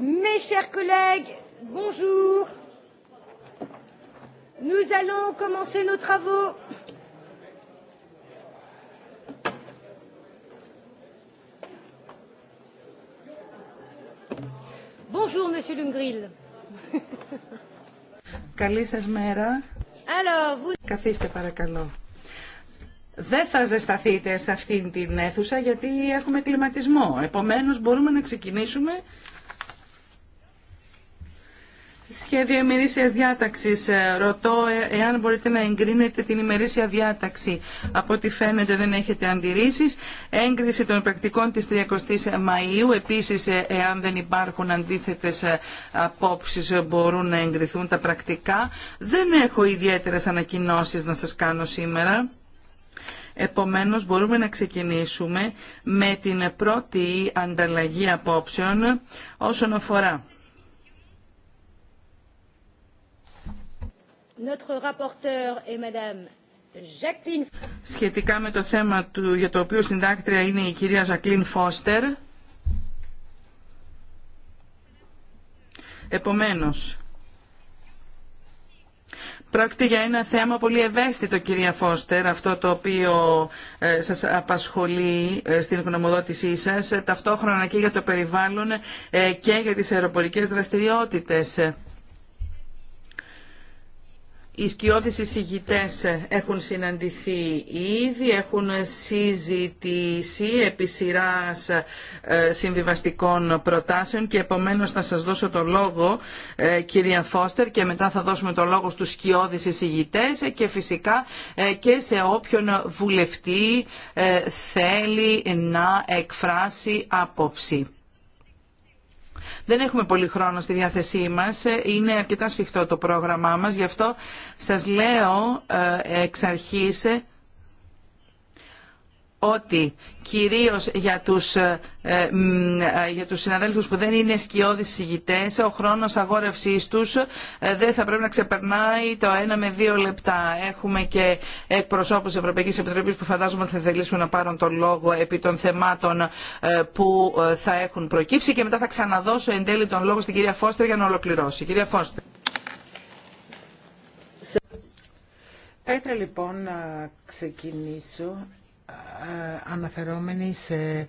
Mes chers collègues, bonjour. Nous allons commencer nos travaux. Bonjour, Monsieur Lungril. Καλή σας μέρα. Alors, vous... Καθίστε παρακαλώ. Δεν θα ζεσταθείτε σε αυτήν την αίθουσα γιατί έχουμε κλιματισμό. Επομένως μπορούμε να ξεκινήσουμε Σχέδιο ημερήσια διάταξη. Ε, ρωτώ ε, εάν μπορείτε να εγκρίνετε την ημερήσια διάταξη. Από ό,τι φαίνεται δεν έχετε αντιρρήσει. Έγκριση των πρακτικών τη 30η Μαου. Επίση, ε, εάν δεν υπάρχουν αντίθετε απόψει, μπορούν να εγκριθούν τα πρακτικά. Δεν έχω ιδιαίτερε ανακοινώσει να σα κάνω σήμερα. Επομένως μπορούμε να ξεκινήσουμε με την πρώτη ανταλλαγή απόψεων όσον αφορά Σχετικά με το θέμα του, για το οποίο συντάκτρια είναι η κυρία Ζακλίν Φώστερ. Επομένως, Πρόκειται για ένα θέμα πολύ ευαίσθητο, κυρία Φώστερ, αυτό το οποίο ε, σας απασχολεί ε, στην γνωμοδότησή σας, ταυτόχρονα και για το περιβάλλον ε, και για τις αεροπορικές δραστηριότητες. Οι σκιώδεις εισηγητές έχουν συναντηθεί ήδη, έχουν συζητήσει επί σειράς ε, συμβιβαστικών προτάσεων και επομένως θα σας δώσω το λόγο ε, κυρία Φώστερ και μετά θα δώσουμε το λόγο στους σκιώδεις εισηγητές και φυσικά ε, και σε όποιον βουλευτή θέλει να εκφράσει άποψη. Δεν έχουμε πολύ χρόνο στη διάθεσή μας, είναι αρκετά σφιχτό το πρόγραμμά μας, γι' αυτό σας λέω ε, εξ αρχής ότι κυρίως για τους, ε, ε, ε, για τους συναδέλφους που δεν είναι σκιώδεις συγητές, ο χρόνος αγόρευσής τους ε, δεν θα πρέπει να ξεπερνάει το ένα με δύο λεπτά. Έχουμε και εκπροσώπους Ευρωπαϊκής Επιτροπής που φαντάζομαι θα θελήσουν να πάρουν τον λόγο επί των θεμάτων που θα έχουν προκύψει και μετά θα ξαναδώσω εν τέλει τον λόγο στην κυρία Φώστερ για να ολοκληρώσει. Κυρία Φώστερ. Θα λοιπόν να ξεκινήσω ε, αναφερόμενοι σε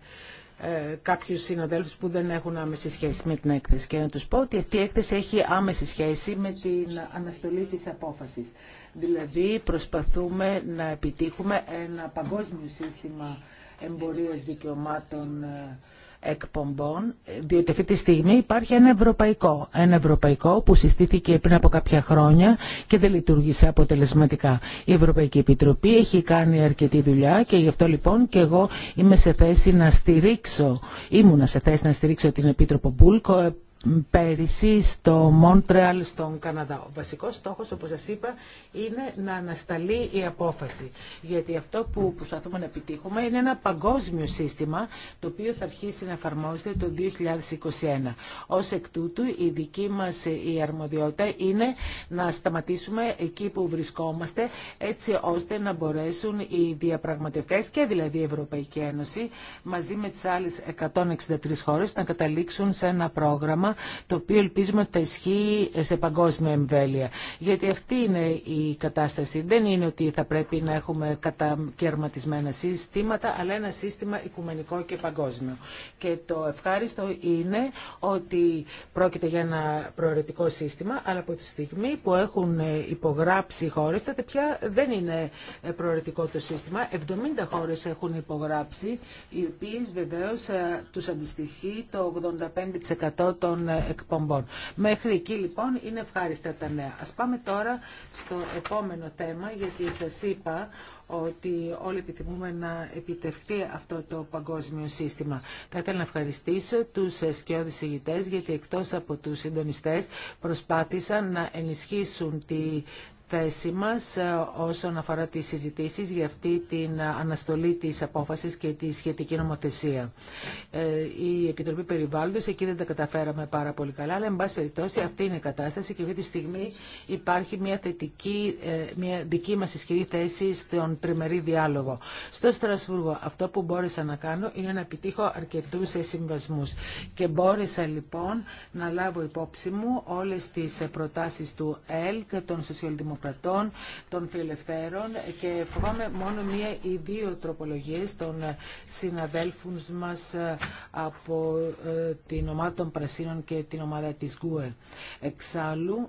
ε, κάποιου συναδέλφου που δεν έχουν άμεση σχέση με την έκθεση. Και να του πω ότι αυτή η έκθεση έχει άμεση σχέση με την αναστολή τη απόφαση. Δηλαδή, προσπαθούμε να επιτύχουμε ένα παγκόσμιο σύστημα εμπορίας δικαιωμάτων ε, εκπομπών, διότι αυτή τη στιγμή υπάρχει ένα ευρωπαϊκό. Ένα ευρωπαϊκό που συστήθηκε πριν από κάποια χρόνια και δεν λειτουργήσε αποτελεσματικά. Η Ευρωπαϊκή Επιτροπή έχει κάνει αρκετή δουλειά και γι' αυτό λοιπόν και εγώ είμαι σε θέση να στηρίξω, ήμουνα σε θέση να στηρίξω την Επίτροπο Μπούλκο πέρυσι στο Μόντρεαλ στον Καναδά. Ο βασικός στόχος, όπως σας είπα, είναι να ανασταλεί η απόφαση. Γιατί αυτό που προσπαθούμε να επιτύχουμε είναι ένα παγκόσμιο σύστημα, το οποίο θα αρχίσει να εφαρμόζεται το 2021. Ως εκ τούτου, η δική μας ε, η αρμοδιότητα είναι να σταματήσουμε εκεί που βρισκόμαστε, έτσι ώστε να μπορέσουν οι διαπραγματευτές και δηλαδή η Ευρωπαϊκή Ένωση, μαζί με τις άλλες 163 χώρες, να καταλήξουν σε ένα πρόγραμμα το οποίο ελπίζουμε ότι θα ισχύει σε παγκόσμια εμβέλεια. Γιατί αυτή είναι η κατάσταση. Δεν είναι ότι θα πρέπει να έχουμε κατακαιρματισμένα συστήματα, αλλά ένα σύστημα οικουμενικό και παγκόσμιο. Και το ευχάριστο είναι ότι πρόκειται για ένα προαιρετικό σύστημα, αλλά από τη στιγμή που έχουν υπογράψει οι χώρε, τότε πια δεν είναι προαιρετικό το σύστημα. 70 χώρε έχουν υπογράψει, οι οποίε βεβαίω ε, του αντιστοιχεί το 85% των ε, εκπομπών. Μέχρι εκεί λοιπόν είναι ευχάριστα τα νέα. Ας πάμε τώρα στο επόμενο θέμα, γιατί σας είπα ότι όλοι επιθυμούμε να επιτευχθεί αυτό το παγκόσμιο σύστημα. Θα ήθελα να ευχαριστήσω τους σκιώδης ηγητές, γιατί εκτός από τους συντονιστές προσπάθησαν να ενισχύσουν τη θέση μας ε, όσον αφορά τις συζητήσεις για αυτή την αναστολή της απόφασης και τη σχετική νομοθεσία. Ε, η Επιτροπή Περιβάλλοντος, εκεί δεν τα καταφέραμε πάρα πολύ καλά, αλλά εν πάση περιπτώσει αυτή είναι η κατάσταση και αυτή τη στιγμή υπάρχει μια θετική, ε, μια δική μας ισχυρή θέση στον τριμερή διάλογο. Στο Στρασβούργο αυτό που μπόρεσα να κάνω είναι να επιτύχω αρκετούς συμβασμούς και μπόρεσα λοιπόν να λάβω υπόψη μου όλες τις προτάσεις του ΕΛ και των Σοσιαλδημοκρατών των Φιλελευθέρων και φοβάμαι μόνο μία ή δύο τροπολογίες των ε, συναδέλφων μας ε, από ε, την ομάδα των Πρασίνων και την ομάδα της ΓΚΟΕ. Εξάλλου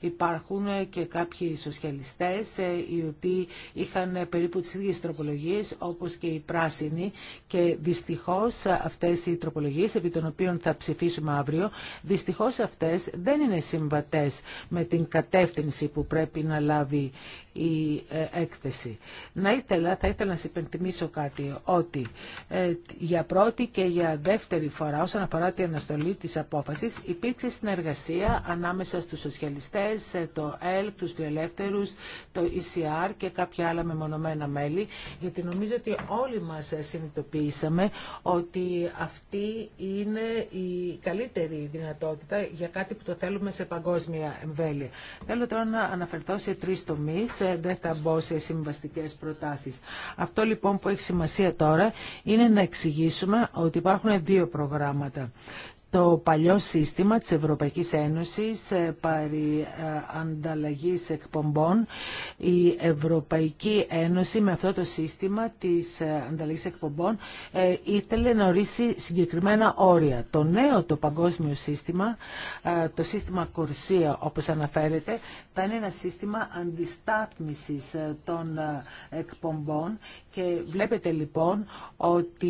υπάρχουν και κάποιοι σοσιαλιστές οι οποίοι είχαν περίπου τις ίδιες τροπολογίες όπως και οι πράσινοι και δυστυχώς αυτές οι τροπολογίες επί των οποίων θα ψηφίσουμε αύριο δυστυχώς αυτές δεν είναι συμβατές με την κατεύθυνση που πρέπει να αναλάβει η ε, έκθεση. Να ήθελα, θα ήθελα να σας υπενθυμίσω κάτι, ότι ε, για πρώτη και για δεύτερη φορά όσον αφορά την αναστολή της απόφασης υπήρξε συνεργασία ανάμεσα στους σοσιαλιστές, ε, το ΕΛΚ, τους φιλελεύθερους, το ECR και κάποια άλλα μεμονωμένα μέλη, γιατί νομίζω ότι όλοι μας συνειδητοποιήσαμε ότι αυτή είναι η καλύτερη δυνατότητα για κάτι που το θέλουμε σε παγκόσμια εμβέλεια. Θέλω τώρα να αναφερθώ σε τρεις τομείς δεν θα μπω σε συμβαστικές προτάσεις. Αυτό λοιπόν που έχει σημασία τώρα είναι να εξηγήσουμε ότι υπάρχουν δύο προγράμματα το παλιό σύστημα της Ευρωπαϊκής Ένωσης ε, παρί ε, ανταλλαγής εκπομπών. Η Ευρωπαϊκή Ένωση με αυτό το σύστημα της ε, ανταλλαγής εκπομπών ήθελε να ορίσει συγκεκριμένα όρια. Το νέο το παγκόσμιο σύστημα, το σύστημα Κορσία όπως αναφέρεται, θα είναι ένα σύστημα αντιστάθμισης των εκπομπών και βλέπετε λοιπόν ότι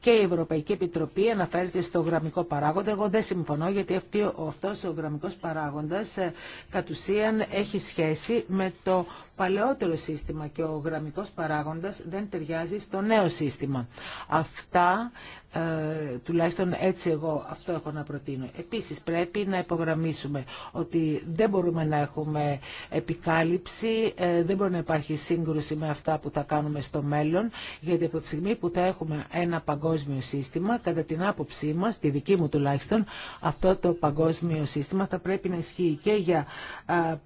και η Ευρωπαϊκή Επιτροπή αναφέρεται στο γραμμικό Εγώ δεν συμφωνώ γιατί αυτός ο γραμμικός παράγοντας ε, κατ' ουσίαν έχει σχέση με το παλαιότερο σύστημα και ο γραμμικός παράγοντας δεν ταιριάζει στο νέο σύστημα. Αυτά ε, τουλάχιστον έτσι εγώ αυτό έχω να προτείνω. Επίσης πρέπει να υπογραμμίσουμε ότι δεν μπορούμε να έχουμε επικάλυψη, ε, δεν μπορεί να υπάρχει σύγκρουση με αυτά που θα κάνουμε στο μέλλον, γιατί από τη στιγμή που θα έχουμε ένα παγκόσμιο σύστημα, κατά την άποψή μας, τη δική μου τουλάχιστον, αυτό το παγκόσμιο σύστημα θα πρέπει να ισχύει και για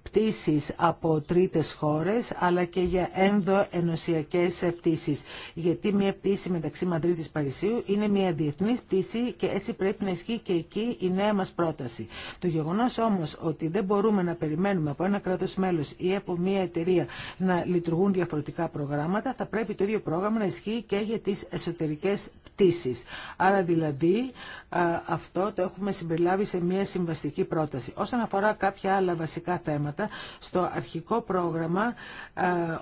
πτήσεις από τρίτες χώρες, αλλά και για ένδοενωσιακές πτήσεις. Γιατί μια πτήση μεταξύ και Παρισίου είναι μια μια διεθνή πτήση και έτσι πρέπει να ισχύει και εκεί η νέα μας πρόταση. Το γεγονός όμως ότι δεν μπορούμε να περιμένουμε από ένα κράτος μέλος ή από μια εταιρεία να λειτουργούν διαφορετικά προγράμματα, θα πρέπει το ίδιο πρόγραμμα να ισχύει και για τις εσωτερικές πτήσεις. Άρα δηλαδή αυτό το έχουμε συμπεριλάβει σε μια συμβαστική πρόταση. Όσον αφορά κάποια άλλα βασικά θέματα, στο αρχικό πρόγραμμα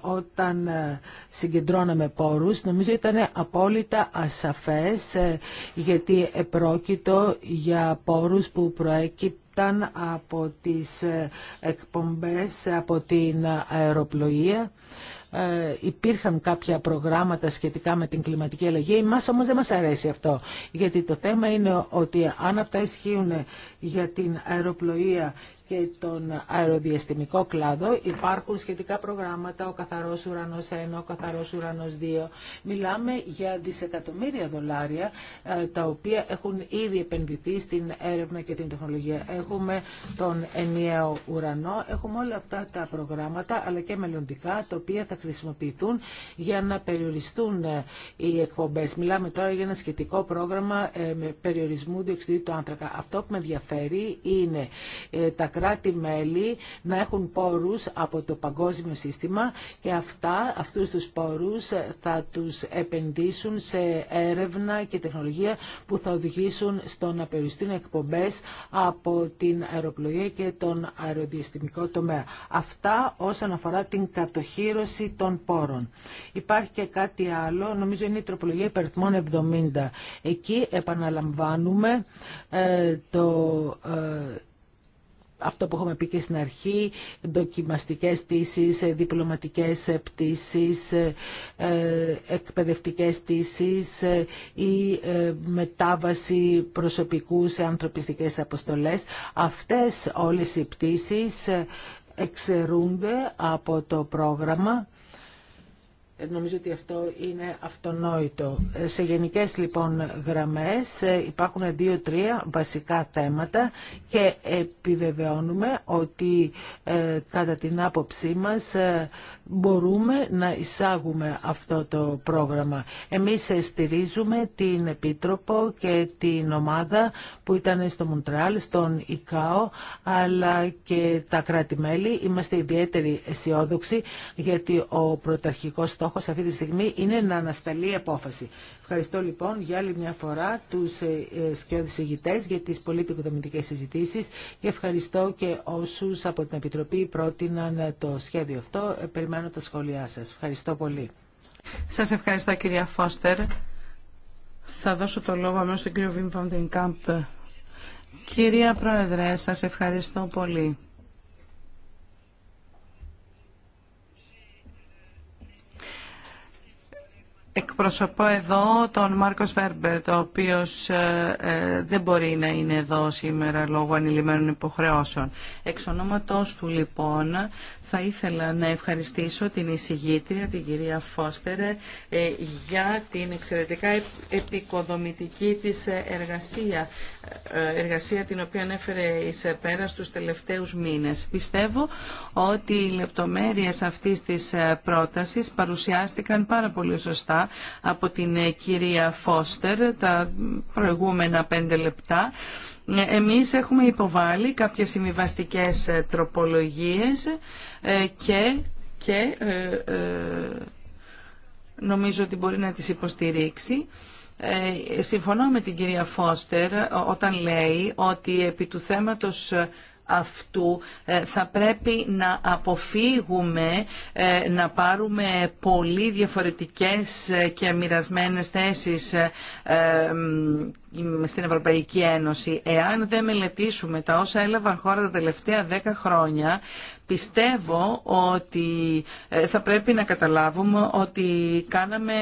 όταν ε, συγκεντρώναμε πόρους, νομίζω ήταν απόλυτα ασαφές ε, γιατί επρόκειτο για πόρους που προέκυπταν από τις ε, εκπομπές, από την αεροπλοεία. Ε, υπήρχαν κάποια προγράμματα σχετικά με την κλιματική αλλαγή. Εμάς όμως δεν μας αρέσει αυτό, γιατί το θέμα είναι ότι αν αυτά ισχύουν για την αεροπλοεία και τον αεροδιαστημικό κλάδο υπάρχουν σχετικά προγράμματα, ο καθαρός ουρανός 1, ο καθαρός ουρανός 2. Μιλάμε για δισεκατομμύρια δολάρια ε, τα οποία έχουν ήδη επενδυθεί στην έρευνα και την τεχνολογία. Έχουμε τον ενιαίο ουρανό, έχουμε όλα αυτά τα προγράμματα αλλά και μελλοντικά τα οποία θα χρησιμοποιηθούν για να περιοριστούν ε, οι εκπομπές. Μιλάμε τώρα για ένα σχετικό πρόγραμμα ε, με περιορισμού διοξιδίου του άνθρακα. Αυτό που με ενδιαφέρει είναι τα κράτη-μέλη να έχουν πόρους από το παγκόσμιο σύστημα και αυτά, αυτούς τους πόρους θα τους επενδύσουν σε έρευνα και τεχνολογία που θα οδηγήσουν στο να περιοριστούν εκπομπές από την αεροπλογία και τον αεροδιαστημικό τομέα. Αυτά όσον αφορά την κατοχήρωση των πόρων. Υπάρχει και κάτι άλλο, νομίζω είναι η τροπολογία υπερθμών 70. Εκεί επαναλαμβάνουμε ε, το... Ε, αυτό που έχουμε πει και στην αρχή, δοκιμαστικές πτήσεις, ε, διπλωματικές ε, πτήσεις, ε, εκπαιδευτικές πτήσεις ή μετάβαση προσωπικού σε ανθρωπιστικές αποστολές. Αυτές όλες οι πτήσεις εξαιρούνται από το πρόγραμμα ε, νομίζω ότι αυτό είναι αυτονόητο. Ε, σε γενικές λοιπόν γραμμές ε, υπάρχουν δύο-τρία βασικά θέματα και επιβεβαιώνουμε ότι κατά την άποψή μας μπορούμε να εισάγουμε αυτό το πρόγραμμα. Εμείς στηρίζουμε την Επίτροπο και την ομάδα που ήταν στο Μουντράλ, στον ΙΚΑΟ, αλλά και τα κράτη-μέλη. Είμαστε ιδιαίτεροι αισιόδοξοι, γιατί ο πρωταρχικός στόχος αυτή τη στιγμή είναι να ανασταλεί η απόφαση. Ευχαριστώ λοιπόν για άλλη μια φορά τους ε, σκιώδης ηγητές για τις πολύ συζητήσεις και ευχαριστώ και όσους από την Επιτροπή πρότειναν το σχέδιο αυτό. Ε, Περιμένω περιμένω τα σχόλιά Ευχαριστώ πολύ. Σας ευχαριστώ κυρία Φώστερ. Θα δώσω το λόγο αμέσως στον κύριο Βίμ Κάμπ. Κυρία Πρόεδρε, σας ευχαριστώ πολύ. Εκπροσωπώ εδώ τον Μάρκος Βέρμπερ, ο οποίος ε, ε, δεν μπορεί να είναι εδώ σήμερα λόγω ανηλυμένων υποχρεώσεων. Εξ του λοιπόν θα ήθελα να ευχαριστήσω την εισηγήτρια, την κυρία Φώστερε, ε, για την εξαιρετικά επικοδομητική της ε, εργασία, ε, εργασία την οποία έφερε εις πέρα στους τελευταίους μήνες. Πιστεύω ότι οι λεπτομέρειες αυτής της πρότασης παρουσιάστηκαν πάρα πολύ σωστά από την κυρία Φώστερ τα προηγούμενα πέντε λεπτά ε, εμείς έχουμε υποβάλει κάποιες συμβιβαστικέ ε, τροπολογίες ε, και, και νομίζω ότι μπορεί να τις υποστηρίξει. Ε, συμφωνώ με την κυρία Φώστερ όταν λέει ότι επί του θέματος αυτού θα πρέπει να αποφύγουμε να πάρουμε πολύ διαφορετικές και μοιρασμένες θέσεις στην Ευρωπαϊκή Ένωση. Εάν δεν μελετήσουμε τα όσα έλαβαν χώρα τα τελευταία δέκα χρόνια, πιστεύω ότι ε, θα πρέπει να καταλάβουμε ότι κάναμε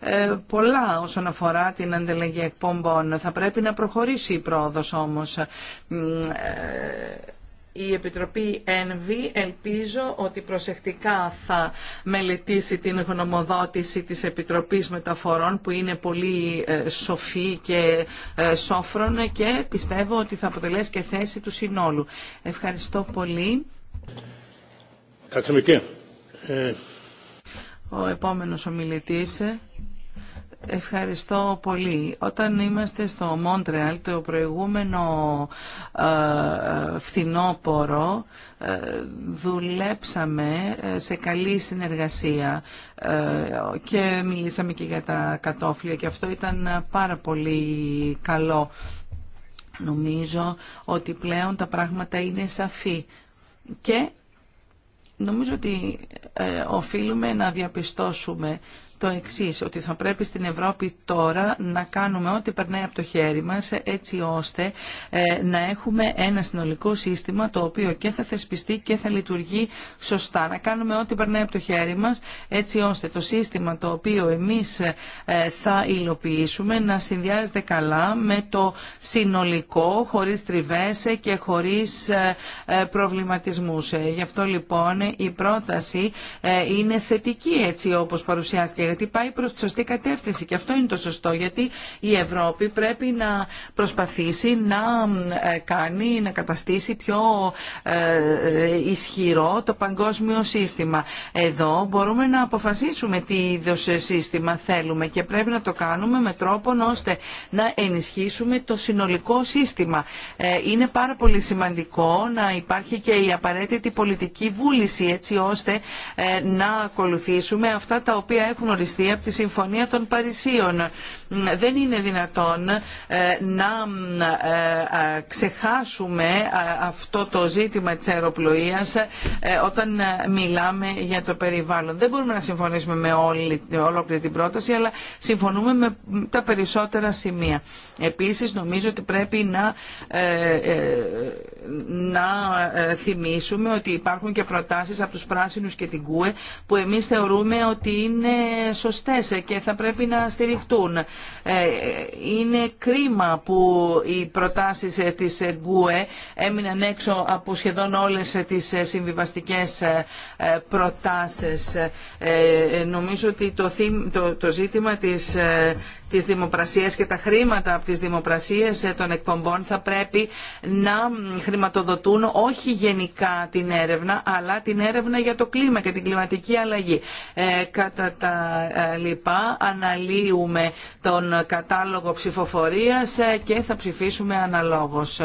ε, πολλά όσον αφορά την ανταλλαγή εκπομπών. Θα πρέπει να προχωρήσει η πρόοδος όμως ε, η Επιτροπή ΕΝΒΗ ελπίζω ότι προσεκτικά θα μελετήσει την γνωμοδότηση της Επιτροπής Μεταφορών που είναι πολύ ε, σοφή και ε, σόφρον και πιστεύω ότι θα αποτελέσει και θέση του συνόλου. Ευχαριστώ πολύ. Ε, Ο επόμενος ομιλητής Ευχαριστώ πολύ. Όταν είμαστε στο Μόντρεαλ το προηγούμενο ε, φθινόπορο ε, δουλέψαμε ε, σε καλή συνεργασία και μιλήσαμε και για τα κατόφλια και αυτό ήταν πάρα πολύ καλό. Νομίζω ότι πλέον τα πράγματα είναι σαφή και νομίζω ότι οφείλουμε να διαπιστώσουμε το εξή ότι θα πρέπει στην Ευρώπη τώρα να κάνουμε ό,τι περνάει από το χέρι μας έτσι ώστε ε, να έχουμε ένα συνολικό σύστημα το οποίο και θα θεσπιστεί και θα λειτουργεί σωστά. Να κάνουμε ό,τι περνάει από το χέρι μας έτσι ώστε το σύστημα το οποίο εμείς ε, θα υλοποιήσουμε να συνδυάζεται καλά με το συνολικό, χωρίς τριβές και χωρίς ε, προβληματισμούς. Γι' αυτό λοιπόν η πρόταση είναι θετική έτσι όπως παρουσιάστηκε γιατί πάει προς τη σωστή κατεύθυνση και αυτό είναι το σωστό γιατί η Ευρώπη πρέπει να προσπαθήσει να ε, κάνει, να καταστήσει πιο ε, ισχυρό το παγκόσμιο σύστημα. Εδώ μπορούμε να αποφασίσουμε τι είδο σύστημα θέλουμε και πρέπει να το κάνουμε με τρόπο ώστε να ενισχύσουμε το συνολικό σύστημα. Ε, είναι πάρα πολύ σημαντικό να υπάρχει και η απαραίτητη πολιτική βούληση έτσι ώστε να ακολουθήσουμε αυτά τα οποία έχουν καθοριστεί από τη Συμφωνία των Παρισίων δεν είναι δυνατόν ε, να ε, ξεχάσουμε αυτό το ζήτημα της αεροπλοείας ε, όταν μιλάμε για το περιβάλλον. Δεν μπορούμε να συμφωνήσουμε με όλη, ολόκληρη την πρόταση, αλλά συμφωνούμε με τα περισσότερα σημεία. Επίσης, νομίζω ότι πρέπει να, να θυμίσουμε ότι υπάρχουν και προτάσεις από τους πράσινους και την ΚΟΕ που εμείς θεωρούμε ότι είναι σωστές και θα πρέπει να στηριχτούν. Ε, είναι κρίμα που οι προτάσεις ε, της ΓΚΟΕ έμειναν έξω από σχεδόν όλες ε, τις συμβιβαστικές προτάσεις. Νομίζω ότι το, το ζήτημα της Τις δημοπρασίες και τα χρήματα από τις δημοπρασίες ε, των εκπομπών θα πρέπει να χρηματοδοτούν όχι γενικά την έρευνα αλλά την έρευνα για το κλίμα και την κλιματική αλλαγή. Ε, κατά τα ε, λοιπά αναλύουμε τον κατάλογο ψηφοφορίας και θα ψηφίσουμε αναλόγως.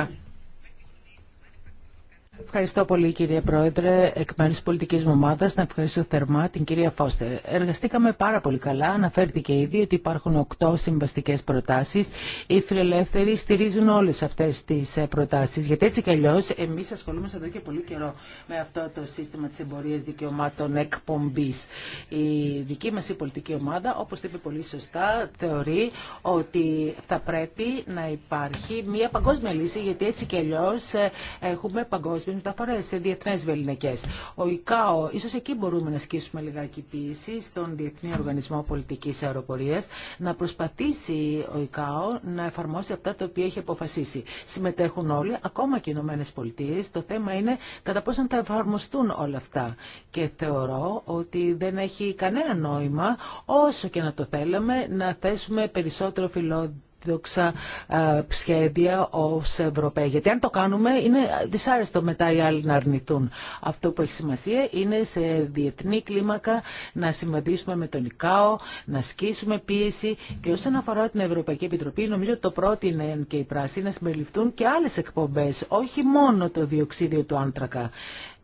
Ευχαριστώ πολύ κύριε Πρόεδρε, εκ μέρους της πολιτικής μου ομάδας, να ευχαριστώ θερμά την κυρία Φώστερ. Εργαστήκαμε πάρα πολύ καλά, αναφέρθηκε ήδη ότι υπάρχουν οκτώ συμβαστικές προτάσεις. Οι φιλελεύθεροι στηρίζουν όλες αυτές τις ε, προτάσεις, γιατί έτσι κι αλλιώς εμείς ασχολούμαστε εδώ και πολύ καιρό με αυτό το σύστημα της εμπορίας δικαιωμάτων εκπομπής. Η δική μας η πολιτική ομάδα, όπως είπε πολύ σωστά, θεωρεί ότι θα πρέπει να υπάρχει μια παγκόσμια λύση, γιατί έτσι κι αλλιώς ε, έχουμε παγκόσμια οι μεταφορές, σε διεθνές βεληνικέ. Ο ΙΚΑΟ, ίσως εκεί μπορούμε να ασκήσουμε λιγάκι πίεση στον Διεθνή Οργανισμό Πολιτικής Αεροπορίας, να προσπαθήσει ο ΙΚΑΟ να εφαρμόσει αυτά τα οποία έχει αποφασίσει. Συμμετέχουν όλοι, ακόμα και οι Ηνωμένε Πολιτείε. Το θέμα είναι κατά πόσον θα εφαρμοστούν όλα αυτά. Και θεωρώ ότι δεν έχει κανένα νόημα, όσο και να το θέλαμε, να θέσουμε περισσότερο φιλόδοξο φιλόδοξα σχέδια ως Ευρωπαίοι. Γιατί αν το κάνουμε είναι δυσάρεστο μετά οι άλλοι να αρνηθούν. Αυτό που έχει σημασία είναι σε διεθνή κλίμακα να συμβαδίσουμε με τον ΙΚΑΟ, να σκίσουμε πίεση και όσον αφορά την Ευρωπαϊκή Επιτροπή νομίζω το είναι και οι πράσινοι να συμπεριληφθούν και άλλες εκπομπές, όχι μόνο το διοξίδιο του άνθρακα.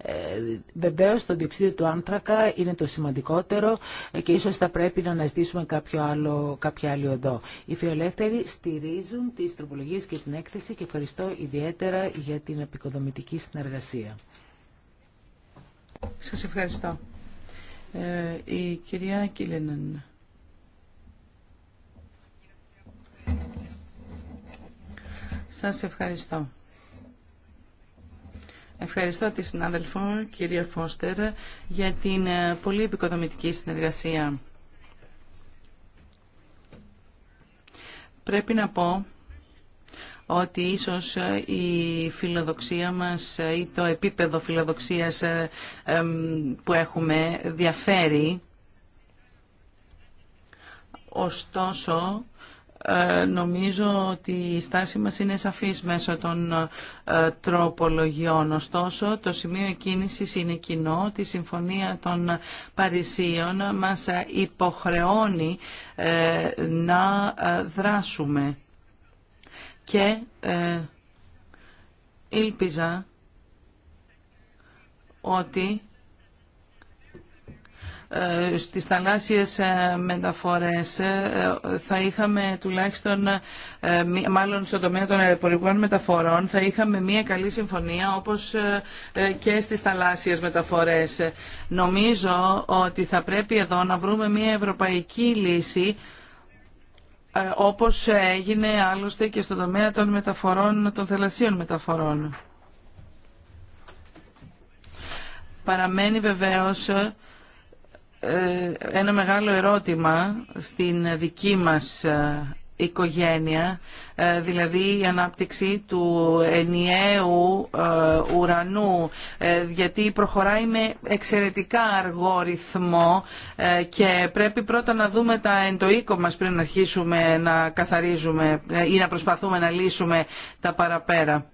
Ε, Βεβαίω το διοξείδιο του άνθρακα είναι το σημαντικότερο και ίσως θα πρέπει να αναζητήσουμε κάποιο άλλο, κάποια άλλη οδό. Οι φιλελεύθεροι στηρίζουν τις τροπολογίες και την έκθεση και ευχαριστώ ιδιαίτερα για την επικοδομητική συνεργασία. Σας ευχαριστώ. Ε, η κυρία Κίλενεν. Σας ευχαριστώ. Ευχαριστώ τη συνάδελφο κυρία Φώστερ για την ε, πολύ επικοδομητική συνεργασία. Πρέπει να πω ότι ίσως ε, η φιλοδοξία μας ε, ή το επίπεδο φιλοδοξίας που έχουμε διαφέρει. Ωστόσο, ε, νομίζω ότι η στάση μας είναι σαφής μέσω των ε, τροπολογιών. Ωστόσο, το σημείο κίνησης είναι κοινό. Τη Συμφωνία των Παρισίων μας υποχρεώνει ε, να δράσουμε. Και ήλπιζα ότι στις θαλάσσιες ε, μεταφορές ε, ε, θα είχαμε τουλάχιστον, μάλλον στον τομέα των αεροπορικών μεταφορών, θα είχαμε μια καλή συμφωνία όπως και στις θαλάσσιες μεταφορές. Νομίζω ότι θα πρέπει εδώ να βρούμε μια ευρωπαϊκή λύση όπως έγινε άλλωστε και στον τομέα των μεταφορών, των θελασσίων μεταφορών. Παραμένει βεβαίως ε, ένα μεγάλο ερώτημα στην δική μας ε, οικογένεια, ε, δηλαδή η ανάπτυξη του ενιαίου ουρανού, γιατί προχωράει με εξαιρετικά αργό ρυθμό και πρέπει πρώτα να δούμε τα οίκο μας πριν αρχίσουμε να καθαρίζουμε ή να προσπαθούμε να λύσουμε τα παραπέρα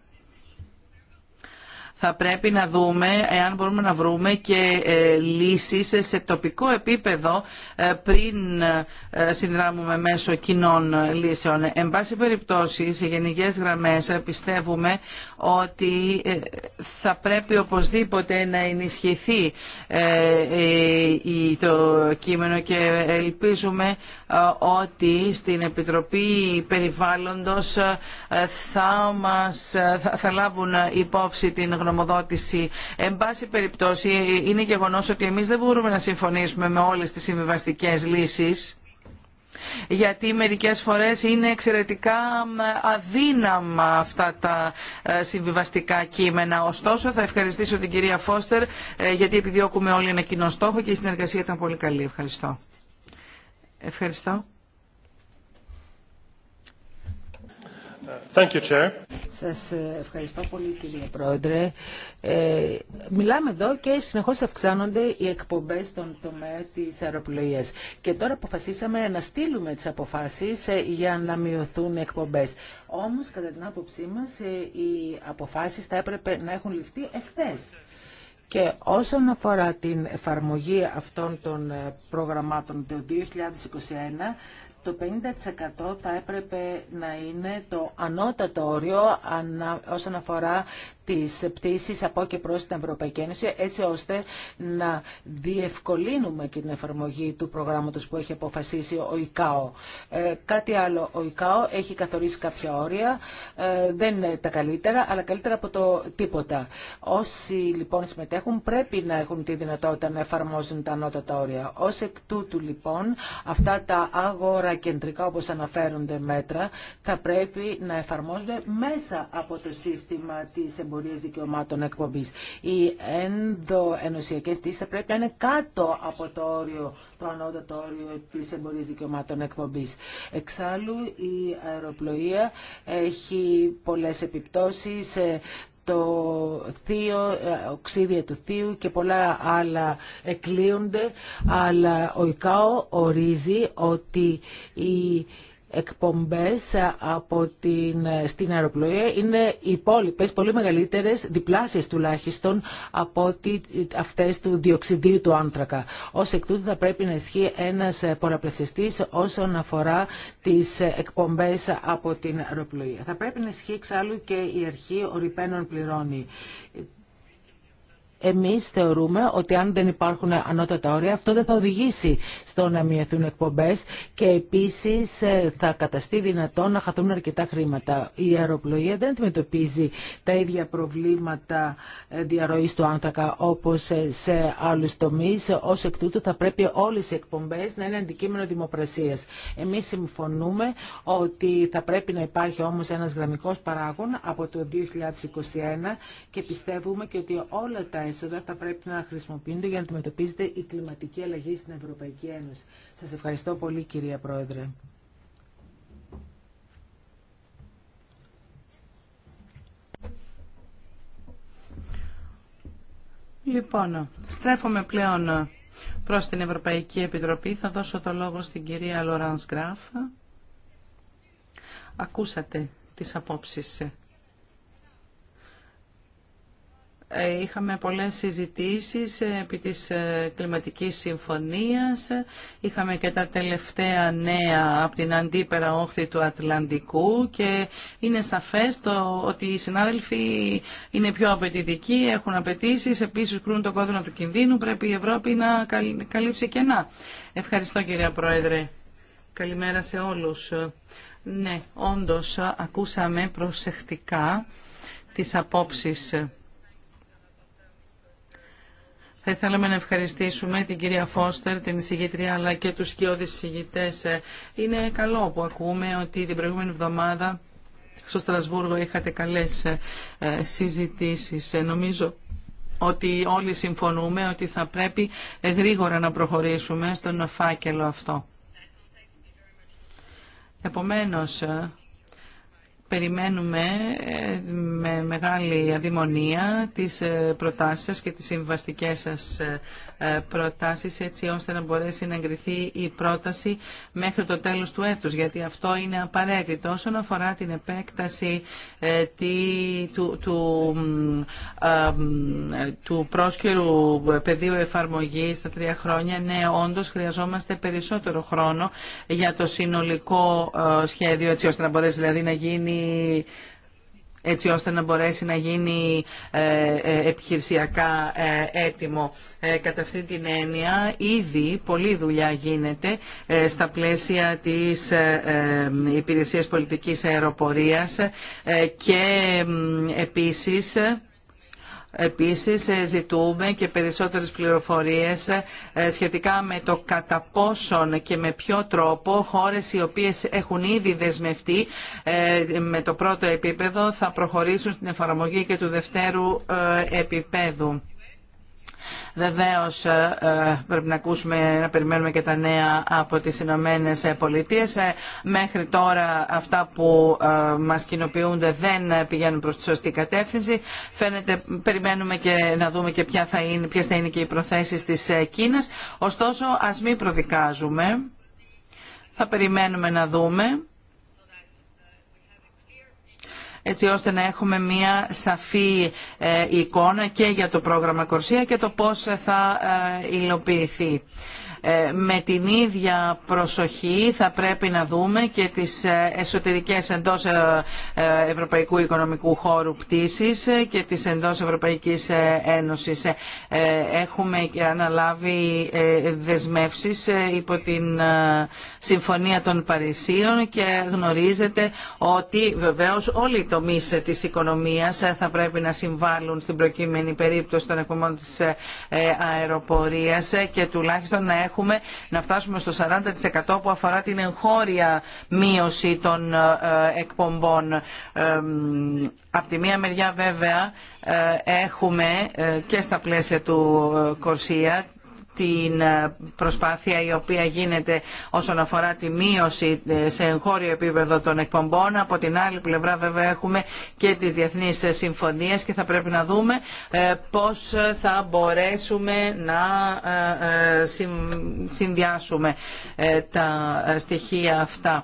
θα πρέπει να δούμε εάν μπορούμε να βρούμε και ε, λύσεις σε τοπικό επίπεδο ε, πριν ε, συνδράμουμε μέσω κοινών λύσεων. Εν πάση περιπτώσει, σε γενικές γραμμές πιστεύουμε ότι θα πρέπει οπωσδήποτε να ενισχυθεί το κείμενο και ελπίζουμε ότι στην Επιτροπή Περιβάλλοντος θα, μας, θα λάβουν υπόψη την Εν πάση περιπτώσει είναι γεγονό ότι εμείς δεν μπορούμε να συμφωνήσουμε με όλες τις συμβιβαστικές λύσεις γιατί μερικές φορές είναι εξαιρετικά αδύναμα αυτά τα ε, συμβιβαστικά κείμενα. Ωστόσο θα ευχαριστήσω την κυρία Φώστερ ε, γιατί επιδιώκουμε όλοι ένα κοινό στόχο και η συνεργασία ήταν πολύ καλή. Ευχαριστώ. Ευχαριστώ. Thank Σας ε, ευχαριστώ πολύ κύριε Πρόεδρε. Ε, μιλάμε εδώ και συνεχώς αυξάνονται οι εκπομπές στον τομέα της αεροπλοείας. Και τώρα αποφασίσαμε να στείλουμε τις αποφάσεις ε, για να μειωθούν οι εκπομπές. Όμως κατά την άποψή μας ε, οι αποφάσεις θα έπρεπε να έχουν ληφθεί εχθές. Και όσον αφορά την εφαρμογή αυτών των προγραμμάτων το 2021, το 50% θα έπρεπε να είναι το ανώτατο όριο όσον αφορά τις πτήσεις από και προς την Ευρωπαϊκή Ένωση έτσι ώστε να διευκολύνουμε και την εφαρμογή του προγράμματος που έχει αποφασίσει ο ΙΚΑΟ. Ε, κάτι άλλο, ο ΙΚΑΟ έχει καθορίσει κάποια όρια, ε, δεν είναι τα καλύτερα, αλλά καλύτερα από το τίποτα. Όσοι λοιπόν συμμετέχουν πρέπει να έχουν τη δυνατότητα να εφαρμόζουν τα ανώτατα όρια. Ως εκ τούτου λοιπόν αυτά τα κεντρικά, όπως αναφέρονται μέτρα θα πρέπει να εφαρμόζονται μέσα από το σύστημα της κατηγορίες δικαιωμάτων εκπομπή. Οι ενδοενωσιακέ πτήσει θα πρέπει να είναι κάτω από το όριο, το ανώτατο όριο τη εμπορία δικαιωμάτων εκπομπή. Εξάλλου η αεροπλοεία έχει πολλέ επιπτώσει το θείο, ε, οξύδια του θείου και πολλά άλλα εκλείονται, αλλά ο ΙΚΑΟ ορίζει ότι η εκπομπές από την, στην αεροπλοεία είναι υπόλοιπε, πολύ μεγαλύτερες, διπλάσιες τουλάχιστον από ότι αυτές του διοξιδίου του άνθρακα. Ως εκ τούτου θα πρέπει να ισχύει ένας πολλαπλασιαστής όσον αφορά τις εκπομπές από την αεροπλοεία. Θα πρέπει να ισχύει εξάλλου και η αρχή ορυπαίνων πληρώνει. Εμείς θεωρούμε ότι αν δεν υπάρχουν ανώτατα όρια αυτό δεν θα οδηγήσει στο να μειωθούν εκπομπές και επίσης ε, θα καταστεί δυνατό να χαθούν αρκετά χρήματα. Η αεροπλοεία δεν αντιμετωπίζει τα ίδια προβλήματα ε, διαρροής του άνθρακα όπως ε, σε άλλους τομείς. Ως εκ τούτου θα πρέπει όλες οι εκπομπές να είναι αντικείμενο δημοπρασίας. Εμείς συμφωνούμε ότι θα πρέπει να υπάρχει όμως ένας γραμμικός παράγων από το 2021 και πιστεύουμε και ότι όλα τα έσοδα θα πρέπει να χρησιμοποιούνται για να αντιμετωπίζεται η κλιματική αλλαγή στην Ευρωπαϊκή Ένωση. Σας ευχαριστώ πολύ κυρία Πρόεδρε. Λοιπόν, στρέφομαι πλέον προς την Ευρωπαϊκή Επιτροπή. Θα δώσω το λόγο στην κυρία Λοράνς Γκράφ. Ακούσατε τις απόψεις ε, είχαμε πολλές συζητήσεις ε, επί της ε, κλιματικής συμφωνίας, είχαμε και τα τελευταία νέα από την αντίπερα όχθη του Ατλαντικού και είναι σαφές το ότι οι συνάδελφοι είναι πιο απαιτητικοί, έχουν απαιτήσει, επίσης κρούν το κόδωνα του κινδύνου, πρέπει η Ευρώπη να καλύψει κενά. Ευχαριστώ κυρία Πρόεδρε. Καλημέρα σε όλους. Ναι, όντως ακούσαμε προσεκτικά τις απόψεις θα ήθελα να ευχαριστήσουμε την κυρία Φώστερ, την εισηγήτρια, αλλά και τους σκιώδεις εισηγητές. Ε, είναι καλό που ακούμε ότι την προηγούμενη εβδομάδα στο Στρασβούργο είχατε καλές ε, ε, συζητήσεις. Νομίζω ότι όλοι συμφωνούμε ότι θα πρέπει γρήγορα να προχωρήσουμε στον φάκελο αυτό. Επομένως, Περιμένουμε ε, με μεγάλη αδημονία τις ε, προτάσεις σας και τις συμβαστικές σας ε, προτάσεις έτσι ώστε να μπορέσει να εγκριθεί η πρόταση μέχρι το τέλος του έτους γιατί αυτό είναι απαραίτητο όσον αφορά την επέκταση του, του, του πρόσκαιρου πεδίου εφαρμογής τα τρία χρόνια ναι όντως χρειαζόμαστε περισσότερο χρόνο για το συνολικό σχέδιο έτσι ώστε να μπορέσει δηλαδή να γίνει έτσι ώστε να μπορέσει να γίνει ε, ε, επιχειρησιακά ε, έτοιμο. Κατά αυτή την έννοια, ήδη πολλή δουλειά γίνεται στα πλαίσια της Υπηρεσίας Πολιτικής Αεροπορίας και επίσης Επίσης ε, ζητούμε και περισσότερες πληροφορίες ε, σχετικά με το κατά πόσον και με ποιο τρόπο χώρες οι οποίες έχουν ήδη δεσμευτεί ε, με το πρώτο επίπεδο θα προχωρήσουν στην εφαρμογή και του δευτέρου επίπεδου. Βεβαίω ε, ε, πρέπει να ακούσουμε, να περιμένουμε και τα νέα από τι Ηνωμένε Πολιτείε. Ε, μέχρι τώρα αυτά που μας κοινοποιούνται δεν πηγαίνουν προς τη σωστή κατεύθυνση. Φαίνεται, περιμένουμε και να δούμε και ποια θα είναι, ποιες θα είναι και οι προθέσεις τη Κίνα. Ωστόσο, α μην προδικάζουμε. Θα περιμένουμε να δούμε έτσι ώστε να έχουμε μια σαφή ε, εικόνα και για το πρόγραμμα Κορσία και το πώς θα ε, υλοποιηθεί. Ε, με την ίδια προσοχή θα πρέπει να δούμε και τις ε, εσωτερικές εντός ε, Ευρωπαϊκού Οικονομικού Χώρου πτήσεις και τις εντός Ευρωπαϊκής Ένωσης. Έχουμε αναλάβει δεσμεύσεις υπό την Συμφωνία των Παρισίων και γνωρίζετε ότι βεβαίως όλοι οι τομείς της οικονομίας θα πρέπει να συμβάλλουν στην προκειμένη περίπτωση των εκπομπών της αεροπορίας και τουλάχιστον να έχουμε να φτάσουμε στο 40% που αφορά την εγχώρια μείωση των ε, ε, εκπομπών. Από τη μία μεριά βέβαια ε, έχουμε και στα πλαίσια του Κορσία την ε, προσπάθεια η οποία γίνεται όσον αφορά τη μείωση ε, σε εγχώριο επίπεδο των εκπομπών. Από την άλλη πλευρά βέβαια έχουμε και τις διεθνείς ε, συμφωνίες και θα πρέπει να δούμε πώς θα μπορέσουμε να συνδυάσουμε τα στοιχεία αυτά.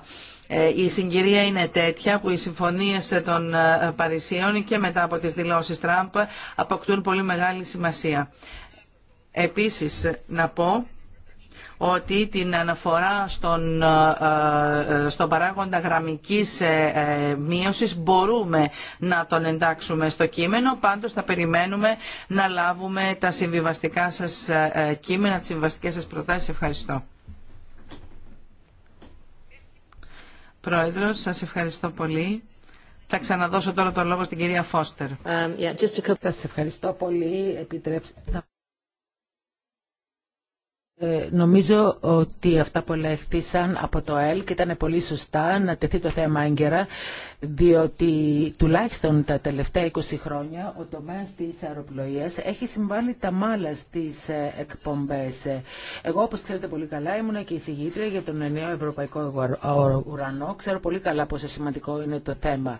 Η συγκυρία είναι τέτοια που οι συμφωνίες των Παρισίων και μετά από τις δηλώσεις Τραμπ αποκτούν πολύ μεγάλη σημασία. Επίσης να πω ότι την αναφορά στον, ε, ε, στον παράγοντα γραμμικής ε, μείωσης μπορούμε να τον εντάξουμε στο κείμενο, πάντως θα περιμένουμε να λάβουμε τα συμβιβαστικά σας κείμενα, τις συμβιβαστικές σας προτάσεις. Ευχαριστώ. Πρόεδρος, σας ευχαριστώ πολύ. Θα ξαναδώσω τώρα το λόγο στην κυρία Φώστερ. Um, Σας ευχαριστώ πολύ. Ε, νομίζω ότι αυτά που ελέγχθησαν από το και ήταν πολύ σωστά να τεθεί το θέμα έγκαιρα, διότι τουλάχιστον τα τελευταία 20 χρόνια ο τομέας της αεροπλοείας έχει συμβάλει τα μάλα στις ε, εκπομπές. Εγώ, όπως ξέρετε πολύ καλά, ήμουν και εισηγήτρια για τον νέο ευρωπαϊκό ουρανό. Ξέρω πολύ καλά πόσο σημαντικό είναι το θέμα.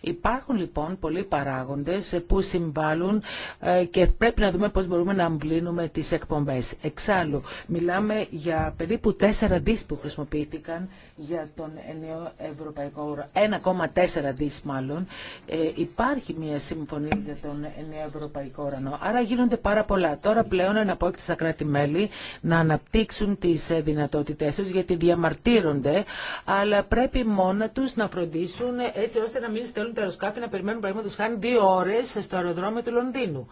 Υπάρχουν λοιπόν πολλοί παράγοντες που συμβάλλουν ε, και πρέπει να δούμε πώς μπορούμε να αμβλύνουμε τις εκπομπές. Εξάλλου, Μιλάμε για περίπου 4 δις που χρησιμοποιήθηκαν για τον ενιαίο ευρωπαϊκό όρο. 1,4 δις μάλλον. Ε, υπάρχει μια συμφωνία για τον ενιαίο ευρωπαϊκό όρανο. Άρα γίνονται πάρα πολλά. Τώρα πλέον αναπόκειται στα κράτη-μέλη να αναπτύξουν τις ε, δυνατότητές τους γιατί διαμαρτύρονται αλλά πρέπει μόνα τους να φροντίσουν ε, έτσι ώστε να μην στέλνουν τα αεροσκάφη να περιμένουν παραδείγματο χάνει δύο ώρε στο αεροδρόμιο του Λονδίνου.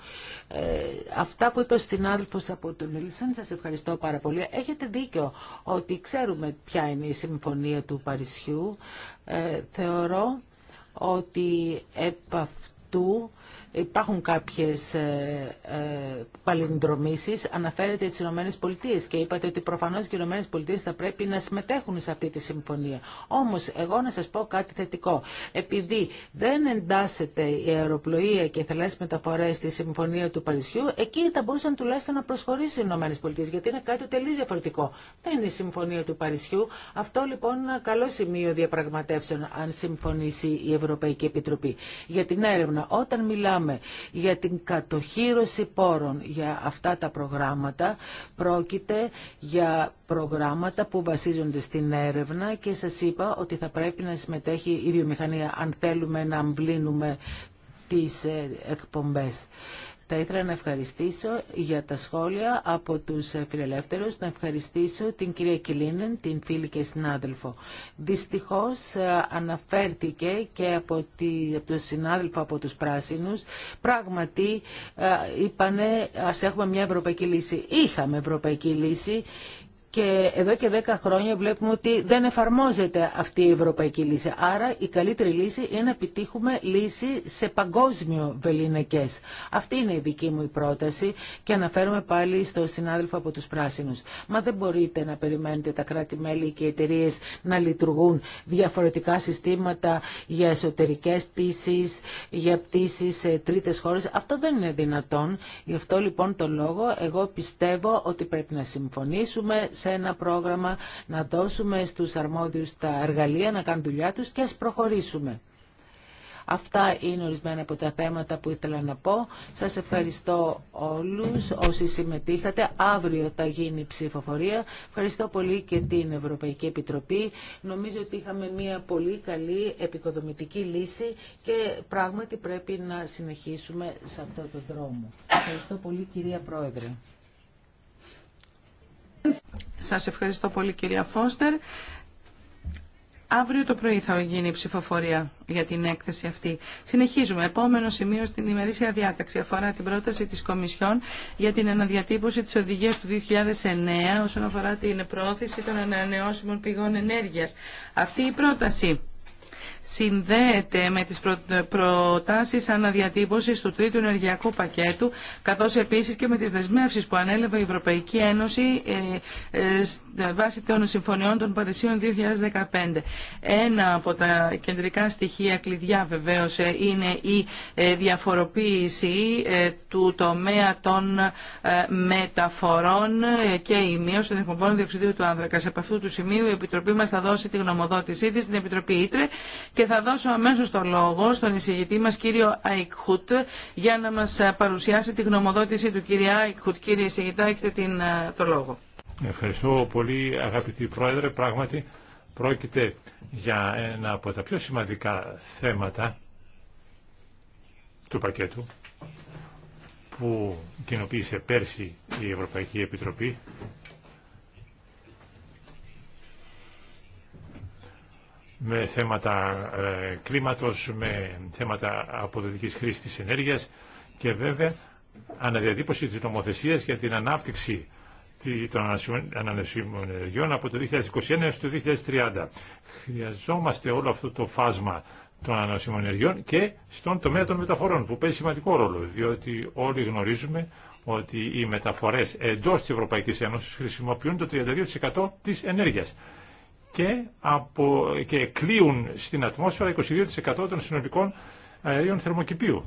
αυτά που είπε ο συνάδελφο από τον Ελισάν, σα ευχαριστώ πάρα πολύ. Έχετε δίκιο ότι ξέρουμε ποια είναι η συμφωνία του Παρισιού. Ε, θεωρώ ότι επ' αυτού Υπάρχουν κάποιες ε, ε, παλινδρομήσεις, αναφέρετε τις ΗΠΑ και είπατε ότι προφανώς οι ΗΠΑ θα πρέπει να συμμετέχουν σε αυτή τη συμφωνία. Όμως εγώ να σας πω κάτι θετικό. Επειδή δεν εντάσσεται η αεροπλοεία και οι θελές μεταφορές στη Συμφωνία του Παρισιού, εκεί θα μπορούσαν τουλάχιστον να προσχωρήσουν οι ΗΠΑ γιατί είναι κάτι τελείως διαφορετικό. Δεν είναι η Συμφωνία του Παρισιού. Αυτό λοιπόν είναι ένα καλό σημείο διαπραγματεύσεων, αν συμφωνήσει η Ευρωπαϊκή Επιτροπή. Για την έρευνα, όταν μιλάμε για την κατοχήρωση πόρων για αυτά τα προγράμματα. Πρόκειται για προγράμματα που βασίζονται στην έρευνα και σας είπα ότι θα πρέπει να συμμετέχει η βιομηχανία αν θέλουμε να αμβλύνουμε τις ε, εκπομπές. Θα ήθελα να ευχαριστήσω για τα σχόλια από τους φιλελεύθερους, να ευχαριστήσω την κυρία Κιλίνεν, την φίλη και συνάδελφο. Δυστυχώς ε, αναφέρθηκε και από, τη, από τον συνάδελφο από τους Πράσινους, πράγματι ε, είπανε ας έχουμε μια ευρωπαϊκή λύση. Είχαμε ευρωπαϊκή λύση και εδώ και δέκα χρόνια βλέπουμε ότι δεν εφαρμόζεται αυτή η ευρωπαϊκή λύση. Άρα η καλύτερη λύση είναι να επιτύχουμε λύση σε παγκόσμιο βελινεκές. Αυτή είναι η δική μου η πρόταση και αναφέρομαι πάλι στο συνάδελφο από του πράσινου. Μα δεν μπορείτε να περιμένετε τα κράτη-μέλη και οι εταιρείε να λειτουργούν διαφορετικά συστήματα για εσωτερικέ πτήσει, για πτήσει σε τρίτε χώρε. Αυτό δεν είναι δυνατόν. Γι' αυτό λοιπόν το λόγο εγώ πιστεύω ότι πρέπει να συμφωνήσουμε σε ένα πρόγραμμα, να δώσουμε στους αρμόδιους τα εργαλεία να κάνουν δουλειά τους και ας προχωρήσουμε. Αυτά είναι ορισμένα από τα θέματα που ήθελα να πω. Σας ευχαριστώ όλους όσοι συμμετείχατε. Αύριο θα γίνει ψηφοφορία. Ευχαριστώ πολύ και την Ευρωπαϊκή Επιτροπή. Νομίζω ότι είχαμε μια πολύ καλή επικοδομητική λύση και πράγματι πρέπει να συνεχίσουμε σε αυτό το δρόμο. Ευχαριστώ πολύ κυρία Πρόεδρε. Σας ευχαριστώ πολύ κυρία Φώστερ. Αύριο το πρωί θα γίνει η ψηφοφορία για την έκθεση αυτή. Συνεχίζουμε. Επόμενο σημείο στην ημερήσια διάταξη αφορά την πρόταση της Κομισιόν για την αναδιατύπωση της οδηγίας του 2009 όσον αφορά την πρόθεση των ανανεώσιμων πηγών ενέργειας. Αυτή η πρόταση συνδέεται με τις προτάσεις αναδιατύπωσης του τρίτου ενεργειακού πακέτου, καθώς επίσης και με τις δεσμεύσεις που ανέλαβε η Ευρωπαϊκή Ένωση ε, ε, ε, βάσει των συμφωνιών των Παρισίων 2015. Ένα από τα κεντρικά στοιχεία κλειδιά βεβαίως είναι η διαφοροποίηση του τομέα των μεταφορών και η μείωση των εκπομπών διοξιδίου του άνθρακα. Σε αυτού του σημείου η Επιτροπή μας θα δώσει τη γνωμοδότησή της στην Επιτροπή Ήτρε και θα δώσω αμέσως το λόγο στον εισηγητή μας κύριο Αϊκχούτ για να μας παρουσιάσει τη γνωμοδότηση του κυρία Αϊκχούτ. Κύριε εισηγητά, έχετε την, ε, το λόγο. Ευχαριστώ πολύ αγαπητή Πρόεδρε. Πράγματι πρόκειται για ένα από τα πιο σημαντικά θέματα του πακέτου που κοινοποίησε πέρσι η Ευρωπαϊκή Επιτροπή με θέματα ε, κλίματος, με θέματα αποδοτικής χρήσης της ενέργειας και βέβαια αναδιατύπωση της νομοθεσίας για την ανάπτυξη των ανανεωσίμων ενεργειών από το 2021 έως το 2030. Χρειαζόμαστε όλο αυτό το φάσμα των ανανεωσίμων ενεργειών και στον τομέα των μεταφορών που παίζει σημαντικό ρόλο διότι όλοι γνωρίζουμε ότι οι μεταφορές εντός της Ευρωπαϊκής Ένωσης χρησιμοποιούν το 32% της ενέργειας και, από, και κλείουν στην ατμόσφαιρα 22% των συνολικών αερίων θερμοκηπίου.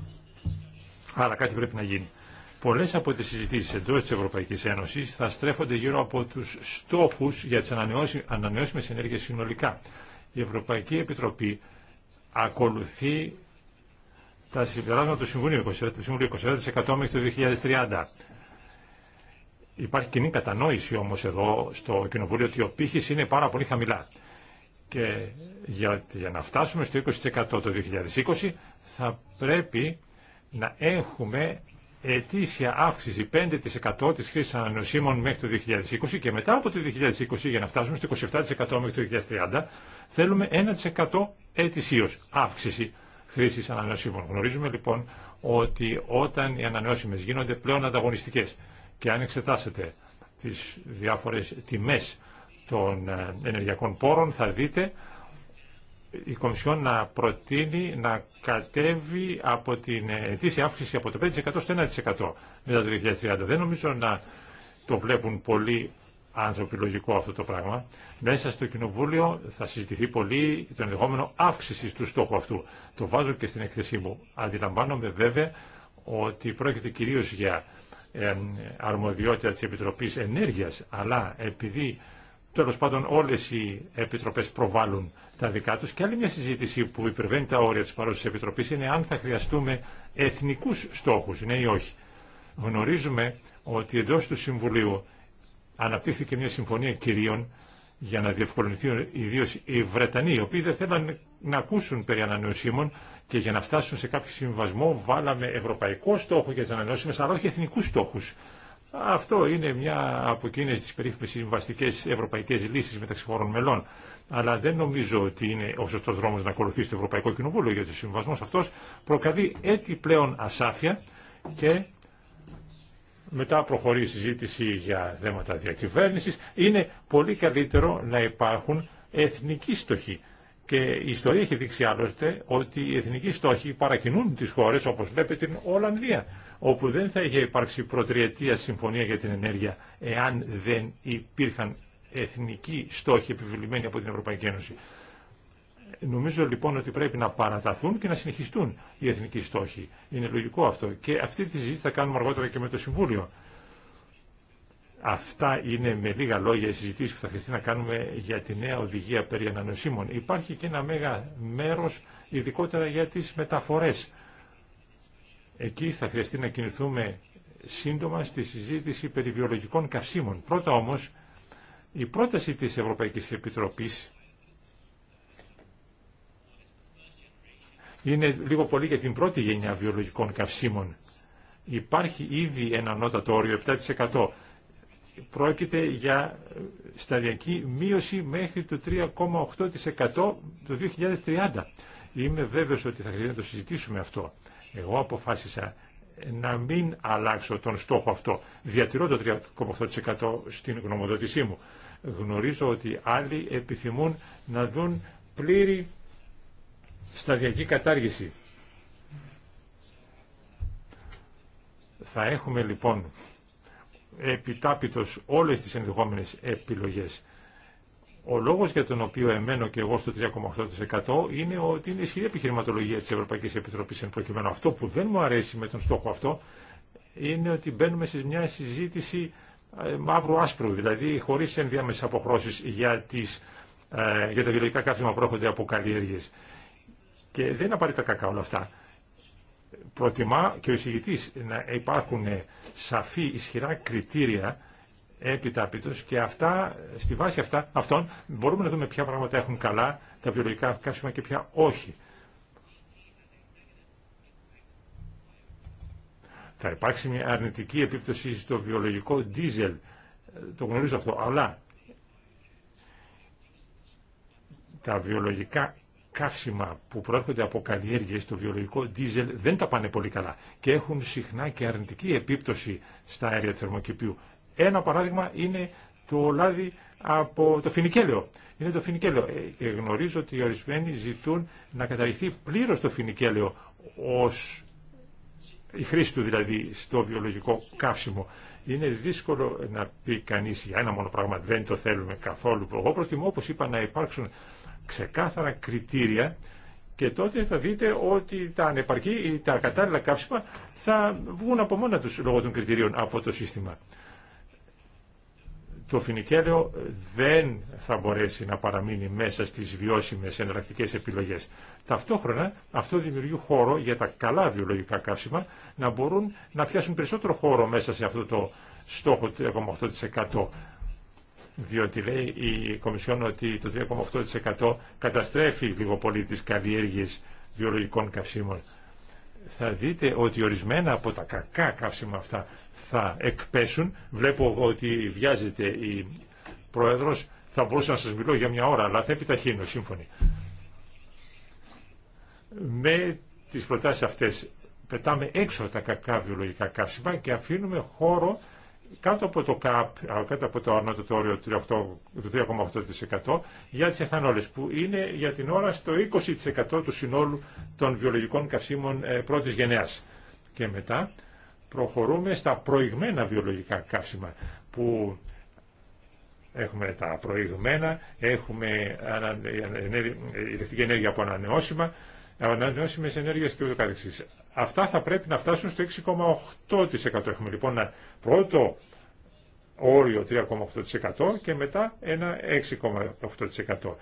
Άρα κάτι πρέπει να γίνει. Πολλές από τις συζητήσεις εντός της Ευρωπαϊκής Ένωσης θα στρέφονται γύρω από τους στόχους για τις ανανεώσιμες ενέργειες συνολικά. Η Ευρωπαϊκή Επιτροπή ακολουθεί τα συμπεράσματα του Συμβουλίου 24% μέχρι το 2030. Υπάρχει κοινή κατανόηση όμως εδώ στο Κοινοβούλιο ότι ο πύχης είναι πάρα πολύ χαμηλά. Και για, για να φτάσουμε στο 20% το 2020 θα πρέπει να έχουμε ετήσια αύξηση 5% της χρήσης ανανεωσίμων μέχρι το 2020 και μετά από το 2020 για να φτάσουμε στο 27% μέχρι το 2030 θέλουμε 1% ετησίως αύξηση χρήσης ανανεωσίμων. Γνωρίζουμε λοιπόν ότι όταν οι ανανεώσιμες γίνονται πλέον ανταγωνιστικές και αν εξετάσετε τις διάφορες τιμές των ε, ενεργειακών πόρων θα δείτε η Κομισιόν να προτείνει να κατέβει από την ετήσια αύξηση από το 5% στο 1% μετά το 2030. Δεν νομίζω να το βλέπουν πολύ ανθρωπιλογικό αυτό το πράγμα. Μέσα στο Κοινοβούλιο θα συζητηθεί πολύ το ενδεχόμενο αύξηση του στόχου αυτού. Το βάζω και στην εκθεσή μου. Αντιλαμβάνομαι βέβαια ότι πρόκειται κυρίως για αρμοδιότητα της Επιτροπής Ενέργειας, αλλά επειδή τέλο πάντων όλες οι επιτροπές προβάλλουν τα δικά τους και άλλη μια συζήτηση που υπερβαίνει τα όρια της παρούσας Επιτροπής είναι αν θα χρειαστούμε εθνικούς στόχους, ναι ή όχι. Γνωρίζουμε ότι εντός του Συμβουλίου αναπτύχθηκε μια συμφωνία κυρίων για να διευκολυνθεί ιδίω οι Βρετανοί, οι οποίοι δεν θέλαν να ακούσουν περί ανανεωσίμων, και για να φτάσουν σε κάποιο συμβασμό βάλαμε ευρωπαϊκό στόχο για τι ανανεώσιμε, αλλά όχι εθνικού στόχου. Αυτό είναι μια από εκείνε τι περίφημε συμβαστικέ ευρωπαϊκέ λύσει μεταξύ χωρών μελών. Αλλά δεν νομίζω ότι είναι ο σωστό δρόμο να ακολουθήσει το Ευρωπαϊκό Κοινοβούλιο, γιατί ο συμβασμό αυτό προκαλεί έτσι πλέον ασάφεια και μετά προχωρεί η συζήτηση για θέματα διακυβέρνηση Είναι πολύ καλύτερο να υπάρχουν εθνικοί στοχοί και η ιστορία έχει δείξει άλλωστε ότι οι εθνικοί στόχοι παρακινούν τι χώρε, όπω βλέπετε την Ολλανδία, όπου δεν θα είχε υπάρξει προτριετία συμφωνία για την ενέργεια εάν δεν υπήρχαν εθνικοί στόχοι επιβλημένοι από την Ευρωπαϊκή Ένωση. Νομίζω λοιπόν ότι πρέπει να παραταθούν και να συνεχιστούν οι εθνικοί στόχοι. Είναι λογικό αυτό. Και αυτή τη συζήτηση θα κάνουμε αργότερα και με το Συμβούλιο. Αυτά είναι με λίγα λόγια οι συζητήσει που θα χρειαστεί να κάνουμε για τη νέα οδηγία περί ανανοσίμων. Υπάρχει και ένα μέγα μέρος ειδικότερα για τις μεταφορές. Εκεί θα χρειαστεί να κινηθούμε σύντομα στη συζήτηση περί βιολογικών καυσίμων. Πρώτα όμως, η πρόταση της Ευρωπαϊκής Επιτροπής είναι λίγο πολύ για την πρώτη γενιά βιολογικών καυσίμων. Υπάρχει ήδη ένα νότατο όριο 7% πρόκειται για ε, σταδιακή μείωση μέχρι το 3,8% το 2030. Είμαι βέβαιος ότι θα χρειάζεται να το συζητήσουμε αυτό. Εγώ αποφάσισα να μην αλλάξω τον στόχο αυτό. Διατηρώ το 3,8% στην γνωμοδότησή μου. Γνωρίζω ότι άλλοι επιθυμούν να δουν πλήρη σταδιακή κατάργηση. Θα έχουμε λοιπόν επιτάπητος όλες τις ενδεχόμενες επιλογές. Ο λόγος για τον οποίο εμένω και εγώ στο 3,8% είναι ότι είναι ισχυρή επιχειρηματολογία της Ευρωπαϊκής Επιτροπής εν προκειμένου. Αυτό που δεν μου αρέσει με τον στόχο αυτό είναι ότι μπαίνουμε σε μια συζήτηση ε, μαύρου-άσπρου, δηλαδή χωρίς ενδιάμεσες αποχρώσεις για, τις, ε, για τα βιολογικά κάψιμα που έρχονται από καλλιέργειες. Και δεν είναι απαραίτητα κακά όλα αυτά προτιμά και ο εισηγητής να υπάρχουν σαφή ισχυρά κριτήρια επιτάπητος και αυτά, στη βάση αυτά, αυτών μπορούμε να δούμε ποια πράγματα έχουν καλά τα βιολογικά κάψιμα και ποια όχι. Θα υπάρξει μια αρνητική επίπτωση στο βιολογικό δίζελ. το γνωρίζω αυτό, αλλά τα βιολογικά καύσιμα που προέρχονται από καλλιέργειες, στο βιολογικό δίζελ, δεν τα πάνε πολύ καλά και έχουν συχνά και αρνητική επίπτωση στα αέρια θερμοκηπίου. Ένα παράδειγμα είναι το λάδι από το φινικέλαιο. Είναι το φινικέλαιο. Ε, ε, γνωρίζω ότι οι ορισμένοι ζητούν να καταργηθεί πλήρως το φινικέλαιο ως η χρήση του δηλαδή στο βιολογικό καύσιμο. Είναι δύσκολο να πει κανείς για ένα μόνο πράγμα δεν το θέλουμε καθόλου. Εγώ προτιμώ όπως είπα να υπάρξουν ξεκάθαρα κριτήρια και τότε θα δείτε ότι τα ανεπαρκή ή τα κατάλληλα καύσιμα θα βγουν από μόνα τους λόγω των κριτηρίων από το σύστημα. Το φινικέλαιο δεν θα μπορέσει να παραμείνει μέσα στις βιώσιμες εναλλακτικές επιλογές. Ταυτόχρονα αυτό δημιουργεί χώρο για τα καλά βιολογικά καύσιμα να μπορούν να πιάσουν περισσότερο χώρο μέσα σε αυτό το στόχο 3,8% διότι λέει η Κομισιόν ότι το 3,8% καταστρέφει λίγο πολύ τις καλλιέργειες βιολογικών καυσίμων. Θα δείτε ότι ορισμένα από τα κακά καύσιμα αυτά θα εκπέσουν. Βλέπω ότι βιάζεται η Πρόεδρος. Θα μπορούσα να σας μιλώ για μια ώρα, αλλά θα επιταχύνω, σύμφωνοι. Με τις προτάσεις αυτές πετάμε έξω τα κακά βιολογικά καύσιμα και αφήνουμε χώρο κάτω από το ΚΑΠ, κάτω από το το όριο του 3,8% για τις εθανόλες, που είναι για την ώρα στο 20% του συνόλου των βιολογικών καυσίμων ε, πρώτης γενεάς. Και μετά προχωρούμε στα προηγμένα βιολογικά καύσιμα, που έχουμε τα προηγμένα, έχουμε ε, ηλεκτρική ενέργεια από ανανεώσιμα, ανανεώσιμες ενέργειες και αυτά θα πρέπει να φτάσουν στο 6,8%. Έχουμε λοιπόν ένα πρώτο όριο 3,8% και μετά ένα 6,8%.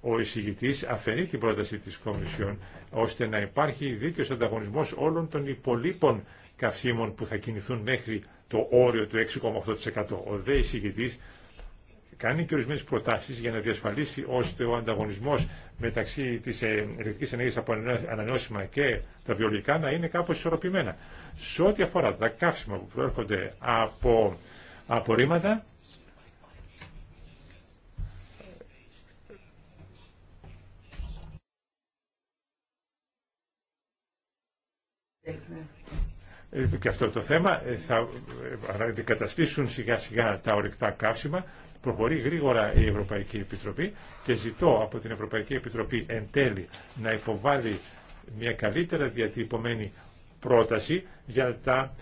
Ο εισηγητής αφαιρεί την πρόταση της Κομισιόν ώστε να υπάρχει δίκαιος ανταγωνισμός όλων των υπολείπων καυσίμων που θα κινηθούν μέχρι το όριο του 6,8%. Ο δε εισηγητής κάνει και ορισμένε προτάσει για να διασφαλίσει ώστε ο ανταγωνισμό μεταξύ τη ε, ηλεκτρική ενέργεια από ανανεώσιμα και τα βιολογικά να είναι κάπω ισορροπημένα. Σε ό,τι αφορά τα καύσιμα που προέρχονται από απορρίμματα, ναι. Ε, και αυτό το θέμα ε, θα ε, αντικαταστήσουν σιγά σιγά τα ορυκτά καύσιμα. Προχωρεί γρήγορα η Ευρωπαϊκή Επιτροπή και ζητώ από την Ευρωπαϊκή Επιτροπή εν τέλει να υποβάλει μια καλύτερα διατυπωμένη πρόταση για τα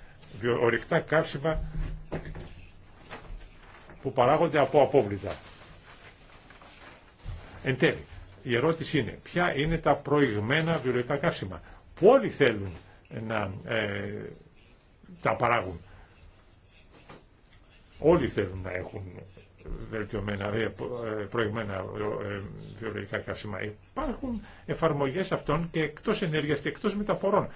ορυκτά καύσιμα που παράγονται από απόβλητα. Εν τέλει, η ερώτηση είναι ποια είναι τα προηγμένα βιολογικά καύσιμα που όλοι θέλουν να ε, τα παράγουν. Όλοι θέλουν να έχουν βελτιωμένα ε, ε, προηγμένα βιολογικά καύσιμα. Υπάρχουν εφαρμογές αυτών και εκτός ενέργειας και εκτός μεταφορών.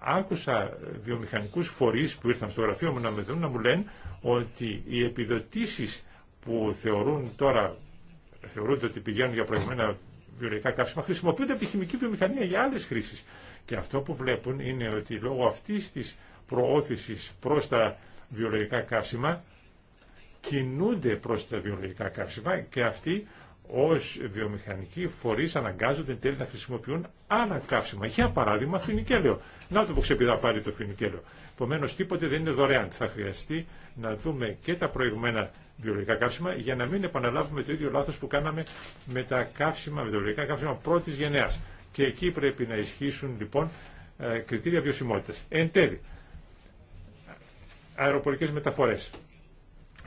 Άκουσα βιομηχανικούς φορείς που ήρθαν στο γραφείο μου να με δουν να μου λένε ότι οι επιδοτήσεις που θεωρούν τώρα, θεωρούνται ότι πηγαίνουν για προηγμένα βιολογικά καύσιμα χρησιμοποιούνται από τη χημική βιομηχανία για άλλες χρήσεις. Και αυτό που βλέπουν είναι ότι λόγω αυτής της προώθησης προς τα βιολογικά καύσιμα κινούνται προς τα βιολογικά καύσιμα και αυτοί ως βιομηχανικοί φορείς αναγκάζονται εν τέλει να χρησιμοποιούν άλλα καύσιμα. Για παράδειγμα φινικέλαιο. Να το που ξεπηδά πάλι το φινικέλαιο. Επομένω τίποτε δεν είναι δωρεάν. Θα χρειαστεί να δούμε και τα προηγουμένα βιολογικά καύσιμα για να μην επαναλάβουμε το ίδιο λάθος που κάναμε με τα καύσιμα, με βιολογικά καύσιμα πρώτης γενεάς και εκεί πρέπει να ισχύσουν λοιπόν ε, κριτήρια βιωσιμότητα. Εν τέλει, αεροπορικέ μεταφορέ.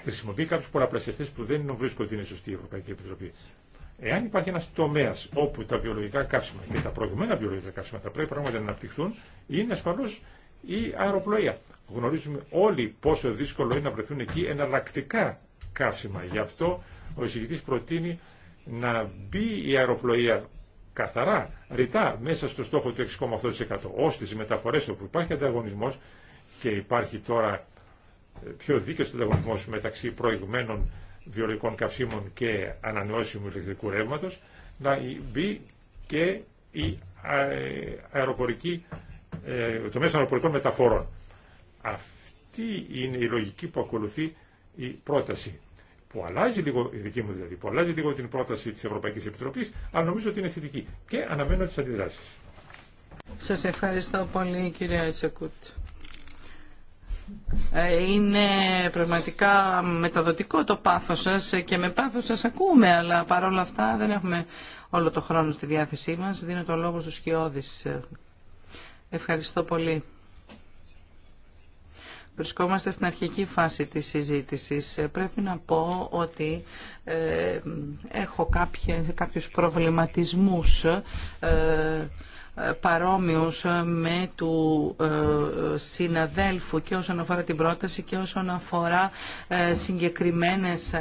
Χρησιμοποιεί κάποιου πολλαπλασιαστέ που δεν βρίσκονται ότι είναι σωστή η Ευρωπαϊκή Επιτροπή. Εάν υπάρχει ένα τομέα όπου τα βιολογικά καύσιμα και τα προηγουμένα βιολογικά καύσιμα θα πρέπει πράγματι να αναπτυχθούν, είναι ασφαλώ η αεροπλοεία. Γνωρίζουμε όλοι πόσο δύσκολο είναι να βρεθούν εκεί εναλλακτικά καύσιμα. Γι' αυτό ο εισηγητή προτείνει να μπει η αεροπλοεία καθαρά, ρητά, μέσα στο στόχο του 6,8%. ώστε τις μεταφορές όπου υπάρχει ανταγωνισμός και υπάρχει τώρα ε, πιο δίκαιος ανταγωνισμός μεταξύ προηγουμένων βιολογικών καυσίμων και ανανεώσιμου ηλεκτρικού ρεύματος, να μπει και η ε, αεροπορική, ε, το μέσο αεροπορικών μεταφορών. Αυτή είναι η λογική που ακολουθεί η πρόταση που αλλάζει λίγο, η δική μου δηλαδή, που αλλάζει λίγο την πρόταση τη ευρωπαϊκή Επιτροπή, αλλά νομίζω ότι είναι θετική και αναμένω τις αντιδράσει. Σα ευχαριστώ πολύ κύριε Ατσεκούτ. Ε, είναι πραγματικά μεταδοτικό το πάθος σας και με πάθος σας ακούμε, αλλά παρόλα αυτά δεν έχουμε όλο το χρόνο στη διάθεσή μας. Δίνω το λόγο στους Σκιώδης. Ευχαριστώ πολύ. Βρισκόμαστε στην αρχική φάση της συζήτησης. Ε, πρέπει να πω ότι ε, έχω κάποιες, κάποιους προβληματισμούς ε, παρόμοιους ε, με του ε, συναδέλφου και όσον αφορά την πρόταση και όσον αφορά ε, συγκεκριμένες,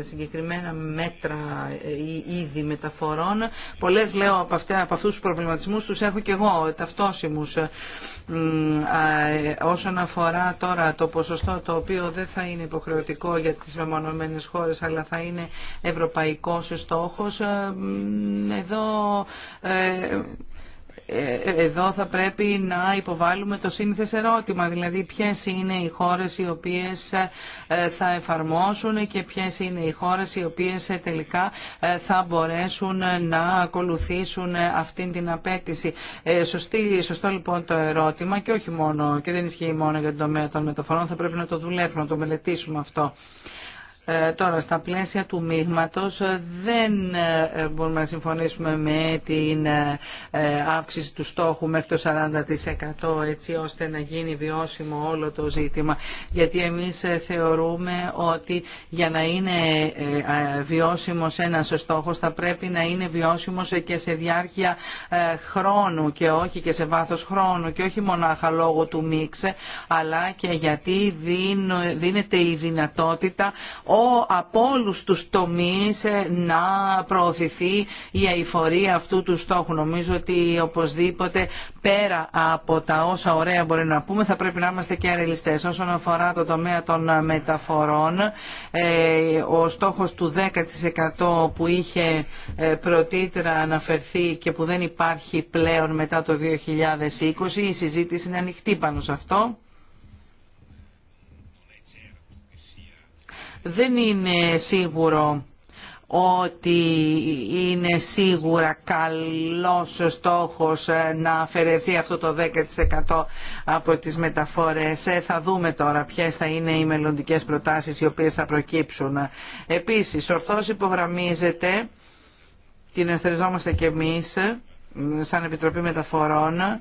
συγκεκριμένα μέτρα ή είδη μεταφορών. Πολλές λέω από, αυτά, από αυτούς τους προβληματισμούς τους έχω και εγώ ταυτόσιμους. Όσον αφορά τώρα το ποσοστό το οποίο δεν θα είναι υποχρεωτικό για τις μεμονωμένες χώρες αλλά θα είναι ευρωπαϊκός στόχος, εδώ ε, εδώ θα πρέπει να υποβάλουμε το σύνηθες ερώτημα, δηλαδή ποιες είναι οι χώρες οι οποίες ε, θα εφαρμόσουν και ποιες είναι οι χώρες οι οποίες ε, τελικά θα μπορέσουν να ακολουθήσουν αυτήν την απέτηση. Σωστή, σωστό λοιπόν το ερώτημα και όχι μόνο, και δεν ισχύει μόνο για τον τομέα των μεταφορών, θα πρέπει να το δουλέψουμε, να το μελετήσουμε αυτό. Ε, τώρα, στα πλαίσια του μείγματος ε, δεν ε, μπορούμε να συμφωνήσουμε με την αύξηση του στόχου μέχρι το 40% έτσι ώστε να γίνει βιώσιμο όλο το ζήτημα. Γιατί εμείς θεωρούμε ότι για να είναι βιώσιμος ένας στόχος θα πρέπει να είναι βιώσιμος και σε διάρκεια χρόνου και όχι και σε βάθος χρόνου και όχι μονάχα λόγω του μίξε αλλά και γιατί δίνεται η δυνατότητα από όλους τους τομείς ε, να προωθηθεί η αηφορία αυτού του στόχου. Νομίζω ότι οπωσδήποτε πέρα από τα όσα ωραία μπορεί να πούμε θα πρέπει να είμαστε και αρελιστές. Όσον αφορά το τομέα των μεταφορών, ε, ο στόχος του 10% που είχε ε, πρωτήτερα αναφερθεί και που δεν υπάρχει πλέον μετά το 2020, η συζήτηση είναι ανοιχτή πάνω σε αυτό. δεν είναι σίγουρο ότι είναι σίγουρα καλός στόχος να αφαιρεθεί αυτό το 10% από τις μεταφορές. Ε, θα δούμε τώρα ποιες θα είναι οι μελλοντικές προτάσεις οι οποίες θα προκύψουν. Επίσης, ορθώς υπογραμμίζεται, την αστεριζόμαστε και εμείς σαν Επιτροπή Μεταφορών, ε,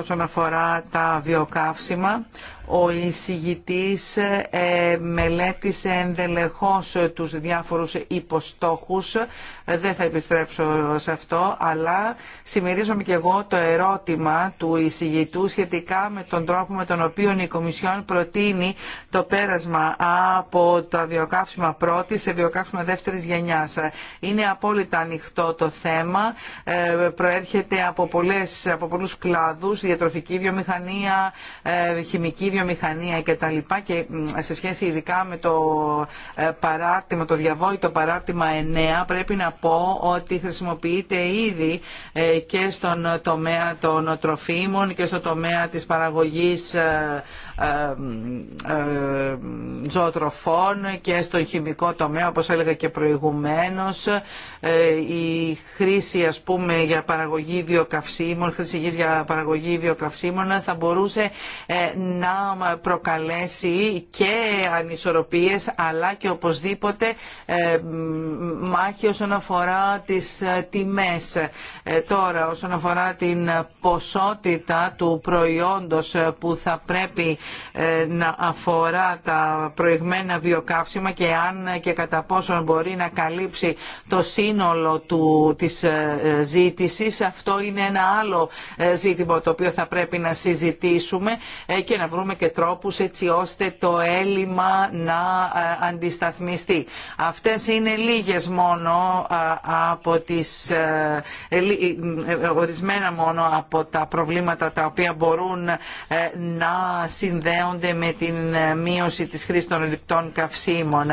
όσον αφορά τα βιοκαύσιμα, ο εισηγητής ε, μελέτησε ενδελεχώς τους διάφορους υποστόχους. Δεν θα επιστρέψω σε αυτό, αλλά συμμερίζομαι και εγώ το ερώτημα του εισηγητού σχετικά με τον τρόπο με τον οποίο η Κομισιόν προτείνει το πέρασμα από τα βιοκαύσιμα πρώτη σε βιοκαύσιμα δεύτερης γενιάς. Είναι απόλυτα ανοιχτό το θέμα, ε, προέρχεται από, πολλές, από πολλούς κλάδους, διατροφική βιομηχανία, ε, χημική βιομηχανία και τα λοιπά και σε σχέση ειδικά με το ε, παράρτημα, το διαβόητο παράρτημα 9 πρέπει να πω ότι χρησιμοποιείται ήδη ε, και στον τομέα των τροφίμων και στο τομέα της παραγωγής ε, ε, ε, ζωοτροφών και στον χημικό τομέα, όπως έλεγα και προηγουμένως, ε, η χρήση ας πούμε για παραγωγή βιοκαυσίμων, χρήση για παραγωγή βιοκαυσίμων θα μπορούσε να προκαλέσει και ανισορροπίες αλλά και οπωσδήποτε μάχη όσον αφορά τις τιμές. Τώρα όσον αφορά την ποσότητα του προϊόντος που θα πρέπει ε, να αφορά τα προηγμένα βιοκαύσιμα και αν και κατά πόσο μπορεί να καλύψει το σύνολο του, της ε, ζήτησης. Αυτό είναι ένα άλλο ε, ζήτημα το οποίο θα πρέπει να συζητήσουμε και να βρούμε και τρόπους έτσι ώστε το έλλειμμα να αντισταθμιστεί. Αυτές είναι λίγες μόνο από τις ορισμένα μόνο από τα προβλήματα τα οποία μπορούν να συνδέονται συνδέονται με την ε, μείωση της χρήσης των λιπτών καυσίμων.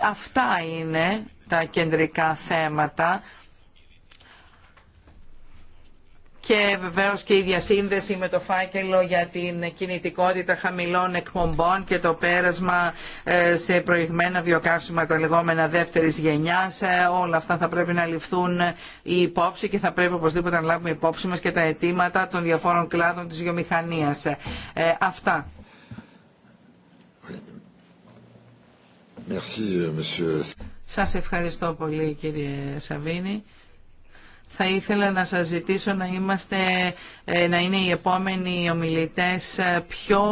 Αυτά είναι τα κεντρικά θέματα και βεβαίως και η διασύνδεση με το φάκελο για την κινητικότητα χαμηλών εκπομπών και το πέρασμα ε, σε προηγμένα βιοκαύσιμα τα λεγόμενα δεύτερης γενιάς. Ε, όλα αυτά θα πρέπει να ληφθούν η υπόψη και θα πρέπει οπωσδήποτε να λάβουμε υπόψη μας και τα αιτήματα των διαφόρων κλάδων της βιομηχανίας. Ε, αυτά. Merci, euh, Σας ευχαριστώ πολύ κύριε Σαβίνη. Θα ήθελα να σας ζητήσω να, είμαστε, ε, να είναι οι επόμενοι ομιλητές ε, πιο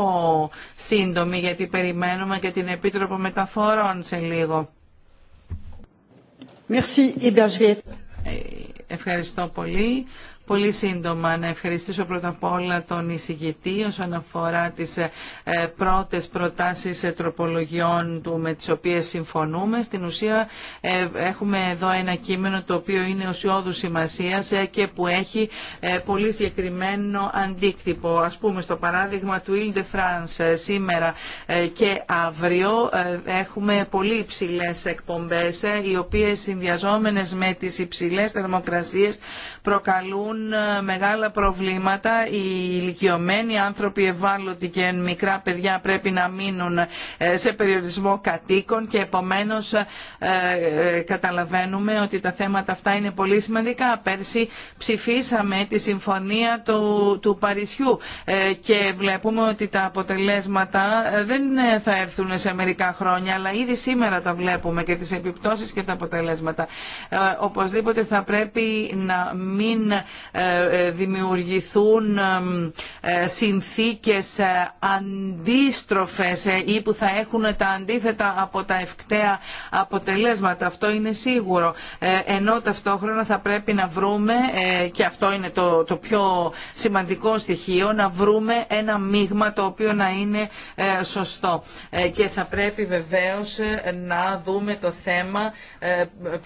σύντομοι, γιατί περιμένουμε και την Επίτροπο Μεταφορών σε λίγο. Merci, ε, Ευχαριστώ πολύ. Πολύ σύντομα να ευχαριστήσω πρώτα απ' όλα τον εισηγητή όσον αφορά τις ε, πρώτες προτάσεις ε, τροπολογιών του με τις οποίες συμφωνούμε. Στην ουσία ε, έχουμε εδώ ένα κείμενο το οποίο είναι ουσιώδου σημασία και που έχει πολύ συγκεκριμένο αντίκτυπο. Ας πούμε στο παράδειγμα του Ile de France σήμερα και αύριο έχουμε πολύ υψηλές εκπομπές οι οποίες συνδυαζόμενες με τις υψηλές θερμοκρασίες προκαλούν ε, μεγάλα προβλήματα. Οι ηλικιωμένοι άνθρωποι ευάλωτοι και μικρά παιδιά πρέπει να μείνουν ε, σε περιορισμό κατοίκων και επομένως ε, καταλαβαίνουμε ότι τα θέματα αυτά είναι πολύ σημαντικά. Πέρσι ψηφίσαμε τη συμφωνία του, του Παρισιού και βλέπουμε ότι τα αποτελέσματα δεν θα έρθουν σε μερικά χρόνια αλλά ήδη σήμερα τα βλέπουμε και τις επιπτώσεις και τα αποτελέσματα. Οπωσδήποτε θα πρέπει να μην ε, ε, δημιουργηθούν ε, συνθήκες αντίστροφες ή που θα έχουν τα αντίθετα από τα ευκταία αποτελέσματα. Αυτό είναι σίγουρο. Ενώ ταυτόχρονα θα πρέπει να βρούμε, και αυτό είναι το, πιο σημαντικό στοιχείο, να βρούμε ένα μείγμα το οποίο να είναι σωστό. Και θα πρέπει βεβαίως να δούμε το θέμα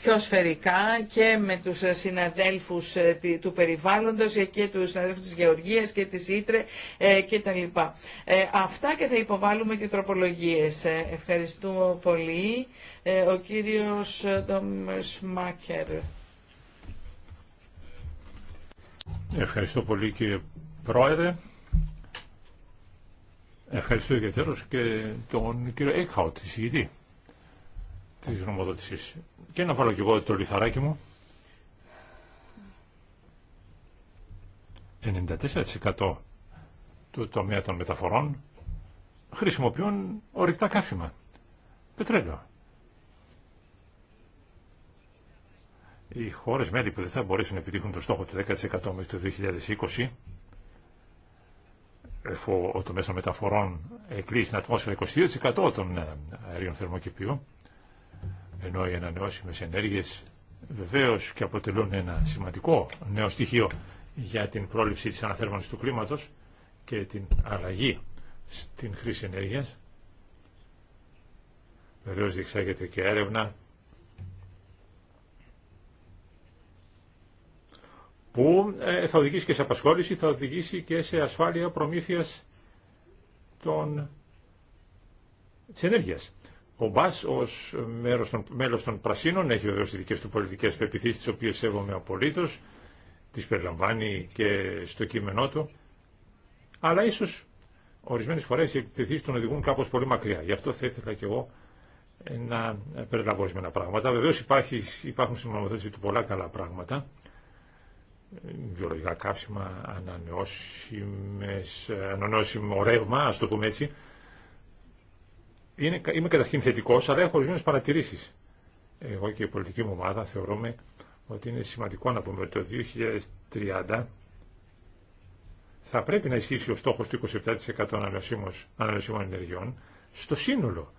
πιο σφαιρικά και με τους συναδέλφους του περιβάλλοντος ε, και του συναδέλφου της Γεωργίας και της Ήτρε ε, και τα λοιπά. Ε, αυτά και θα υποβάλουμε και τροπολογίες. Ευχαριστούμε πολύ. Ο κύριος Σμάκερ. Ευχαριστώ πολύ κύριε Πρόεδρε. Ευχαριστώ ιδιαίτερως και τον κύριο Έκχαουτ, εισηγητή της νομοδότησης Και να βάλω και εγώ το λιθαράκι μου. 94% του τομέα των μεταφορών χρησιμοποιούν ορυκτά καύσιμα, πετρέλαιο. Οι χώρες μέλη που δεν θα μπορέσουν να επιτύχουν το στόχο του 10% μέχρι το 2020, εφού ο τομέας των μεταφορών εκλείσει την ατμόσφαιρα 22% των ε, αερίων θερμοκηπίου, ενώ οι ανανεώσιμες ενέργειες βεβαίως και αποτελούν ένα σημαντικό νέο στοιχείο για την πρόληψη της αναθέρμανσης του κλίματος και την αλλαγή στην χρήση ενέργειας. Βεβαίως διεξάγεται και έρευνα που ε, θα οδηγήσει και σε απασχόληση, θα οδηγήσει και σε ασφάλεια προμήθειας των... της ενέργειας. Ο Μπά ω μέλος των, Πρασίνων έχει βεβαίω τι δικέ του πολιτικές πεπιθήσει, τις οποίες σέβομαι απολύτω τις περιλαμβάνει και στο κείμενό του, αλλά ίσως ορισμένες φορές οι επιθέσεις τον οδηγούν κάπως πολύ μακριά. Γι' αυτό θα ήθελα και εγώ ε, να περιλαμβάνω ορισμένα πράγματα. Βεβαίω υπάρχουν στην του πολλά καλά πράγματα, βιολογικά καύσιμα, ανανεώσιμες, ανανεώσιμο ρεύμα, ας το πούμε έτσι. Είναι, είμαι καταρχήν θετικός, αλλά έχω ορισμένες παρατηρήσεις. Εγώ και η πολιτική μου ομάδα θεωρούμε ότι είναι σημαντικό να πούμε ότι το 2030 θα πρέπει να ισχύσει ο στόχος του 27% ανανεωσίμων ενεργειών στο σύνολο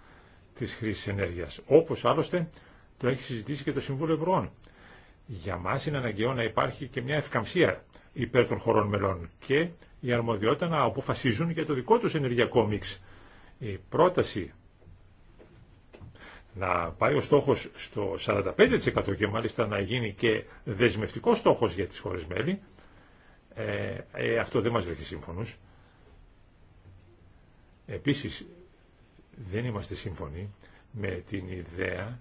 της χρήσης ενέργειας, όπως άλλωστε το έχει συζητήσει και το Συμβούλιο Ευρωών. Για μας είναι αναγκαίο να υπάρχει και μια ευκαμψία υπέρ των χωρών μελών και η αρμοδιότητα να αποφασίζουν για το δικό τους ενεργειακό μίξ. Η πρόταση να πάει ο στόχος στο 45% και μάλιστα να γίνει και δεσμευτικό στόχος για τις χώρες μέλη, ε, ε αυτό δεν μας βρέχει σύμφωνος. Επίσης, δεν είμαστε σύμφωνοι με την ιδέα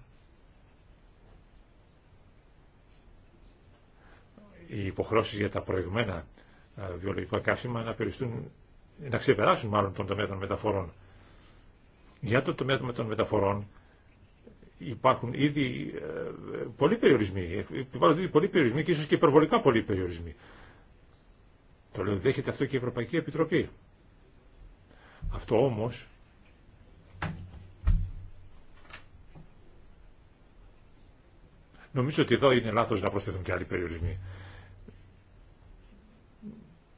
οι υποχρώσεις για τα προηγμένα ε, βιολογικά καύσιμα να, περιστούν, να ξεπεράσουν μάλλον τον τομέα των μεταφορών. Για το τομέα των μεταφορών υπάρχουν ήδη ε, πολλοί περιορισμοί, επιβάλλονται ήδη πολλοί περιορισμοί και ίσω και υπερβολικά πολλοί περιορισμοί. Το λέω δέχεται αυτό και η Ευρωπαϊκή Επιτροπή. Αυτό όμως νομίζω ότι εδώ είναι λάθος να προσθέτουν και άλλοι περιορισμοί.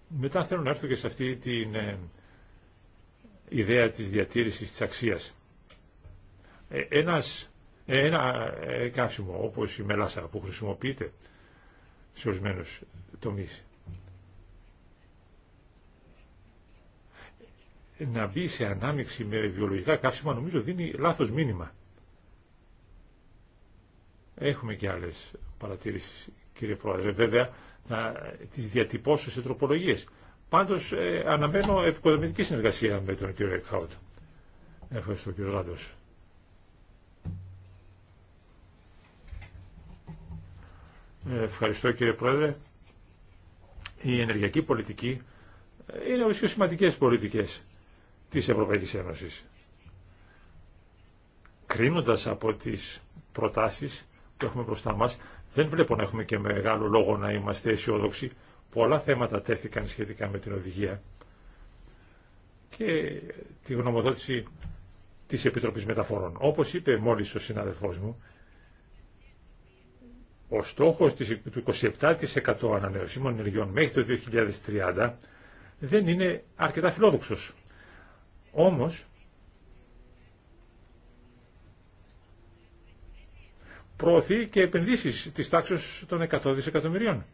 Μετά θέλω να έρθω και σε αυτή την ε, ιδέα της διατήρησης της αξίας. Ε, ένας ένα ε, καύσιμο όπως η μελάσα που χρησιμοποιείται σε ορισμένου τομεί. Να μπει σε ανάμειξη με βιολογικά καύσιμα νομίζω δίνει λάθος μήνυμα. Έχουμε και άλλες παρατηρήσεις κύριε Πρόεδρε. Βέβαια θα τις διατυπώσω σε τροπολογίες. Πάντως ε, αναμένω επικοδομητική συνεργασία με τον κύριο Εκχάουτ. Ευχαριστώ κύριο Ευχαριστώ κύριε Πρόεδρε. Η ενεργειακή πολιτική είναι από τι πιο σημαντικές πολιτικές της Ευρωπαϊκής Ένωσης. Κρίνοντας από τις προτάσεις που έχουμε μπροστά μας, δεν βλέπω να έχουμε και μεγάλο λόγο να είμαστε αισιόδοξοι. Πολλά θέματα τέθηκαν σχετικά με την οδηγία και τη γνωμοδότηση της Επιτροπής Μεταφορών. Όπως είπε μόλις ο συνάδελφός μου, ο στόχος του 27% ανανεωσίμων ενεργειών μέχρι το 2030 δεν είναι αρκετά φιλόδοξος. Όμως, προωθεί και επενδύσεις της τάξης των 100 δισεκατομμυρίων.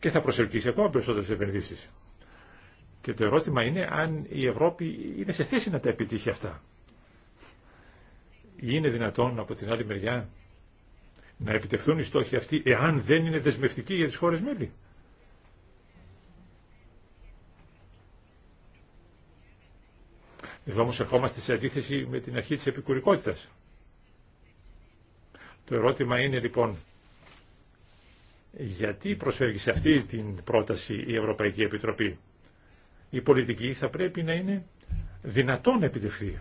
Και θα προσελκύσει ακόμα περισσότερες επενδύσεις. Και το ερώτημα είναι αν η Ευρώπη είναι σε θέση να τα επιτύχει αυτά είναι δυνατόν από την άλλη μεριά να επιτευχθούν οι στόχοι αυτοί εάν δεν είναι δεσμευτικοί για τις χώρες μέλη. Εδώ όμως ερχόμαστε σε αντίθεση με την αρχή της επικουρικότητας. Το ερώτημα είναι λοιπόν γιατί προσφέρει σε αυτή την πρόταση η Ευρωπαϊκή Επιτροπή. Η πολιτική θα πρέπει να είναι δυνατόν επιτευχθεί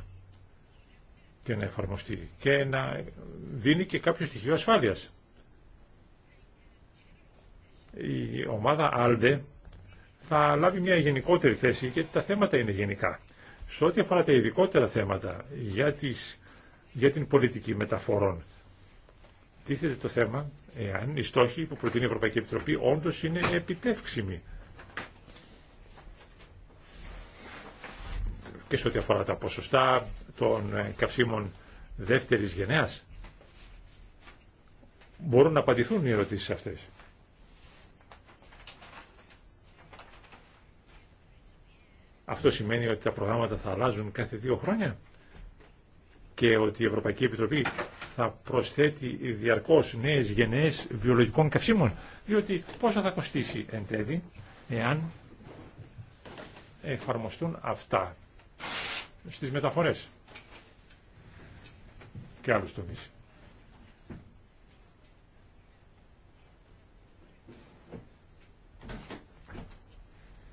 και να εφαρμοστεί και να δίνει και κάποιο στοιχείο ασφάλειας. Η ομάδα ALDE θα λάβει μια γενικότερη θέση γιατί τα θέματα είναι γενικά. Σε ό,τι αφορά τα ειδικότερα θέματα για, για την πολιτική μεταφορών, τίθεται το θέμα εάν οι στόχοι που προτείνει η Ευρωπαϊκή Επιτροπή όντω είναι επιτεύξιμοι. και σε ό,τι αφορά τα ποσοστά των ε, καυσίμων δεύτερης γενναίας. Μπορούν να απαντηθούν οι ερωτήσεις αυτές. Αυτό σημαίνει ότι τα προγράμματα θα αλλάζουν κάθε δύο χρόνια και ότι η Ευρωπαϊκή Επιτροπή θα προσθέτει διαρκώς νέες γενναίες βιολογικών καυσίμων. Διότι πόσο θα κοστίσει εν τέλει εάν εφαρμοστούν αυτά στις μεταφορές και άλλους τομείς.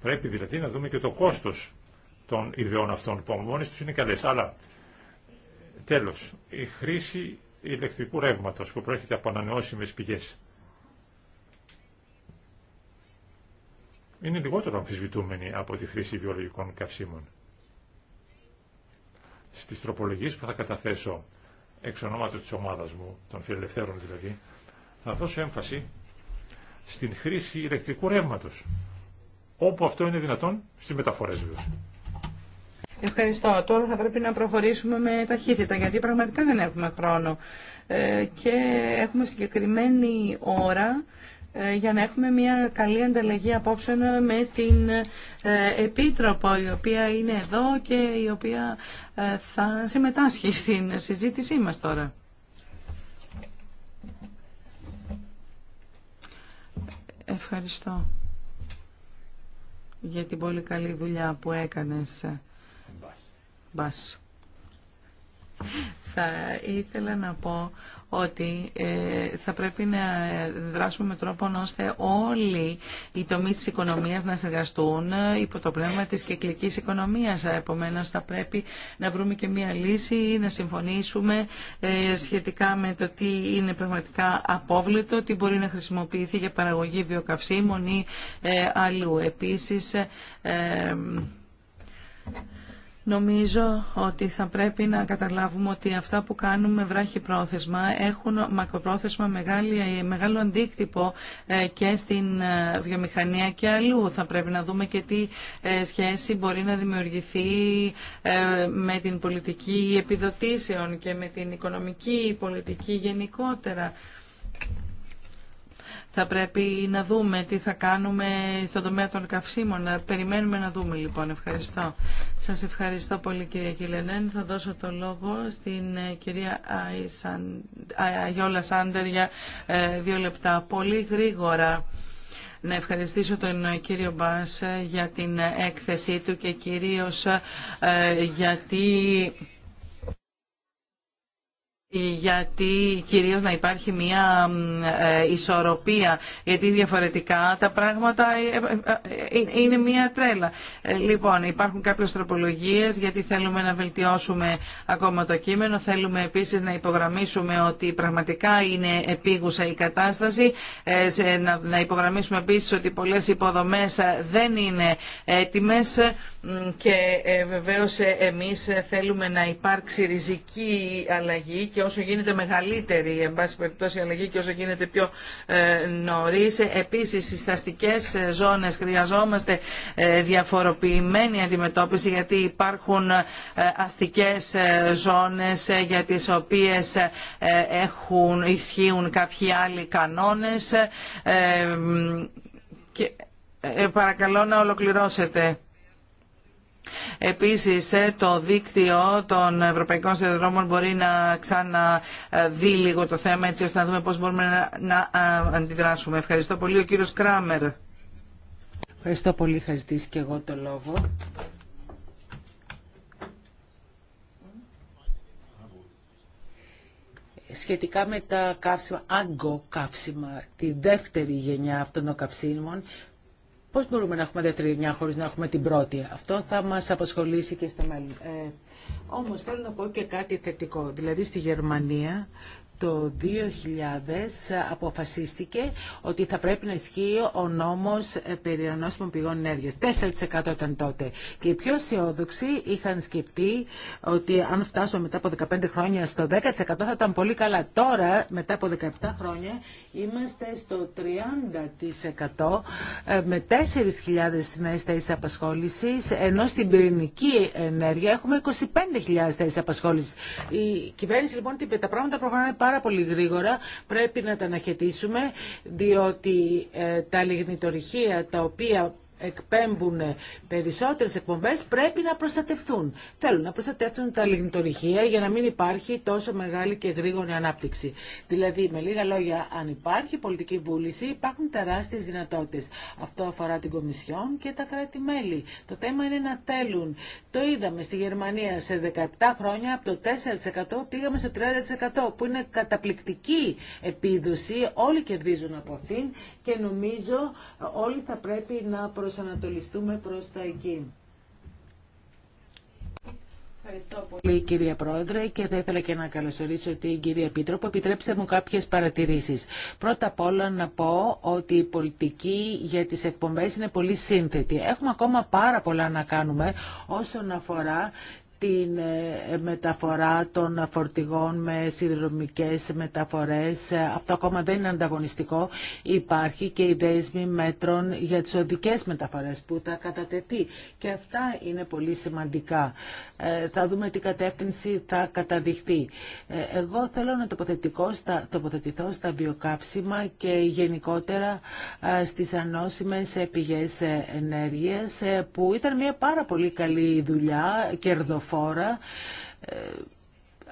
Πρέπει δηλαδή να δούμε και το κόστος των ιδεών αυτών που μόνες τους είναι καλές. Αλλά τέλος, η χρήση ηλεκτρικού ρεύματος που προέρχεται από ανανεώσιμες πηγές είναι λιγότερο αμφισβητούμενη από τη χρήση βιολογικών καυσίμων στις τροπολογίες που θα καταθέσω εξ ονόματος της ομάδας μου, των φιλελευθέρων δηλαδή, θα δώσω έμφαση στην χρήση ηλεκτρικού ρεύματος, όπου αυτό είναι δυνατόν στις μεταφορές βέβαια. Ευχαριστώ. Τώρα θα πρέπει να προχωρήσουμε με ταχύτητα, γιατί πραγματικά δεν έχουμε χρόνο. Ε, και έχουμε συγκεκριμένη ώρα ε, για να έχουμε μια καλή ανταλλαγή απόψε με την ε, Επίτροπο η οποία είναι εδώ και η οποία ε, θα συμμετάσχει στην συζήτησή μας τώρα. Ευχαριστώ για την πολύ καλή δουλειά που έκανες. Μπας. Θα ήθελα να πω ότι ε, θα πρέπει να δράσουμε με τρόπο ώστε όλοι οι τομείς της οικονομίας να συνεργαστούν υπό το πνεύμα της κυκλικής οικονομίας. Επομένως θα πρέπει να βρούμε και μία λύση να συμφωνήσουμε ε, σχετικά με το τι είναι πραγματικά απόβλητο, τι μπορεί να χρησιμοποιηθεί για παραγωγή βιοκαυσίμων ή ε, αλλού. Επίσης, Νομίζω ότι θα πρέπει να καταλάβουμε ότι αυτά που κάνουμε βράχη πρόθεσμα έχουν μακροπρόθεσμα μεγάλη, μεγάλο αντίκτυπο ε, και στην ε, βιομηχανία και αλλού. Θα πρέπει να δούμε και τι ε, σχέση μπορεί να δημιουργηθεί με την πολιτική επιδοτήσεων και με την οικονομική πολιτική γενικότερα. Θα πρέπει να δούμε τι θα κάνουμε στον τομέα των καυσίμων. Περιμένουμε να δούμε λοιπόν. Ευχαριστώ. Σας ευχαριστώ πολύ κυρία Κιλενέν. Θα δώσω το λόγο στην ε, κυρία Αγιόλα Σάντερ για ε, δύο λεπτά. Πολύ γρήγορα. Να ευχαριστήσω τον κύριο Μπάς για την έκθεσή του και κυρίως ε, γιατί γιατί κυρίως να υπάρχει μια ε, ισορροπία, γιατί διαφορετικά τα πράγματα ε, ε, είναι μια τρέλα. Λοιπόν, υπάρχουν κάποιες τροπολογίες γιατί θέλουμε να βελτιώσουμε ακόμα το κείμενο, θέλουμε επίσης να υπογραμμίσουμε ότι πραγματικά είναι επίγουσα η κατάσταση, να υπογραμμίσουμε επίσης ότι πολλές υποδομές δεν είναι έτοιμες και βεβαίως εμείς θέλουμε να υπάρξει ριζική αλλαγή και όσο γίνεται μεγαλύτερη εν πάση περιπτώσει η αλλαγή και όσο γίνεται πιο ε, νωρί. Επίσης στις αστικές ε, ζώνε χρειαζόμαστε ε, διαφοροποιημένη αντιμετώπιση γιατί υπάρχουν αστικές ζώνες για τις οποίε έχουν, ισχύουν κάποιοι άλλοι κανόνες ε, παρακαλώ να ολοκληρώσετε. Επίσης ε, το δίκτυο των Ευρωπαϊκών Συνδρομών μπορεί να ξαναδεί λίγο το θέμα έτσι ώστε να δούμε πώς μπορούμε να, αντιδράσουμε. Ευχαριστώ πολύ ο κύριος Κράμερ. Ευχαριστώ πολύ, είχα ζητήσει και εγώ το λόγο. σχετικά με τα καύσιμα, αγκοκαύσιμα, τη δεύτερη γενιά αυτών των καυσίμων, Πώς μπορούμε να έχουμε δεύτερη γενιά χωρίς να έχουμε την πρώτη. Αυτό θα μας απασχολήσει και στο μέλλον. Ε, όμως θέλω να πω και κάτι θετικό. Δηλαδή στη Γερμανία το 2000 αποφασίστηκε ότι θα πρέπει να ισχύει ο νόμος ε, περί ανώσιμων πηγών ενέργειας. 4% ήταν τότε. Και οι πιο αισιόδοξοι είχαν σκεφτεί ότι αν φτάσουμε μετά από 15 χρόνια στο 10% θα ήταν πολύ καλά. Τώρα, μετά από 17 χρόνια, είμαστε στο 30% ε, με 4.000 νέες θέσεις απασχόλησης, ενώ στην πυρηνική ενέργεια έχουμε 25.000 θέσεις απασχόλησης. Η κυβέρνηση λοιπόν τα πράγματα προχωράνε πάρα πάρα πολύ γρήγορα. Πρέπει να τα αναχαιτήσουμε, διότι ε, τα λιγνητορυχεία τα οποία εκπέμπουν περισσότερε εκπομπέ πρέπει να προστατευτούν. Θέλουν να προστατεύσουν τα λιγνητορυχεία για να μην υπάρχει τόσο μεγάλη και γρήγορη ανάπτυξη. Δηλαδή, με λίγα λόγια, αν υπάρχει πολιτική βούληση, υπάρχουν τεράστιε δυνατότητε. Αυτό αφορά την Κομισιόν και τα κράτη-μέλη. Το θέμα είναι να θέλουν. Το είδαμε στη Γερμανία σε 17 χρόνια, από το 4% πήγαμε στο 30%, που είναι καταπληκτική επίδοση. Όλοι κερδίζουν από αυτήν και νομίζω όλοι θα πρέπει να προστατεύσουν προσανατολιστούμε προς τα εκεί. Ευχαριστώ πολύ κυρία Πρόεδρε και θα ήθελα και να καλωσορίσω την κυρία Επίτροπο. Επιτρέψτε μου κάποιες παρατηρήσεις. Πρώτα απ' όλα να πω ότι η πολιτική για τις εκπομπές είναι πολύ σύνθετη. Έχουμε ακόμα πάρα πολλά να κάνουμε όσον αφορά την ε, μεταφορά των φορτηγών με συνδρομικέ μεταφορές. Ε, αυτό ακόμα δεν είναι ανταγωνιστικό. Υπάρχει και η δέσμη μέτρων για τις οδικές μεταφορές που θα κατατεθεί. Και αυτά είναι πολύ σημαντικά. Ε, θα δούμε τι κατεύθυνση θα καταδειχθεί. εγώ θέλω να στα, τοποθετηθώ στα βιοκαύσιμα και γενικότερα ε, στις ανώσιμες πηγές που ήταν μια πάρα πολύ καλή δουλειά, κερδοφόρηση φόρα. Ε,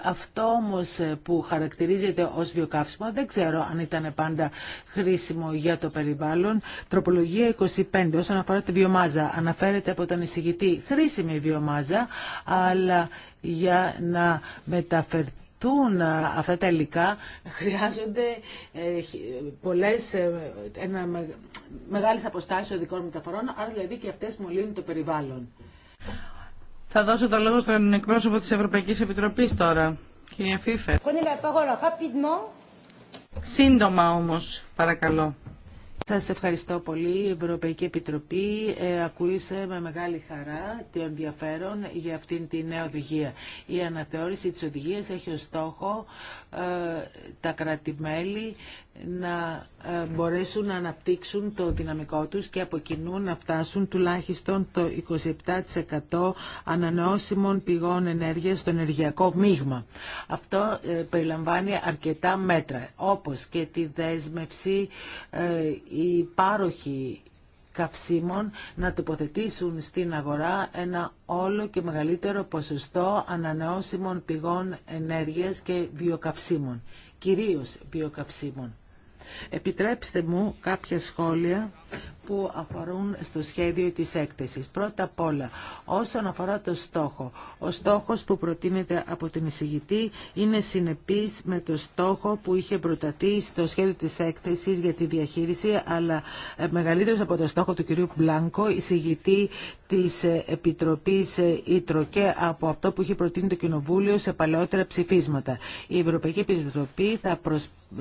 αυτό όμως ε, που χαρακτηρίζεται ως βιοκαύσιμο δεν ξέρω αν ήταν πάντα χρήσιμο για το περιβάλλον. Τροπολογία 25 όσον αφορά τη βιομάζα. Αναφέρεται από τον εισηγητή χρήσιμη βιομάζα, αλλά για να μεταφερθεί αυτά τα υλικά χρειάζονται ε, πολλές, ε, ένα, με, μεγάλες αποστάσεις οδικών μεταφορών, άρα δηλαδή και αυτές μολύνουν το περιβάλλον. Θα δώσω το λόγο στον εκπρόσωπο της Ευρωπαϊκής Επιτροπής τώρα, κύριε Φίφερ. Σύντομα όμως, παρακαλώ. Σας ευχαριστώ πολύ. Η Ευρωπαϊκή Επιτροπή ε, με μεγάλη χαρά το ενδιαφέρον για αυτήν τη νέα οδηγία. Η αναθεώρηση της οδηγίας έχει ως στόχο ε, τα κρατημέλη μελη να ε, μπορέσουν να αναπτύξουν το δυναμικό τους και από κοινού να φτάσουν τουλάχιστον το 27% ανανεώσιμων πηγών ενέργειας στο ενεργειακό μείγμα. Αυτό ε, περιλαμβάνει αρκετά μέτρα, όπως και τη δέσμευση η παροχή καυσίμων να τοποθετήσουν στην αγορά ένα όλο και μεγαλύτερο ποσοστό ανανεώσιμων πηγών ενέργειας και βιοκαυσίμων, κυρίως βιοκαυσίμων. Επιτρέψτε μου κάποια σχόλια που αφορούν στο σχέδιο της έκθεσης. Πρώτα απ' όλα, όσον αφορά το στόχο. Ο στόχος που προτείνεται από την εισηγητή είναι συνεπής με το στόχο που είχε προταθεί στο σχέδιο της έκθεσης για τη διαχείριση, αλλά ε, μεγαλύτερος από το στόχο του κυρίου Μπλάνκο, εισηγητή της ε, Επιτροπής ε, Ήτρο και από αυτό που είχε προτείνει το Κοινοβούλιο σε παλαιότερα ψηφίσματα. Η Ευρωπαϊκή Επιτροπή θα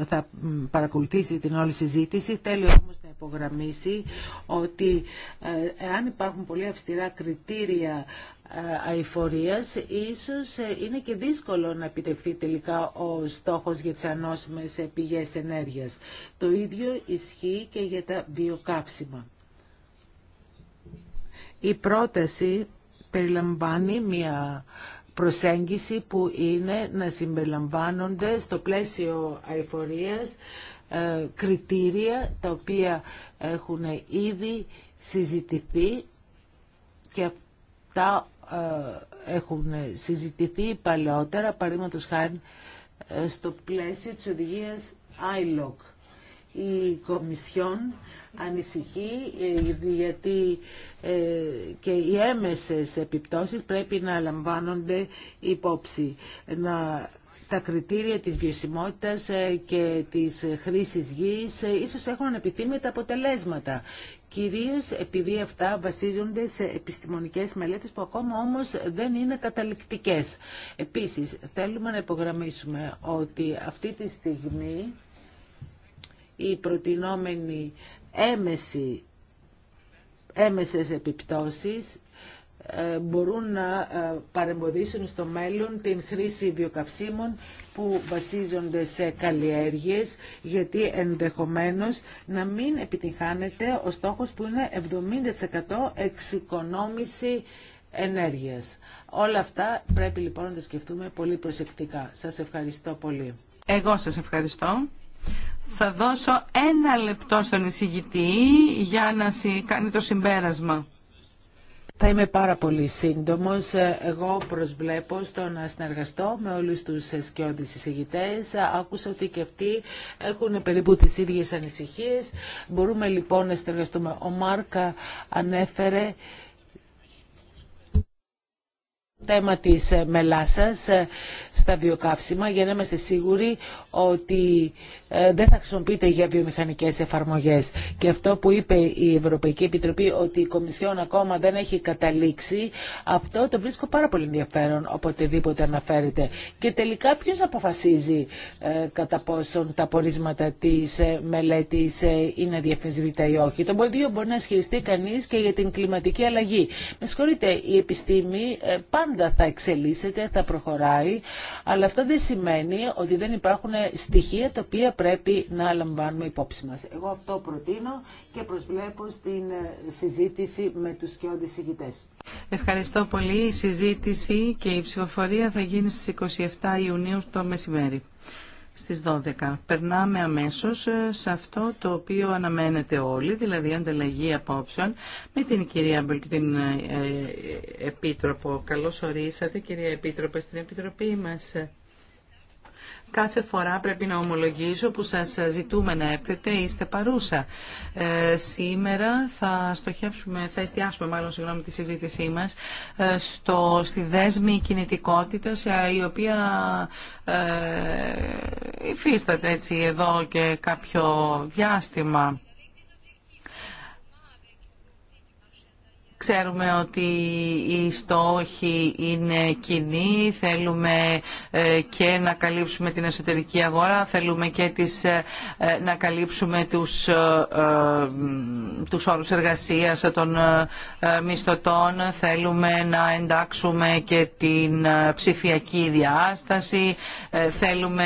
θα παρακολουθήσει την όλη συζήτηση. Θέλει όμως να υπογραμμίσει ότι αν ε, υπάρχουν πολύ αυστηρά κριτήρια ε, αηφορίας, ίσως ε, είναι και δύσκολο να επιτευχθεί τελικά ο στόχος για τις ανώσιμες πηγές ενέργειας. Το ίδιο ισχύει και για τα βιοκάψιμα. Η πρόταση περιλαμβάνει μια προσέγγιση που είναι να συμπεριλαμβάνονται στο πλαίσιο αηφορίας ε, κριτήρια τα οποία έχουν ήδη συζητηθεί και αυτά ε, έχουν συζητηθεί παλαιότερα, παραδείγματος χάρη ε, στο πλαίσιο της οδηγίας ILOC. Η Κομισιόν ανησυχεί γιατί και οι έμεσες επιπτώσεις πρέπει να λαμβάνονται υπόψη. Να τα κριτήρια της βιωσιμότητας ε, και της χρήσης γης ε, ίσως έχουν επιθύμητα αποτελέσματα κυρίως επειδή αυτά βασίζονται σε επιστημονικές μελέτες που ακόμα όμως δεν είναι καταληκτικές. Επίσης, θέλουμε να υπογραμμίσουμε ότι αυτή τη στιγμή η προτινόμενη έμεση, έμεσες επιπτώσεις ε, μπορούν να ε, παρεμποδίσουν στο μέλλον την χρήση βιοκαυσίμων που βασίζονται σε καλλιέργειες γιατί ενδεχομένως να μην επιτυχάνεται ο στόχος που είναι 70% εξοικονόμηση ενέργειας. Όλα αυτά πρέπει λοιπόν να τα σκεφτούμε πολύ προσεκτικά. Σας ευχαριστώ πολύ. Εγώ σας ευχαριστώ. Θα δώσω ένα λεπτό στον εισηγητή για να κάνει το συμπέρασμα. Θα είμαι πάρα πολύ σύντομος. Εγώ προσβλέπω στο να συνεργαστώ με όλους τους σκιώδεις εισηγητές. Άκουσα ότι και αυτοί έχουν περίπου τις ίδιες ανησυχίες. Μπορούμε λοιπόν να συνεργαστούμε. Ο Μάρκα ανέφερε θέμα της ε, μελάσας ε, στα βιοκαύσιμα για να είμαστε σίγουροι ότι ε, δεν θα χρησιμοποιείται για βιομηχανικές εφαρμογές. Και αυτό που είπε η Ευρωπαϊκή Επιτροπή ότι η Κομισιόν ακόμα δεν έχει καταλήξει, αυτό το βρίσκω πάρα πολύ ενδιαφέρον οποτεδήποτε αναφέρεται. Και τελικά ποιο αποφασίζει κατά πόσον τα πορίσματα της μελέτης είναι διαφεσβήτα ή όχι. Το μπορεί να ισχυριστεί κανείς και για την κλιματική αλλαγή. Με συγχωρείτε, η επιστήμη πάνω θα εξελίσσεται, θα προχωράει, αλλά αυτό δεν σημαίνει ότι δεν υπάρχουν στοιχεία τα οποία πρέπει να λαμβάνουμε υπόψη μας. Εγώ αυτό προτείνω και προσβλέπω στην ε, συζήτηση με τους σκιώδεις ηγητές. Ευχαριστώ πολύ. Η συζήτηση και η ψηφοφορία θα γίνει στις 27 Ιουνίου το μεσημέρι στις 12. Περνάμε αμέσως ε, σε αυτό το οποίο αναμένεται όλοι, δηλαδή ανταλλαγή απόψεων με την κυρία Μπελ την ε, ε, Επίτροπο. Καλώς ορίσατε κυρία Επίτροπε στην Επιτροπή μας. Κάθε φορά πρέπει να ομολογήσω που σας ζητούμε να έρθετε, είστε παρούσα. Ε, σήμερα θα στοχεύσουμε, θα εστιάσουμε μάλλον συγγνώμη τη συζήτησή μας ε, στο, στη δέσμη κινητικότητας ε, η οποία ε, υφίσταται έτσι εδώ και κάποιο διάστημα. Ξέρουμε ότι οι στόχοι είναι κοινοί, θέλουμε ε, και να καλύψουμε την εσωτερική αγορά, θέλουμε και τις, ε, ε, να καλύψουμε τους, τους όρους εργασίας των μισθωτών, θέλουμε να εντάξουμε και την ψηφιακή διάσταση, θέλουμε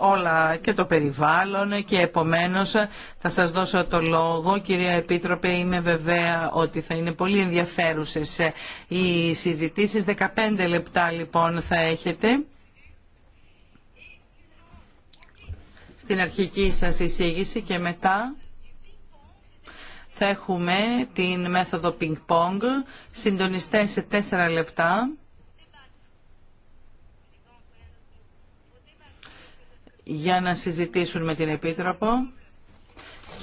όλα και το περιβάλλον και επομένως θα σας δώσω το λόγο. Κυρία Επίτροπε, είμαι βεβαία ότι θα είναι πολύ ενδιαφέρουσες ε, οι συζητήσεις. 15 λεπτά λοιπόν θα έχετε. Στην αρχική σας εισήγηση και μετά θα έχουμε την μεθοδο ping pong συντονιστές σε 4 λεπτά. για να συζητήσουν με την Επίτροπο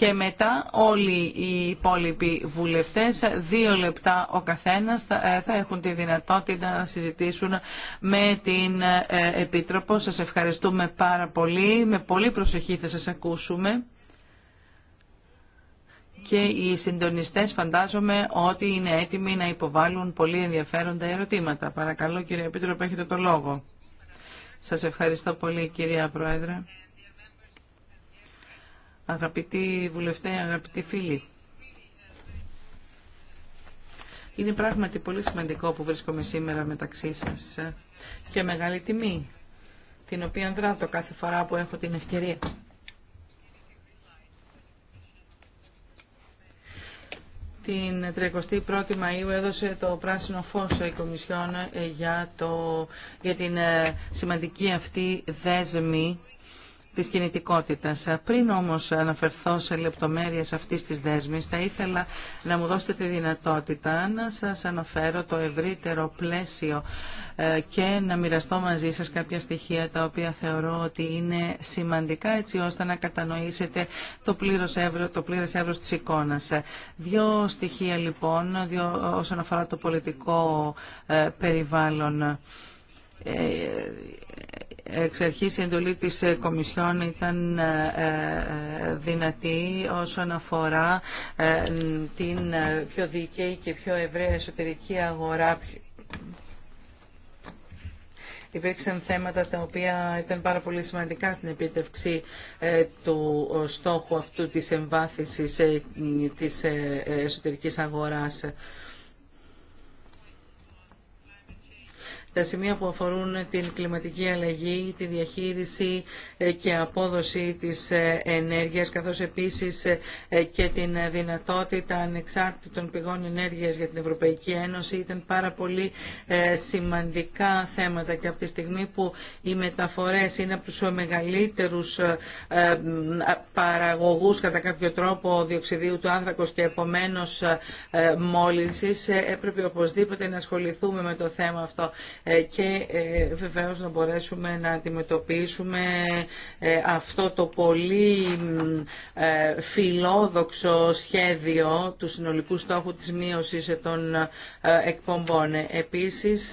και μετά όλοι οι υπόλοιποι βουλευτές, δύο λεπτά ο καθένας, θα ε, έχουν τη δυνατότητα να συζητήσουν με την ε, Επίτροπο. Σας ευχαριστούμε πάρα πολύ. Με πολύ προσοχή θα σας ακούσουμε. Και οι συντονιστές φαντάζομαι ότι είναι έτοιμοι να υποβάλουν πολύ ενδιαφέροντα ερωτήματα. Παρακαλώ κύριε Επίτροπο, έχετε το λόγο. Σας ευχαριστώ πολύ κυρία Πρόεδρε. Αγαπητοί βουλευτέ, αγαπητοί φίλοι, είναι πράγματι πολύ σημαντικό που βρίσκομαι σήμερα μεταξύ σας και μεγάλη τιμή, την οποία δράτω κάθε φορά που έχω την ευκαιρία. την 31η Μαΐου έδωσε το πράσινο φως η Κομισιόν ε, για, το, για την ε, σημαντική αυτή δέσμη της κινητικότητας. Πριν όμως αναφερθώ σε λεπτομέρειες αυτής της δέσμης, θα ήθελα να μου δώσετε τη δυνατότητα να σας αναφέρω το ευρύτερο πλαίσιο ε, και να μοιραστώ μαζί σας κάποια στοιχεία τα οποία θεωρώ ότι είναι σημαντικά έτσι ώστε να κατανοήσετε το πλήρες εύρο, το πλήρες εύρος της εικόνας. Δύο στοιχεία λοιπόν δύο, όσον αφορά το πολιτικό ε, περιβάλλον ε, εξ αρχής η εντολή της ε, Κομισιόν ήταν ε, ε, δυνατή όσον αφορά την πιο δίκαιη και πιο ευρέα εσωτερική αγορά. Υπήρξαν θέματα τα οποία ήταν πάρα πολύ σημαντικά στην επίτευξη του στόχου αυτού της εμβάθυνσης της εσωτερικής αγοράς. τα σημεία που αφορούν την κλιματική αλλαγή, τη διαχείριση ε, και απόδοση της ε, ενέργειας, καθώς επίσης ε, και την δυνατότητα ανεξάρτητων πηγών ενέργειας για την Ευρωπαϊκή Ένωση ήταν πάρα πολύ σημαντικά θέματα και από τη στιγμή που οι μεταφορές είναι από τους μεγαλύτερους παραγωγούς κατά κάποιο τρόπο διοξιδίου του άνθρακος και επομένως μόλυνσης έπρεπε οπωσδήποτε να ασχοληθούμε με το θέμα αυτό. Ε, και ε, βεβαίως να μπορέσουμε να αντιμετωπίσουμε ε, αυτό το πολύ φιλόδοξο σχέδιο του συνολικού στόχου της μείωσης των εκπομπών. Επίσης,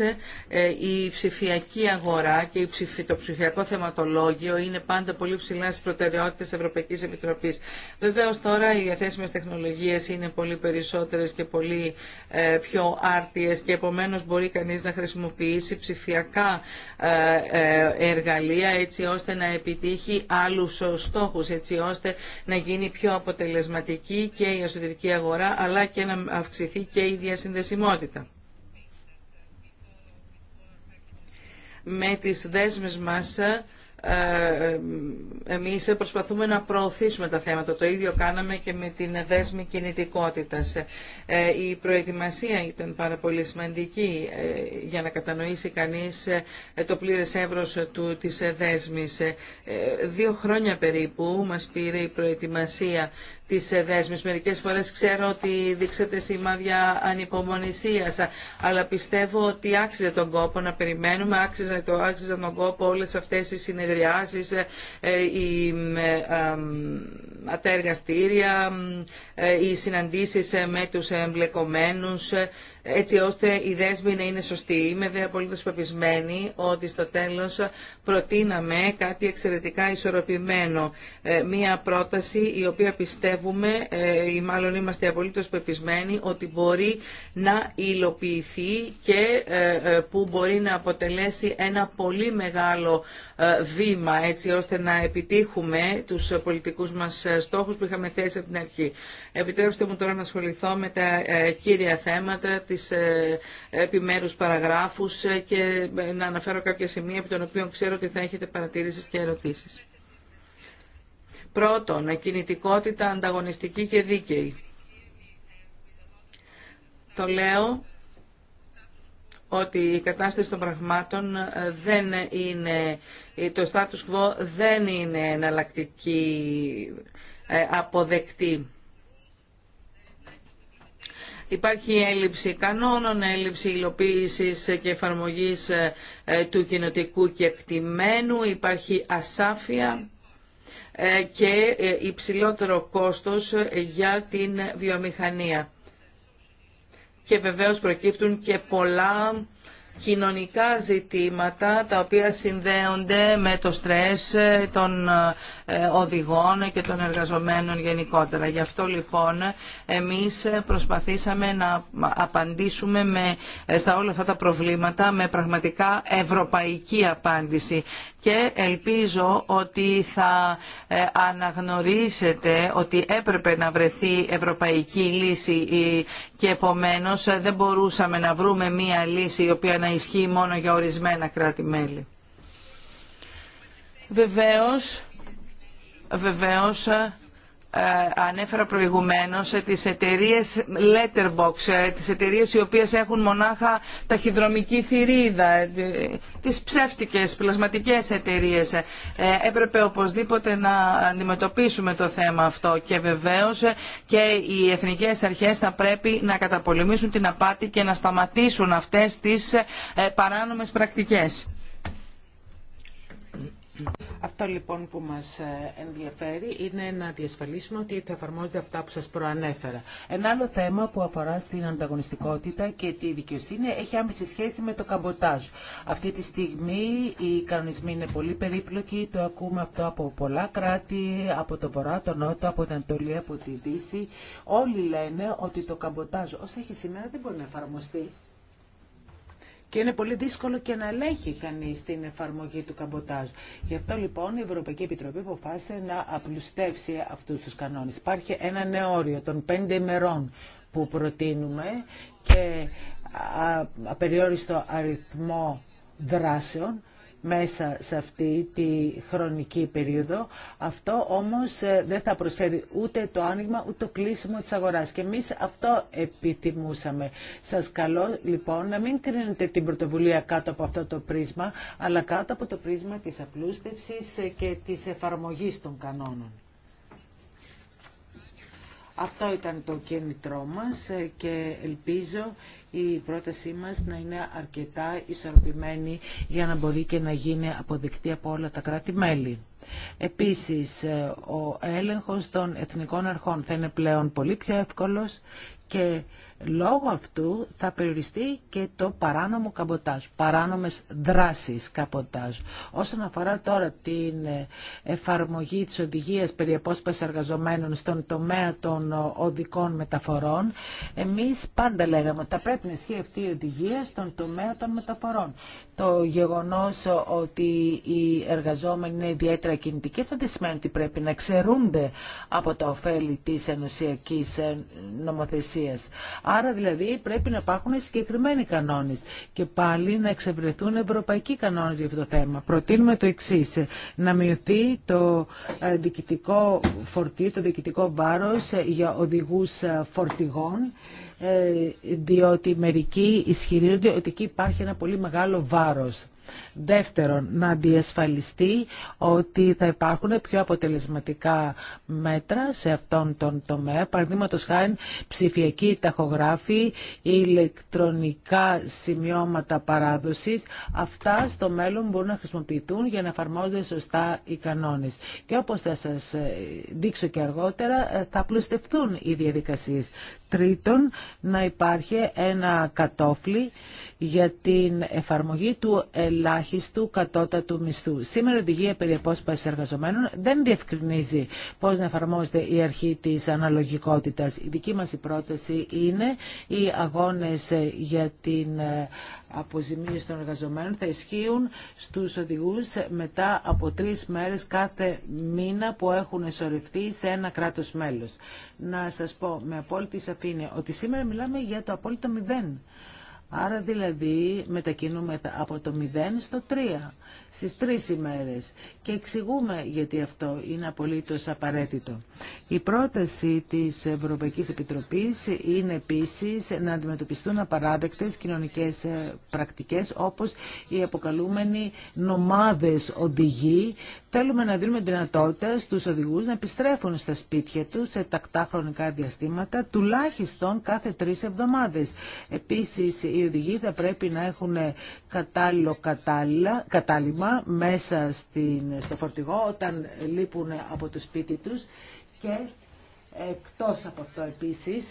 η ψηφιακή αγορά και το ψηφιακό θεματολόγιο είναι πάντα πολύ ψηλά στις προτεραιότητες Ευρωπαϊκής Επιτροπής. Βεβαίως τώρα οι διαθέσιμε τεχνολογίες είναι πολύ περισσότερες και πολύ πιο άρτιες και επομένως μπορεί κανείς να χρησιμοποιήσει χρησιμοποιήσει ψηφιακά ε, ε, εργαλεία έτσι ώστε να επιτύχει άλλους στόχους, έτσι ώστε να γίνει πιο αποτελεσματική και η εσωτερική αγορά αλλά και να αυξηθεί και η διασυνδεσιμότητα. Με τις δέσμες μας ε, ε, εμείς προσπαθούμε να προωθήσουμε τα θέματα. Το ίδιο κάναμε και με την δέσμη κινητικότητας. Ε, η προετοιμασία ήταν πάρα πολύ σημαντική για να κατανοήσει κανείς το πλήρες εύρος του, της δέσμης. Δύο χρόνια περίπου μας πήρε η προετοιμασία τις δέσμες. Μερικές φορές ξέρω ότι δείξατε σημάδια ανυπομονησίας, αλλά πιστεύω ότι άξιζε τον κόπο να περιμένουμε, άξιζε το, άξιζε τον κόπο όλες αυτές οι συνεδριάσεις, ε, οι ε, ατέργαστήρια, ε, οι συναντήσεις με τους εμπλεκομένους, έτσι ώστε η δέσμη να είναι σωστή. Είμαι δε απολύτως πεπισμένη ότι στο τέλος προτείναμε κάτι εξαιρετικά ισορροπημένο. Ε, μία πρόταση η οποία πιστεύουμε ε, ή μάλλον είμαστε απολύτω πεπισμένοι ότι μπορεί να υλοποιηθεί και ε, που μπορεί να αποτελέσει ένα πολύ μεγάλο ε, βήμα έτσι ώστε να επιτύχουμε τους πολιτικούς μας ε, στόχους που είχαμε θέσει από την αρχή. Επιτρέψτε μου τώρα να ασχοληθώ με τα ε, κύρια θέματα, τις επιμέρους παραγράφους και να αναφέρω κάποια σημεία από τον οποίο ξέρω ότι θα έχετε παρατηρήσεις και ερωτήσεις. Πρώτον, κινητικότητα ανταγωνιστική και δίκαιη. Το λέω ότι η κατάσταση των πραγμάτων ε, δεν είναι, ε, το status quo δεν είναι εναλλακτική ε, αποδεκτή. Υπάρχει έλλειψη κανόνων, έλλειψη υλοποίηση και εφαρμογής του κοινοτικού κεκτημένου, υπάρχει ασάφεια και υψηλότερο κόστος για την βιομηχανία και βεβαίως προκύπτουν και πολλά κοινωνικά ζητήματα τα οποία συνδέονται με το στρες των ε, οδηγών και των εργαζομένων γενικότερα. Γι' αυτό λοιπόν εμείς προσπαθήσαμε να απαντήσουμε με, ε, στα όλα αυτά τα προβλήματα με πραγματικά ευρωπαϊκή απάντηση και ελπίζω ότι θα ε, αναγνωρίσετε ότι έπρεπε να βρεθεί ευρωπαϊκή λύση και επομένως ε, δεν μπορούσαμε να βρούμε μία λύση η οποία να ισχύει μόνο για ορισμένα κράτη-μέλη. Βεβαίως, βεβαίως ε, ε, ανέφερα προηγουμένως ε, τις εταιρείες letterbox, ε, τις εταιρείες οι οποίες έχουν μονάχα ταχυδρομική θηρίδα, τις ψεύτικες πλασματικές εταιρείες. Έπρεπε οπωσδήποτε να αντιμετωπίσουμε το θέμα αυτό και βεβαίως και οι εθνικές αρχές θα πρέπει να καταπολεμήσουν την απάτη και να σταματήσουν αυτές τις παράνομες πρακτικές. Αυτό λοιπόν που μας ε, ενδιαφέρει είναι να διασφαλίσουμε ότι θα εφαρμόζονται αυτά που σας προανέφερα. Ένα άλλο θέμα που αφορά στην ανταγωνιστικότητα και τη δικαιοσύνη έχει άμεση σχέση με το καμποτάζ. Αυτή τη στιγμή οι κανονισμοί είναι πολύ περίπλοκοι, το ακούμε αυτό από πολλά κράτη, από τον Βορρά, τον Νότο, από την Ανατολή, από τη Δύση. Όλοι λένε ότι το καμποτάζ όσο έχει σήμερα δεν μπορεί να εφαρμοστεί και είναι πολύ δύσκολο και να ελέγχει κανείς την εφαρμογή του καμποτάζ. Γι' αυτό λοιπόν η Ευρωπαϊκή Επιτροπή αποφάσισε να απλουστεύσει αυτού του κανόνες. Υπάρχει ένα νέο όριο των πέντε ημερών που προτείνουμε και απεριόριστο αριθμό δράσεων μέσα σε αυτή τη χρονική περίοδο. Αυτό όμως ε, δεν θα προσφέρει ούτε το άνοιγμα ούτε το κλείσιμο της αγοράς και εμείς αυτό επιθυμούσαμε. Σας καλώ λοιπόν να μην κρίνετε την πρωτοβουλία κάτω από αυτό το πρίσμα αλλά κάτω από το πρίσμα της απλούστευσης και της εφαρμογής των κανόνων. Αυτό ήταν το κίνητρό μας ε, και ελπίζω η πρότασή μας να είναι αρκετά ισορροπημένη για να μπορεί και να γίνει αποδεκτή από όλα τα κράτη-μέλη. Επίσης, ε, ο έλεγχος των εθνικών αρχών θα είναι πλέον πολύ πιο εύκολος και Λόγω αυτού θα περιοριστεί και το παράνομο καμποτάζ, παράνομες δράσεις καμποτάζ. Όσον αφορά τώρα την ε, εφαρμογή της οδηγίας περί απόσπασης εργαζομένων στον τομέα των ε, οδικών μεταφορών, εμείς πάντα λέγαμε ότι θα πρέπει να ισχύει αυτή η οδηγία στον τομέα των μεταφορών. Το γεγονός ε, ότι οι εργαζόμενοι είναι ιδιαίτερα κινητικοί θα δεν σημαίνει ότι πρέπει να ξερούνται από τα ωφέλη της ενωσιακής νομοθεσίας. Άρα δηλαδή πρέπει να υπάρχουν συγκεκριμένοι κανόνες και πάλι να εξευρεθούν ευρωπαϊκοί κανόνες για αυτό το θέμα. Προτείνουμε το εξή να μειωθεί το ε, διοικητικό φορτίο, το διοικητικό βάρος ε, για οδηγούς ε, φορτηγών διότι μερικοί ισχυρίζονται ότι εκεί υπάρχει ένα πολύ μεγάλο βάρος. Δεύτερον, να διασφαλιστεί ότι θα υπάρχουν πιο αποτελεσματικά μέτρα σε αυτόν τον τομέα. Παραδείγματο χάρη ψηφιακή ταχογράφη, ηλεκτρονικά σημειώματα παράδοση, Αυτά στο μέλλον μπορούν να χρησιμοποιηθούν για να εφαρμόζονται σωστά οι κανόνες. Και όπως θα σας δείξω και αργότερα, θα πλουστευτούν οι διαδικασίε. Τρίτον, να υπάρχει ένα κατόφλι για την εφαρμογή του ελάχιστου κατώτατου μισθού. Σήμερα η οδηγία περί απόσπασης εργαζομένων δεν διευκρινίζει πώς να εφαρμόζεται η αρχή της αναλογικότητας. Η δική μας πρόταση είναι οι αγώνες για την ε, αποζημίωση των εργαζομένων θα ισχύουν στους οδηγούς μετά από τρεις μέρες κάθε μήνα που έχουν εσωρευτεί σε ένα κράτος μέλος. Να σας πω με απόλυτη σαφήνεια ότι σήμερα μιλάμε για το απόλυτο μηδέν. Άρα δηλαδή μετακινούμε από το 0 στο 3 στις 3 ημέρες και εξηγούμε γιατί αυτό είναι απολύτως απαραίτητο. Η πρόταση της Ευρωπαϊκής Επιτροπής είναι επίσης να αντιμετωπιστούν απαράδεκτες κοινωνικές ε, πρακτικές όπως οι αποκαλούμενοι νομάδες οδηγοί. Θέλουμε να δίνουμε δυνατότητα στους οδηγούς να επιστρέφουν στα σπίτια τους σε τακτά χρονικά διαστήματα τουλάχιστον κάθε τρεις εβδομάδες. Επίσης οι οδηγοί θα πρέπει να έχουν κατάλληλο κατάλημα μέσα στην, στο φορτηγό όταν λείπουν από το σπίτι τους και εκτός από αυτό επίσης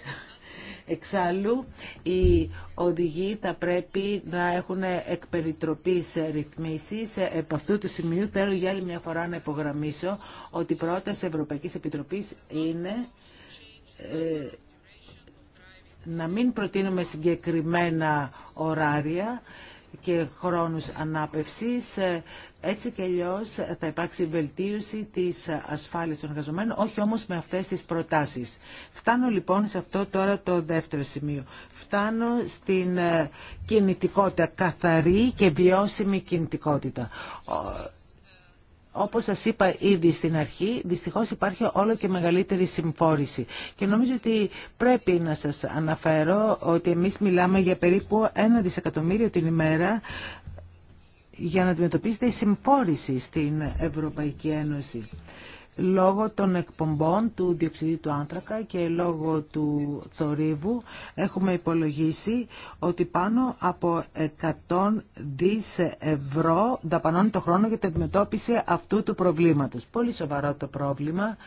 Εξάλλου, οι οδηγοί θα πρέπει να έχουν εκπεριτροπής ρυθμίσεις. Επ' αυτού του σημείου θέλω για άλλη μια φορά να υπογραμμίσω ότι η πρόταση Ευρωπαϊκής Επιτροπής είναι ε, να μην προτείνουμε συγκεκριμένα ωράρια και χρόνους ανάπευσης. Ε, έτσι και αλλιώ θα υπάρξει βελτίωση της ασφάλειας των εργαζομένων, όχι όμως με αυτές τις προτάσεις. Φτάνω λοιπόν σε αυτό τώρα το δεύτερο σημείο. Φτάνω στην ε, κινητικότητα, καθαρή και βιώσιμη κινητικότητα. Όπως σας είπα ήδη στην αρχή, δυστυχώς υπάρχει όλο και μεγαλύτερη συμφόρηση. Και νομίζω ότι πρέπει να σας αναφέρω ότι εμείς μιλάμε για περίπου ένα δισεκατομμύριο την ημέρα για να αντιμετωπίσετε η συμφόρηση στην Ευρωπαϊκή Ένωση λόγω των εκπομπών του διοξιδίου του άνθρακα και λόγω του θορύβου έχουμε υπολογίσει ότι πάνω από 100 δις ευρώ δαπανώνει το χρόνο για την αντιμετώπιση αυτού του προβλήματος. Πολύ σοβαρό το πρόβλημα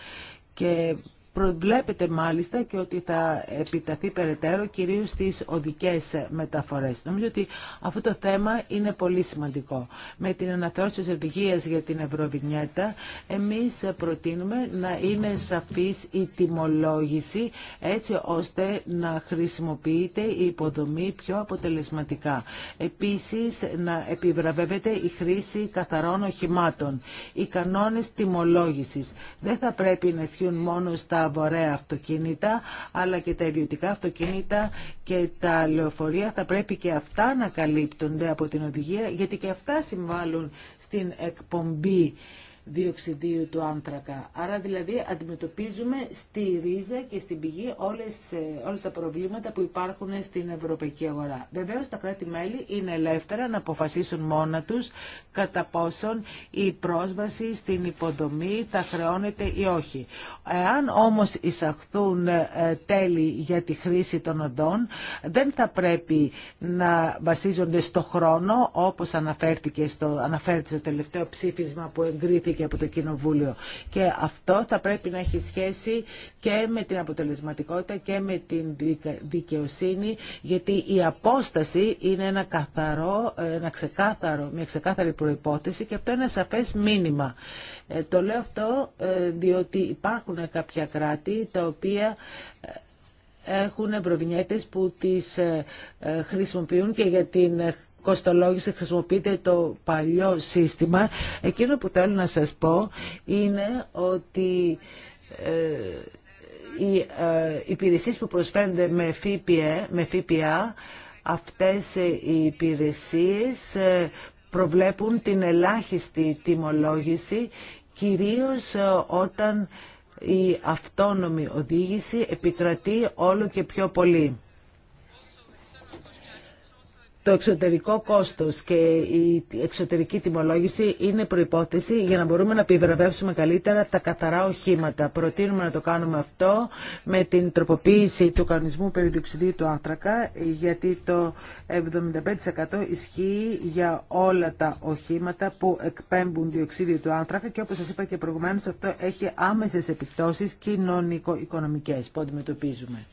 και προβλέπεται μάλιστα και ότι θα επιταθεί περαιτέρω κυρίως στις οδικές μεταφορές. Νομίζω ότι αυτό το θέμα είναι πολύ σημαντικό. Με την αναθεώρηση της οδηγίας για την Ευρωβινιέτα, εμείς προτείνουμε να είναι σαφής η τιμολόγηση έτσι ώστε να χρησιμοποιείται η υποδομή πιο αποτελεσματικά. Επίσης, να επιβραβεύεται η χρήση καθαρών οχημάτων. Οι κανόνες τιμολόγησης δεν θα πρέπει να ισχύουν μόνο στα αυτοκίνητα αλλά και τα ιδιωτικά αυτοκίνητα και τα λεωφορεία θα πρέπει και αυτά να καλύπτονται από την οδηγία γιατί και αυτά συμβάλλουν στην εκπομπή διοξιδίου του άνθρακα. Άρα δηλαδή αντιμετωπίζουμε στη ρίζα και στην πηγή όλες, ε, όλα τα προβλήματα που υπάρχουν στην ευρωπαϊκή αγορά. Βεβαίως τα κράτη-μέλη είναι ελεύθερα να αποφασίσουν μόνα τους κατά πόσον η πρόσβαση στην υποδομή θα χρεώνεται ή όχι. Εάν όμως εισαχθούν ε, τέλη για τη χρήση των οδών, δεν θα πρέπει να βασίζονται στο χρόνο όπως αναφέρθηκε στο, αναφέρθηκε στο τελευταίο ψήφισμα που εγκρίθηκε και από το Κοινοβούλιο. Και αυτό θα πρέπει να έχει σχέση και με την αποτελεσματικότητα και με την δικαιοσύνη, γιατί η απόσταση είναι ένα καθαρό, ένα ξεκάθαρο, μια ξεκάθαρη προϋπόθεση και αυτό είναι ένα σαφές μήνυμα. Ε, το λέω αυτό ε, διότι υπάρχουν κάποια κράτη τα οποία ε, έχουν προβινιέτες που τις χρησιμοποιούν και για την κοστολόγηση χρησιμοποιείται το παλιό σύστημα. Εκείνο που θέλω να σας πω είναι ότι ε, ε, οι υπηρεσίες που προσφέρονται με ΦΠΑ, με ΦΠΑ αυτές ε, οι υπηρεσίες προβλέπουν την ελάχιστη τιμολόγηση κυρίως όταν η αυτόνομη οδήγηση επικρατεί όλο και πιο πολύ το εξωτερικό κόστος και η εξωτερική τιμολόγηση είναι προϋπόθεση για να μπορούμε να επιβραβεύσουμε καλύτερα τα καθαρά οχήματα. Προτείνουμε να το κάνουμε αυτό με την τροποποίηση του κανονισμού περί του του άνθρακα, γιατί το 75% ισχύει για όλα τα οχήματα που εκπέμπουν διοξίδιο του άνθρακα και όπως σας είπα και προηγουμένως αυτό έχει άμεσες επιπτώσεις κοινωνικο-οικονομικές που αντιμετωπίζουμε.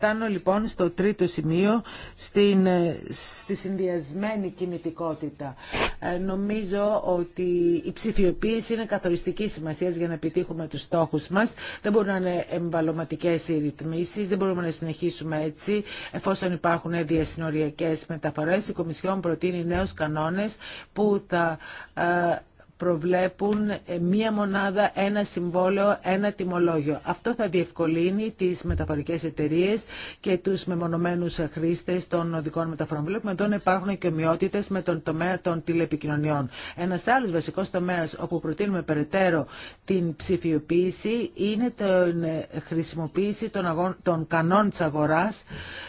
Φτάνω λοιπόν στο τρίτο σημείο, στην, ε, στη συνδυασμένη κινητικότητα. Ε, νομίζω ότι η ψηφιοποίηση είναι καθοριστική σημασία για να επιτύχουμε τους στόχους μας. Δεν μπορούν να είναι εμβαλωματικές οι ρυθμίσεις, δεν μπορούμε να συνεχίσουμε έτσι, εφόσον υπάρχουν διασυνοριακές μεταφορές. Η Κομισιόν προτείνει νέους κανόνες που θα ε, προβλέπουν ε, μία μονάδα, ένα συμβόλαιο, ένα τιμολόγιο. Αυτό θα διευκολύνει τις μεταφορικές εταιρείε και τους μεμονωμένους χρήστες των οδικών μεταφορών. Βλέπουμε εδώ να υπάρχουν και ομοιότητε με τον τομέα των τηλεπικοινωνιών. Ένας άλλος βασικός τομέας όπου προτείνουμε περαιτέρω την ψηφιοποίηση είναι την ε, χρησιμοποίηση των, αγών, των κανόν της αγοράς.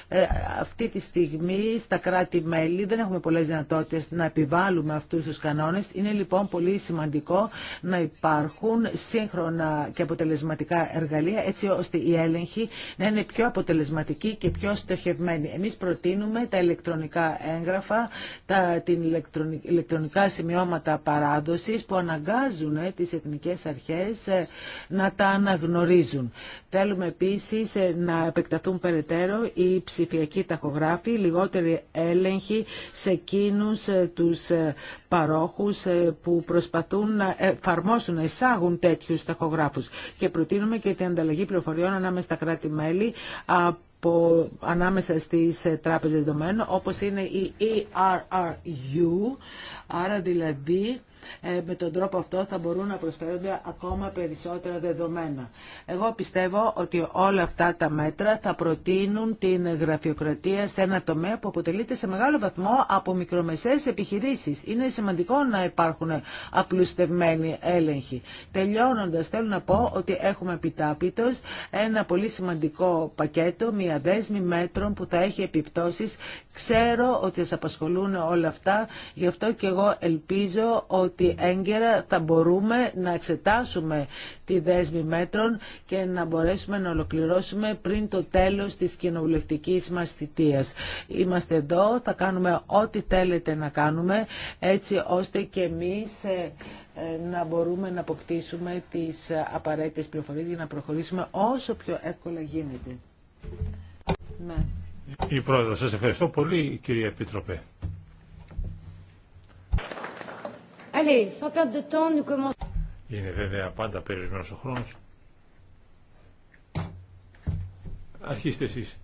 Ε, αυτή τη στιγμή στα κράτη-μέλη δεν έχουμε πολλές δυνατότητε να επιβάλλουμε αυτούς τους κανόνες. Είναι λοιπόν πολύ σημαντικό να υπάρχουν σύγχρονα και αποτελεσματικά εργαλεία έτσι ώστε η έλεγχη να είναι πιο αποτελεσματική και πιο στοχευμένη. Εμείς προτείνουμε τα ηλεκτρονικά έγγραφα, τα την ηλεκτρονικά σημειώματα παράδοσης που αναγκάζουν ε, τις εθνικές αρχές ε, να τα αναγνωρίζουν. Θέλουμε επίσης ε, να επεκταθούν περαιτέρω οι ψηφιακοί ταχογράφοι, λιγότερη έλεγχοι σε εκείνους τους παρόχους που προσπαθούν προσπαθούν να εφαρμόσουν, να εισάγουν τέτοιου ταχογράφου Και προτείνουμε και την ανταλλαγή πληροφοριών ανάμεσα στα κράτη-μέλη από, ανάμεσα στις ε, τράπεζες δεδομένων, όπως είναι η ERRU, άρα δηλαδή ε, με τον τρόπο αυτό θα μπορούν να προσφέρονται ακόμα περισσότερα δεδομένα. Εγώ πιστεύω ότι όλα αυτά τα μέτρα θα προτείνουν την γραφειοκρατία σε ένα τομέα που αποτελείται σε μεγάλο βαθμό από μικρομεσαίες επιχειρήσεις. Είναι σημαντικό να υπάρχουν απλουστευμένοι έλεγχοι. Τελειώνοντας θέλω να πω ότι έχουμε επιτάπητος ένα πολύ σημαντικό πακέτο, μια δέσμη μέτρων που θα έχει επιπτώσεις. Ξέρω ότι σας απασχολούν όλα αυτά, γι' αυτό και εγώ ελπίζω ότι ότι έγκαιρα θα μπορούμε να εξετάσουμε τη δέσμη μέτρων και να μπορέσουμε να ολοκληρώσουμε πριν το τέλος της κοινοβουλευτικής μας θητείας. Είμαστε εδώ, θα κάνουμε ό,τι θέλετε να κάνουμε έτσι ώστε και εμείς ε, ε, να μπορούμε να αποκτήσουμε τις ε, απαραίτητες πληροφορίες για να προχωρήσουμε όσο πιο εύκολα γίνεται. Ναι. ευχαριστώ πολύ κύριε Επίτροπε. Είναι βέβαια πάντα περιορισμένος ο χρόνος. Αρχίστε εσείς,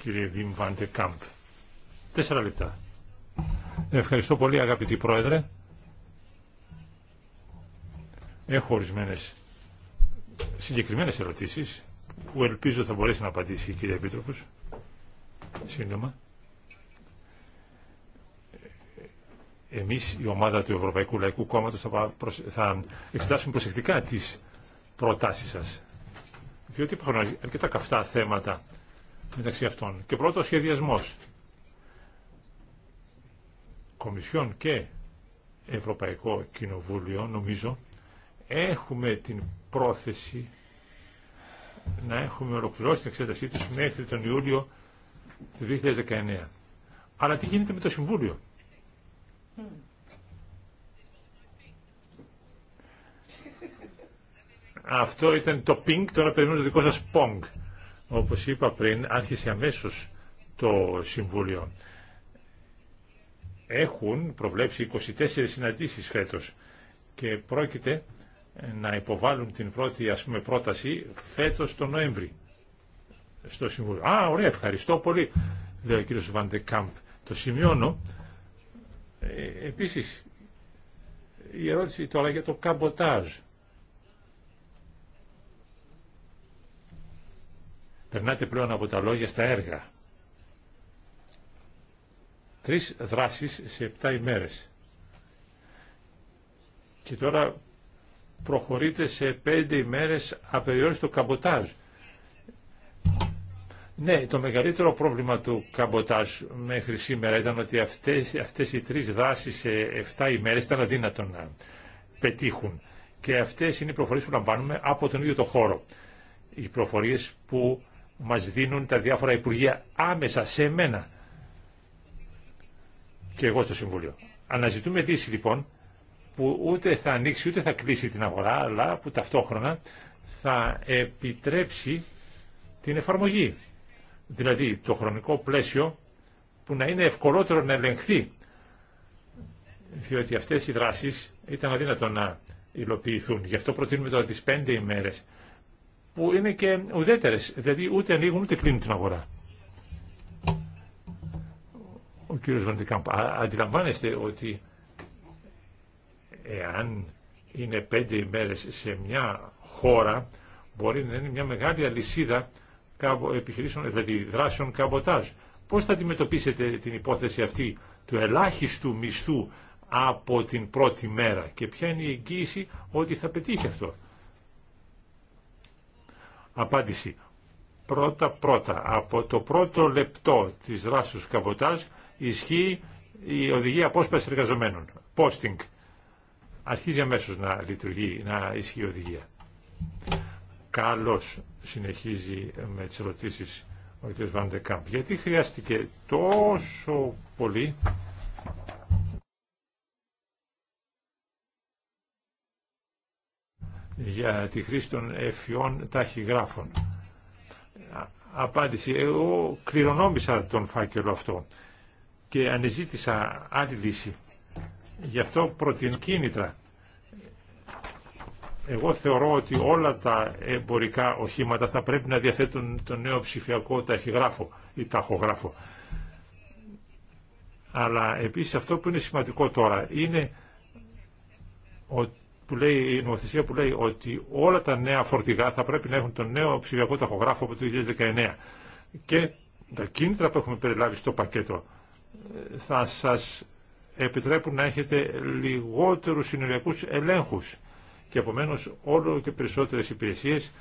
κύριε Βιμ Βάντε Κάμπ. Τέσσερα λεπτά. Ευχαριστώ πολύ αγαπητή Πρόεδρε. Έχω ορισμένε συγκεκριμένες ερωτήσεις που ελπίζω θα μπορέσει να απαντήσει η κυρία Επίτροπος. Σύντομα. Εμεί η ομάδα του Ευρωπαϊκού Λαϊκού Κόμματο, θα, θα εξετάσουμε προσεκτικά τι προτάσει σα. Διότι υπάρχουν αρκετά καυτά θέματα μεταξύ αυτών. Και πρώτο, ο σχεδιασμός. Κομισιόν και Ευρωπαϊκό Κοινοβούλιο, νομίζω, έχουμε την πρόθεση να έχουμε ολοκληρώσει την εξέτασή τη μέχρι τον Ιούλιο του 2019. Αλλά τι γίνεται με το Συμβούλιο. Αυτό ήταν το πινκ τώρα περιμένω το δικό σας pong. Όπως είπα πριν, άρχισε αμέσως το Συμβούλιο. Έχουν προβλέψει 24 συναντήσεις φέτος και πρόκειται να υποβάλουν την πρώτη ας πούμε, πρόταση φέτος τον Νοέμβρη στο Συμβούλιο. Α, ωραία, ευχαριστώ πολύ, λέει ο κύριος Βαντεκάμπ. Το σημειώνω ε, επίσης, η ερώτηση τώρα για το καμποτάζ. Περνάτε πλέον από τα λόγια στα έργα. Τρεις δράσεις σε επτά ημέρες. Και τώρα προχωρείτε σε πέντε ημέρες απεριόριστο καμποτάζ. Ναι, το μεγαλύτερο πρόβλημα του καμποτάζ μέχρι σήμερα ήταν ότι αυτές, αυτές οι τρεις δάσεις σε 7 ημέρες ήταν αδύνατο να πετύχουν. Και αυτές είναι οι προφορίες που λαμβάνουμε από τον ίδιο το χώρο. Οι προφορίες που μας δίνουν τα διάφορα Υπουργεία άμεσα σε μένα και εγώ στο Συμβούλιο. Αναζητούμε δύση λοιπόν που ούτε θα ανοίξει ούτε θα κλείσει την αγορά αλλά που ταυτόχρονα θα επιτρέψει την εφαρμογή δηλαδή το χρονικό πλαίσιο που να είναι ευκολότερο να ελεγχθεί, διότι αυτές οι δράσεις ήταν αδύνατο να υλοποιηθούν. Γι' αυτό προτείνουμε τώρα τις πέντε ημέρες, που είναι και ουδέτερες, δηλαδή ούτε ανοίγουν ούτε κλείνουν την αγορά. Ο κύριος Βαντικάμπ, αντιλαμβάνεστε ότι εάν είναι πέντε ημέρες σε μια χώρα, μπορεί να είναι μια μεγάλη αλυσίδα επιχειρήσεων, ε, δηλαδή δράσεων καμποτάζ. Πώς θα αντιμετωπίσετε την υπόθεση αυτή του ελάχιστου μισθού από την πρώτη μέρα και ποια είναι η εγγύηση ότι θα πετύχει αυτό. Απάντηση. Πρώτα πρώτα, από το πρώτο λεπτό της δράσης καμποτάζ ισχύει η οδηγία απόσπαση εργαζομένων. Posting. Αρχίζει αμέσως να λειτουργεί, να ισχύει η οδηγία. Καλώς συνεχίζει με τις ερωτήσεις ο κ. Βαντεκάμπ. Γιατί χρειάστηκε τόσο πολύ για τη χρήση των εφιών ταχυγράφων. Απάντηση, εγώ κληρονόμησα τον φάκελο αυτό και ανεζήτησα άλλη λύση. Γι' αυτό προτείνω κίνητρα εγώ θεωρώ ότι όλα τα εμπορικά οχήματα θα πρέπει να διαθέτουν το νέο ψηφιακό ταχυγράφο ή ταχογράφο. Αλλά επίσης αυτό που είναι σημαντικό τώρα είναι που λέει, η νομοθεσία που λέει ότι όλα τα νέα φορτηγά θα πρέπει να έχουν τον νέο ψηφιακό ταχογράφο από το 2019. Και τα κίνητρα που έχουμε περιλάβει στο πακέτο ε, θα σας επιτρέπουν να έχετε λιγότερους συνοριακούς ελέγχους και επομένω όλο και περισσότερες υπηρεσίες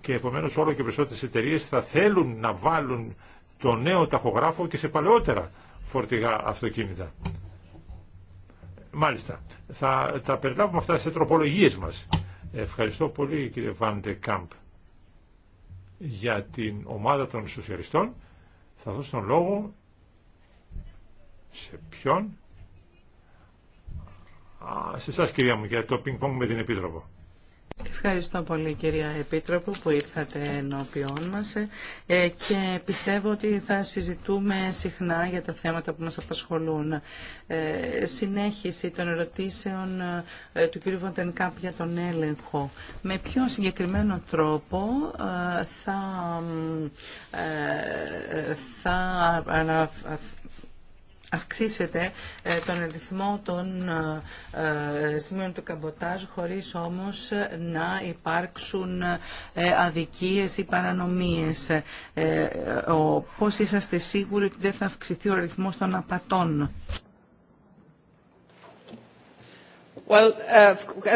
και επομένω όλο και περισσότερε εταιρείε θα θέλουν να βάλουν το νέο ταχογράφο και σε παλαιότερα φορτηγά αυτοκίνητα. Μάλιστα. Θα τα περιλάβουμε αυτά σε τροπολογίες μας. Ευχαριστώ πολύ κύριε Βάντε Κάμπ για την ομάδα των σοσιαλιστών. Θα δώσω τον λόγο σε ποιον σε εσά κυρία μου για το πινκ με την Επίτροπο. Ευχαριστώ πολύ κυρία Επίτροπο που ήρθατε ενώπιόν μας ε, και πιστεύω ότι θα συζητούμε συχνά για τα θέματα που μας απασχολούν. Ε, συνέχιση των ερωτήσεων ε, του κύριου Βοντενκάπ για τον έλεγχο. Με ποιο συγκεκριμένο τρόπο θα, θα αυξήσετε ε, τον αριθμό των ε, ε, σημείων του καμποτάζ χωρίς όμως να υπάρξουν αδικίες ή παρανομίες. Πώς είσαστε σίγουροι ότι δεν θα αυξηθεί ο αριθμός των απατών. Well, uh,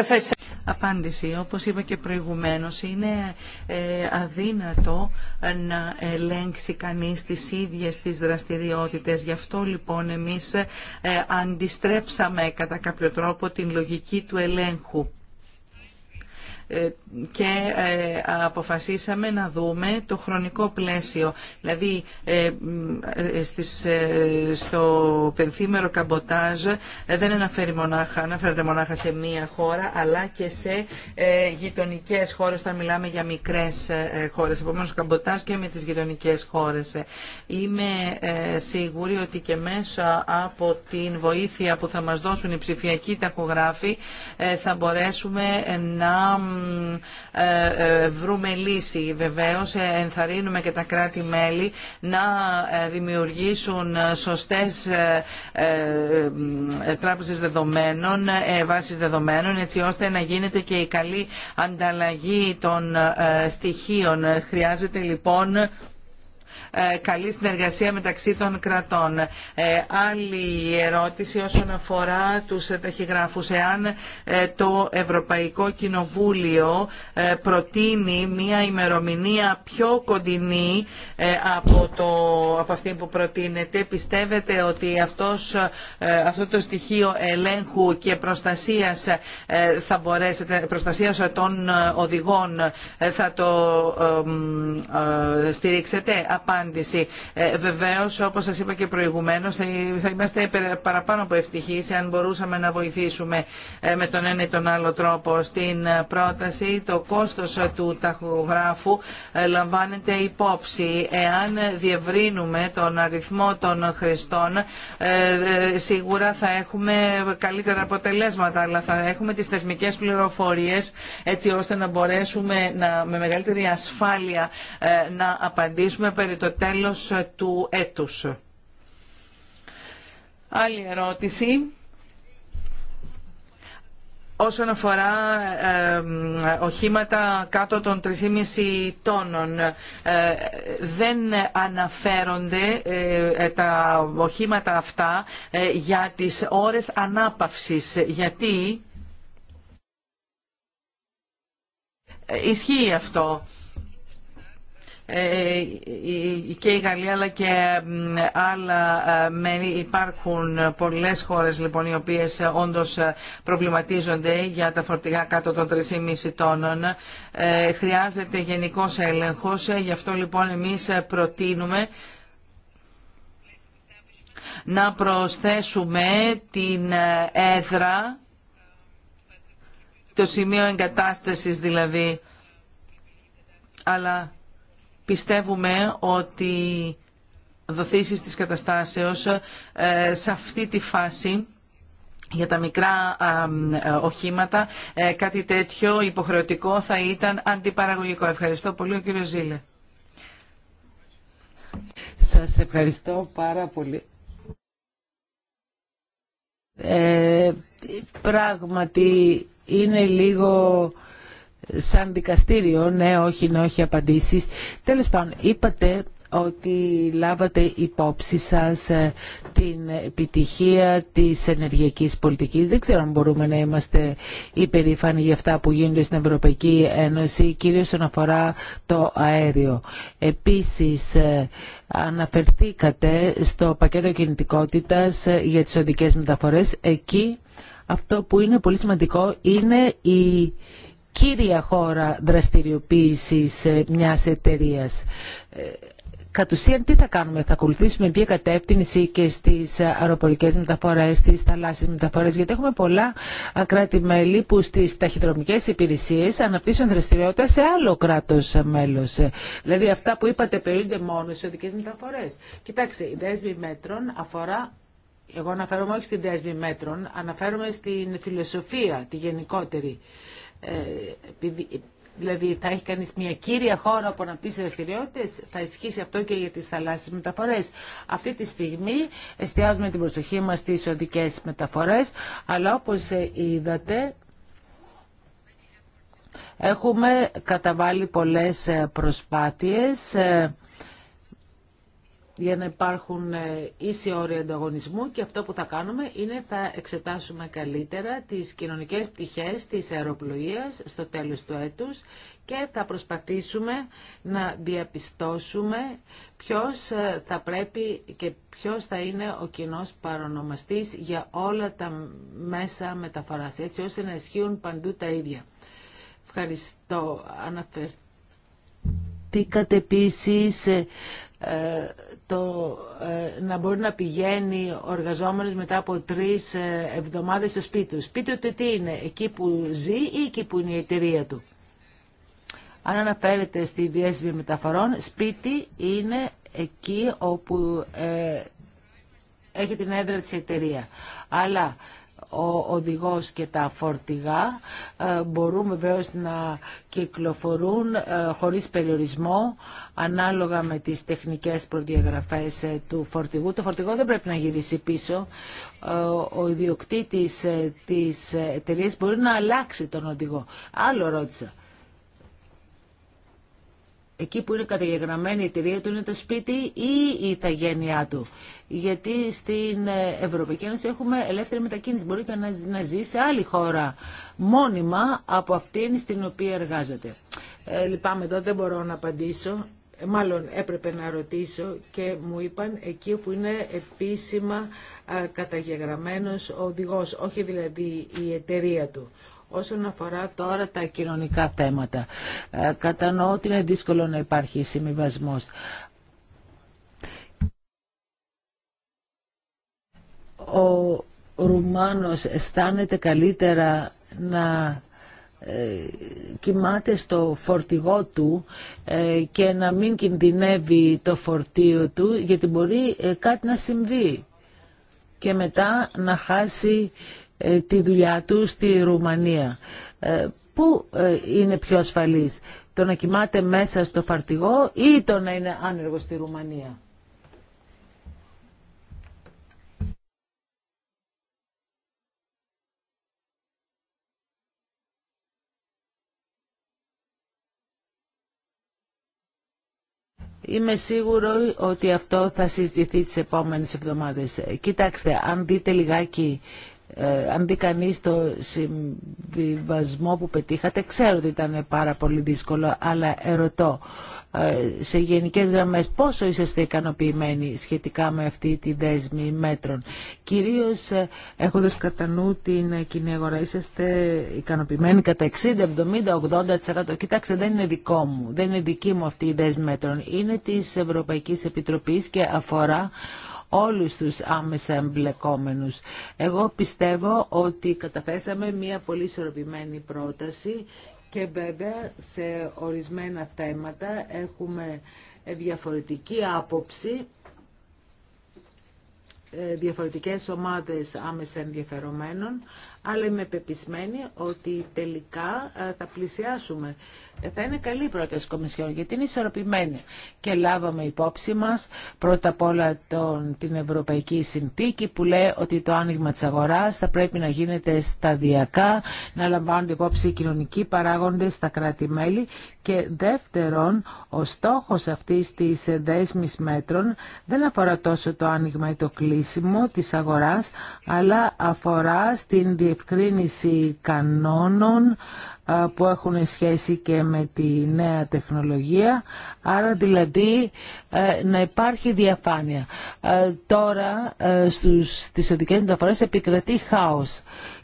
απάντηση. Όπως είπα και προηγουμένως, είναι ε, αδύνατο να ελέγξει κανείς τις ίδιες τις δραστηριότητες. Γι' αυτό λοιπόν εμείς ε, αντιστρέψαμε κατά κάποιο τρόπο την λογική του ελέγχου. Ε, και ε, αποφασίσαμε να δούμε το χρονικό πλαίσιο. Δηλαδή ε, στο πενθήμερο καμποτάζ δεν αναφέρει μονάχα, αναφέρεται μονάχα σε μία χώρα αλλά και σε γειτονικέ χώρες όταν μιλάμε για μικρές χώρες. Επομένως καμποτάζ και με τις γειτονικέ χώρες. Είμαι σίγουρη ότι και μέσα από την βοήθεια που θα μας δώσουν οι ψηφιακοί ταχογράφοι θα μπορέσουμε να ε, ε, βρούμε λύση. Βεβαίως ε, ενθαρρύνουμε και τα κράτη-μέλη να δημιουργήσουν σωστές τράπεζες δεδομένων, βάσεις δεδομένων, έτσι ώστε να γίνεται και η καλή ανταλλαγή των στοιχείων. Χρειάζεται λοιπόν ε, καλή συνεργασία μεταξύ των κρατών. Ε, άλλη ερώτηση όσον αφορά τους ε, ταχυγράφους. Εάν το Ευρωπαϊκό Κοινοβούλιο προτείνει μια ημερομηνία πιο κοντινή από, το, αυτή που προτείνεται, πιστεύετε ότι αυτό το στοιχείο ελέγχου και προστασίας θα μπορέσετε, προστασίας των οδηγών θα το στηρίξετε απάντηση. Ε, βεβαίως, όπως σας είπα και προηγουμένως, θα είμαστε παραπάνω από ευτυχεί αν μπορούσαμε να βοηθήσουμε ε, με τον ένα ή τον άλλο τρόπο στην ε, πρόταση. Το κόστος ε, του ταχογράφου λαμβάνεται υπόψη. Εάν διευρύνουμε τον αριθμό των χρηστών, σίγουρα θα έχουμε καλύτερα αποτελέσματα, αλλά θα έχουμε τις θεσμικέ πληροφορίε έτσι ώστε να μπορέσουμε να, με μεγαλύτερη ασφάλεια να απαντήσουμε περί το τέλος του έτους. Άλλη ερώτηση. Όσον αφορά οχήματα κάτω των 3,5 τόνων, ε, δεν αναφέρονται ε, ε, τα οχήματα αυτά για τις ώρες ανάπαυσης. Γιατί ισχύει αυτό. Ε, και η Γαλλία αλλά και άλλα ε, μέρη υπάρχουν πολλές χώρες λοιπόν οι οποίες ε, όντως προβληματίζονται για τα φορτηγά κάτω των 3,5 τόνων χρειάζεται γενικός έλεγχος γι' αυτό λοιπόν εμείς προτείνουμε να προσθέσουμε την έδρα το σημείο εγκατάστασης δηλαδή αλλά πιστεύουμε ότι δοθήσεις της καταστάσεως ε, σε αυτή τη φάση για τα μικρά ε, οχήματα ε, κάτι τέτοιο υποχρεωτικό θα ήταν αντιπαραγωγικό. Ευχαριστώ πολύ ο Ζήλε. Σας ευχαριστώ πάρα πολύ. πράγματι είναι λίγο σαν δικαστήριο, ναι, όχι, ναι, όχι απαντήσεις. Τέλος πάντων, είπατε ότι λάβατε υπόψη σας ε, την επιτυχία της ενεργειακής πολιτικής. Δεν ξέρω αν μπορούμε να είμαστε υπερήφανοι για αυτά που γίνονται στην Ευρωπαϊκή Ένωση, κυρίως όσον αφορά το αέριο. Επίσης, ε, αναφερθήκατε στο πακέτο κινητικότητας ε, για τις οδικές μεταφορές. Εκεί αυτό που είναι πολύ σημαντικό είναι η κύρια χώρα δραστηριοποίησης ε, μιας εταιρείας. Ε, κατ' ουσίαν τι θα κάνουμε, θα ακολουθήσουμε μια κατεύθυνση και στις αεροπορικέ μεταφορές, στις θαλάσσιες μεταφορές, γιατί έχουμε πολλά κράτη-μέλη που στις ταχυδρομικές υπηρεσίες αναπτύσσουν δραστηριότητα σε άλλο κράτος ε, μέλος. Δηλαδή αυτά που είπατε περιούνται μόνο σε οδικές μεταφορές. Κοιτάξτε, η δέσμη μέτρων αφορά εγώ αναφέρομαι όχι στην δέσμη μέτρων, αναφέρομαι στην φιλοσοφία, τη γενικότερη. Ε, δηλαδή θα έχει κανείς μια κύρια χώρα που αναπτύσσει δραστηριότητε, θα ισχύσει αυτό και για τις θαλάσσιες μεταφορές. Αυτή τη στιγμή εστιάζουμε την προσοχή μας στις οδικές μεταφορές, αλλά όπως ε, είδατε έχουμε καταβάλει πολλές ε, προσπάθειες για να υπάρχουν ε, ίσοι όροι ανταγωνισμού και αυτό που θα κάνουμε είναι θα εξετάσουμε καλύτερα τις κοινωνικές πτυχές της αεροπλοείας στο τέλος του έτους και θα προσπαθήσουμε να διαπιστώσουμε ποιος ε, θα πρέπει και ποιος θα είναι ο κοινό παρονομαστής για όλα τα μέσα μεταφοράς, έτσι ώστε να ισχύουν παντού τα ίδια. Ευχαριστώ. Αναφερθήκατε επίσης ε, ε, να μπορεί να πηγαίνει ο εργαζόμενος μετά από τρεις ε, εβδομάδες στο σπίτι του. Σπίτι του τι είναι, εκεί που ζει ή εκεί που είναι η εταιρεία του. Αν αναφέρεται στη διέσβη μεταφορών, σπίτι είναι εκεί όπου ε, έχει την έδρα της εταιρεία. Αλλά ο οδηγός και τα φορτηγά ε, μπορούν βεβαίω να κυκλοφορούν ε, χωρίς περιορισμό ανάλογα με τις τεχνικές προδιαγραφές ε, του φορτηγού. Το φορτηγό δεν πρέπει να γυρίσει πίσω. Ο ιδιοκτήτης της εταιρείας μπορεί να αλλάξει τον οδηγό. Άλλο ρώτησα εκεί που είναι καταγεγραμμένη η εταιρεία του είναι το σπίτι ή η ηθαγένειά του. Γιατί στην ε, Ευρωπαϊκή Ένωση έχουμε ελεύθερη μετακίνηση. Μπορεί και να ζει σε άλλη χώρα μόνιμα από αυτήν στην οποία εργάζεται. Ε, λυπάμαι εδώ, δεν μπορώ να απαντήσω. Ε, μάλλον έπρεπε να ρωτήσω και μου είπαν εκεί που είναι επίσημα καταγεγραμμένος ο οδηγός, όχι δηλαδή η εταιρεία του. Όσον αφορά τώρα τα κοινωνικά θέματα, ε, κατανοώ ότι είναι δύσκολο να υπάρχει συμβιβασμό. Ο Ρουμάνος αισθάνεται καλύτερα να ε, κοιμάται στο φορτηγό του ε, και να μην κινδυνεύει το φορτίο του γιατί μπορεί κάτι να συμβεί και μετά να χάσει ε, τη δουλειά του στη Ρουμανία. Ε, πού ε, είναι πιο ασφαλής, το να κοιμάται μέσα στο φαρτηγό ή το να είναι άνεργο στη Ρουμανία. Είμαι σίγουρο ότι αυτό θα συζητηθεί τις επόμενες εβδομάδες. Κοιτάξτε, αν δείτε λιγάκι ε, αν δει κανεί το συμβιβασμό που πετύχατε, ξέρω ότι ήταν πάρα πολύ δύσκολο, αλλά ερωτώ ε, σε γενικές γραμμές πόσο είσαστε ικανοποιημένοι σχετικά με αυτή τη δέσμη μέτρων. Κυρίως ε, έχοντας κατά νου την κοινή αγορά, είσαστε ικανοποιημένοι κατά 60, 70, 80%. Κοιτάξτε, δεν είναι δικό μου, δεν είναι δική μου αυτή η δέσμη μέτρων. Είναι της Ευρωπαϊκής Επιτροπής και αφορά όλους τους άμεσα εμπλεκόμενους. Εγώ πιστεύω ότι καταθέσαμε μια πολύ ισορροπημένη πρόταση και βέβαια σε ορισμένα θέματα έχουμε διαφορετική άποψη διαφορετικές ομάδες άμεσα ενδιαφερομένων, αλλά είμαι πεπισμένη ότι τελικά ε, θα πλησιάσουμε. Ε, θα είναι καλή η πρόταση Κομισιόν, γιατί είναι ισορροπημένη. Και λάβαμε υπόψη μας πρώτα απ' όλα τον, την Ευρωπαϊκή Συνθήκη που λέει ότι το άνοιγμα της αγοράς θα πρέπει να γίνεται σταδιακά, να λαμβάνονται υπόψη οι κοινωνικοί παράγοντες στα κράτη-μέλη και δεύτερον, ο στόχος αυτής της δέσμης μέτρων δεν αφορά τόσο το άνοιγμα ή το κλείσιμο της αγοράς, αλλά αφορά στην διευκρίνηση κανόνων που έχουν σχέση και με τη νέα τεχνολογία, άρα δηλαδή ε, να υπάρχει διαφάνεια. Ε, τώρα ε, στους, στις οδικές μεταφορές επικρατεί χάος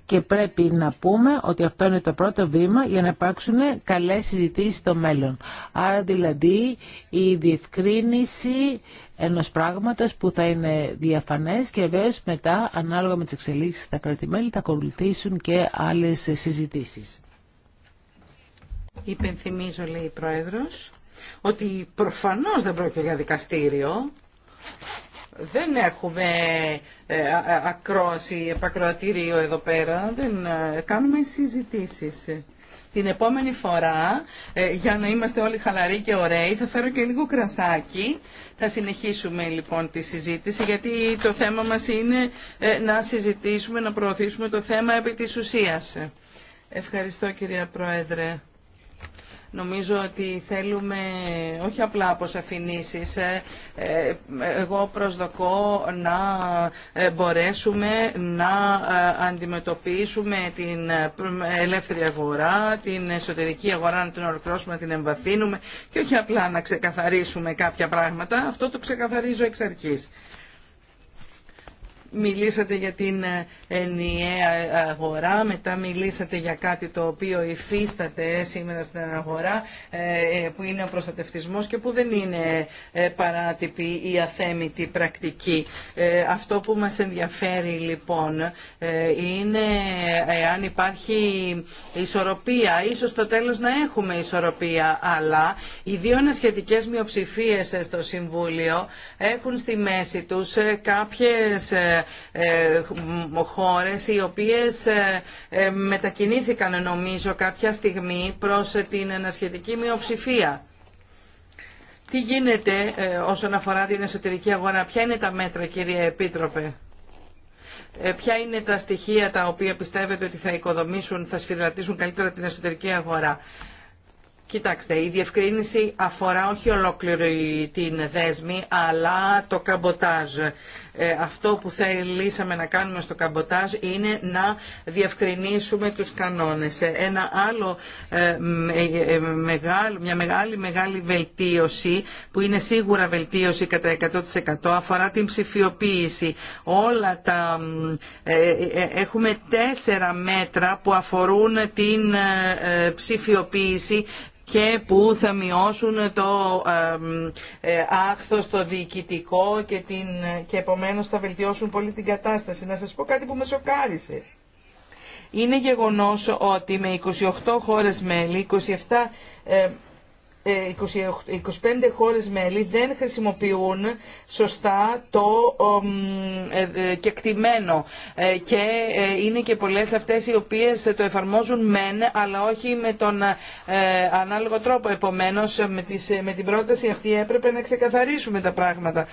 και πρέπει να πούμε ότι αυτό είναι το πρώτο βήμα για να υπάρξουν καλές συζητήσεις στο μέλλον. Άρα δηλαδή η διευκρίνηση ενός πράγματος που θα είναι διαφανές και βέβαια μετά ανάλογα με τις εξελίξεις στα κράτη-μέλη, θα ακολουθήσουν και άλλες συζητήσεις. Υπενθυμίζω λέει η Πρόεδρος ότι προφανώς δεν πρόκειται για δικαστήριο δεν έχουμε ε, ακρόαση, επακροατήριο εδώ πέρα. Δεν ε, κάνουμε συζητήσεις. Την επόμενη φορά, ε, για να είμαστε όλοι χαλαροί και ωραίοι, θα φέρω και λίγο κρασάκι. Θα συνεχίσουμε λοιπόν τη συζήτηση, γιατί το θέμα μας είναι να συζητήσουμε, να προωθήσουμε το θέμα επί της ουσίας. Ευχαριστώ κυρία Πρόεδρε. Νομίζω ότι θέλουμε όχι απλά αποσαφηνήσει. Ε, ε, εγώ προσδοκώ να ε, μπορέσουμε να αντιμετωπίσουμε την ελεύθερη αγορά, την εσωτερική αγορά να την ολοκληρώσουμε, να την εμβαθύνουμε και όχι απλά να ξεκαθαρίσουμε κάποια πράγματα. Αυτό το ξεκαθαρίζω εξ αρχής. Μιλήσατε για την ε, ενιαία αγορά, μετά μιλήσατε για κάτι το οποίο υφίσταται σήμερα στην αγορά, ε, ε, που είναι ο προστατευτισμός και που δεν είναι παράτυπη ή αθέμητη πρακτική. Αυτό που μας ενδιαφέρει λοιπόν είναι αν υπάρχει ισορροπία. Ίσως στο τέλος να έχουμε ισορροπία, αλλά οι δύο ανασχετικές μειοψηφίες στο Συμβούλιο έχουν στη μέση τους κάποιες ε, χώρες οι οποίες ε, ε, μετακινήθηκαν νομίζω κάποια στιγμή προς την ανασχετική μειοψηφία. Τι γίνεται όσον αφορά την εσωτερική αγορά, ποια είναι τα μέτρα κύριε Επίτροπε. Ποια είναι τα στοιχεία τα οποία πιστεύετε ότι θα οικοδομήσουν, θα σφυρατήσουν καλύτερα την εσωτερική αγορά. Κοιτάξτε, η διευκρίνηση αφορά όχι ολόκληρη την δέσμη, αλλά το καμποτάζ. Ε, αυτό που θέλησαμε να κάνουμε στο καμποτάζ είναι να διευκρινίσουμε τους κανόνες. Ένα άλλο, ε, ε, μεγάλο, μια μεγάλη μεγάλη βελτίωση που είναι σίγουρα βελτίωση κατά 100% αφορά την ψηφιοποίηση. Όλα τα, έχουμε τέσσερα μέτρα που αφορούν την ψηφιοποίηση και που θα μειώσουν το ε, άχθος, το διοικητικό και, την, και επομένως θα βελτιώσουν πολύ την κατάσταση. Να σας πω κάτι που με σοκάρισε. Είναι γεγονός ότι με 28 χώρες μέλη, 27 25 ε, χώρες μέλη δεν χρησιμοποιούν σωστά το ε, κεκτημένο ε, και είναι και πολλές αυτές οι οποίες το εφαρμόζουν μεν αλλά όχι με τον ανάλογο τρόπο. Επομένως με την πρόταση αυτή έπρεπε να ξεκαθαρίσουμε τα πράγματα.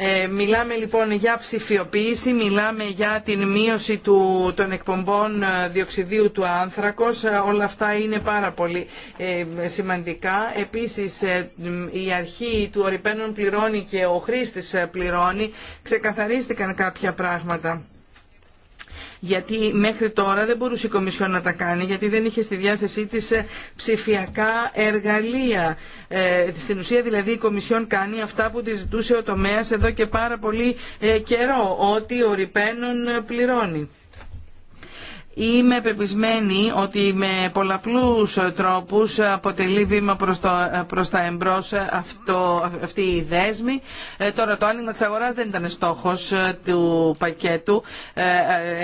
Ε, μιλάμε λοιπόν για ψηφιοποίηση, μιλάμε για την μείωση του, των εκπομπών ε, διοξιδίου του άνθρακος. Ε, όλα αυτά είναι πάρα πολύ σημαντικά. Επίσης η αρχή του ορυπαίνων πληρώνει και ο χρήστης πληρώνει. Ξεκαθαρίστηκαν κάποια πράγματα γιατί μέχρι τώρα δεν μπορούσε η Κομισιόν να τα κάνει γιατί δεν είχε στη διάθεσή της ε, ψηφιακά εργαλεία. Ε, στην ουσία δηλαδή η Κομισιόν κάνει αυτά που τη ζητούσε ο τομέας εδώ και πάρα πολύ ε, καιρό, ότι ο Ριπένον πληρώνει. Είμαι πεπισμένη ότι με πολλαπλούς τρόπους αποτελεί βήμα προς, προς τα εμπρός αυτό, αυτή η δέσμη. Ε, τώρα το άνοιγμα της αγοράς δεν ήταν στόχος ε, του πακέτου. Ε,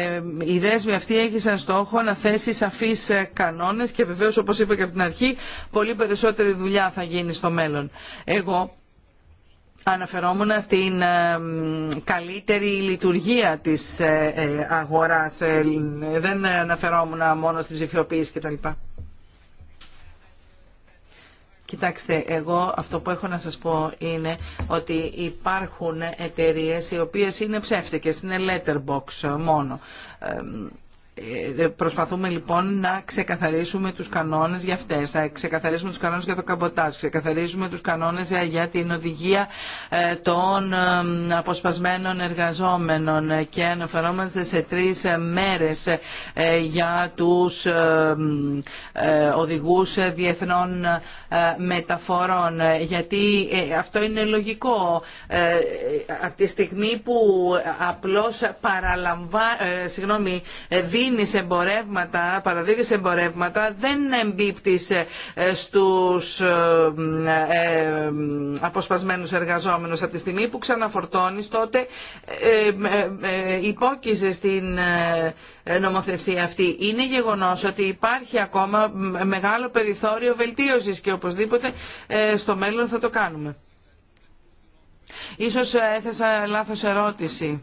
ε, η δέσμη αυτή έχει σαν στόχο να θέσει σαφείς κανόνες και βεβαίως όπως είπα και από την αρχή πολύ περισσότερη δουλειά θα γίνει στο μέλλον. Εγώ αναφερόμουν στην ε, καλύτερη λειτουργία της ε, ε, αγοράς. Δεν αναφερόμουν μόνο στην ψηφιοποίηση κτλ. Κοιτάξτε, εγώ αυτό που έχω να σας πω είναι ότι υπάρχουν εταιρείες οι οποίες είναι ψεύτικες, είναι letterbox μόνο. Ε, προσπαθούμε λοιπόν να ξεκαθαρίσουμε τους κανόνες για αυτές, να ξεκαθαρίσουμε τους κανόνες για το καμποτάζ, ξεκαθαρίσουμε τους κανόνες για την οδηγία ε, των ε, αποσπασμένων εργαζόμενων και αναφερόμαστε σε τρεις μέρες για τους οδηγούς διεθνών μεταφορών. Γιατί αυτό είναι λογικό. Από τη στιγμή που απλώς παραλαμβάνει, συγγνώμη, δίνεις εμπορεύματα, σε εμπορεύματα δεν εμπίπτει ε, στους ε, ε, αποσπασμένους εργαζόμενους από τη στιγμή που ξαναφορτώνεις τότε υπόκειζε στην νομοθεσία αυτή. Είναι γεγονός ότι υπάρχει ακόμα μεγάλο περιθώριο βελτίωσης και οπωσδήποτε στο μέλλον θα το κάνουμε. Ίσως έθεσα λάθος ερώτηση.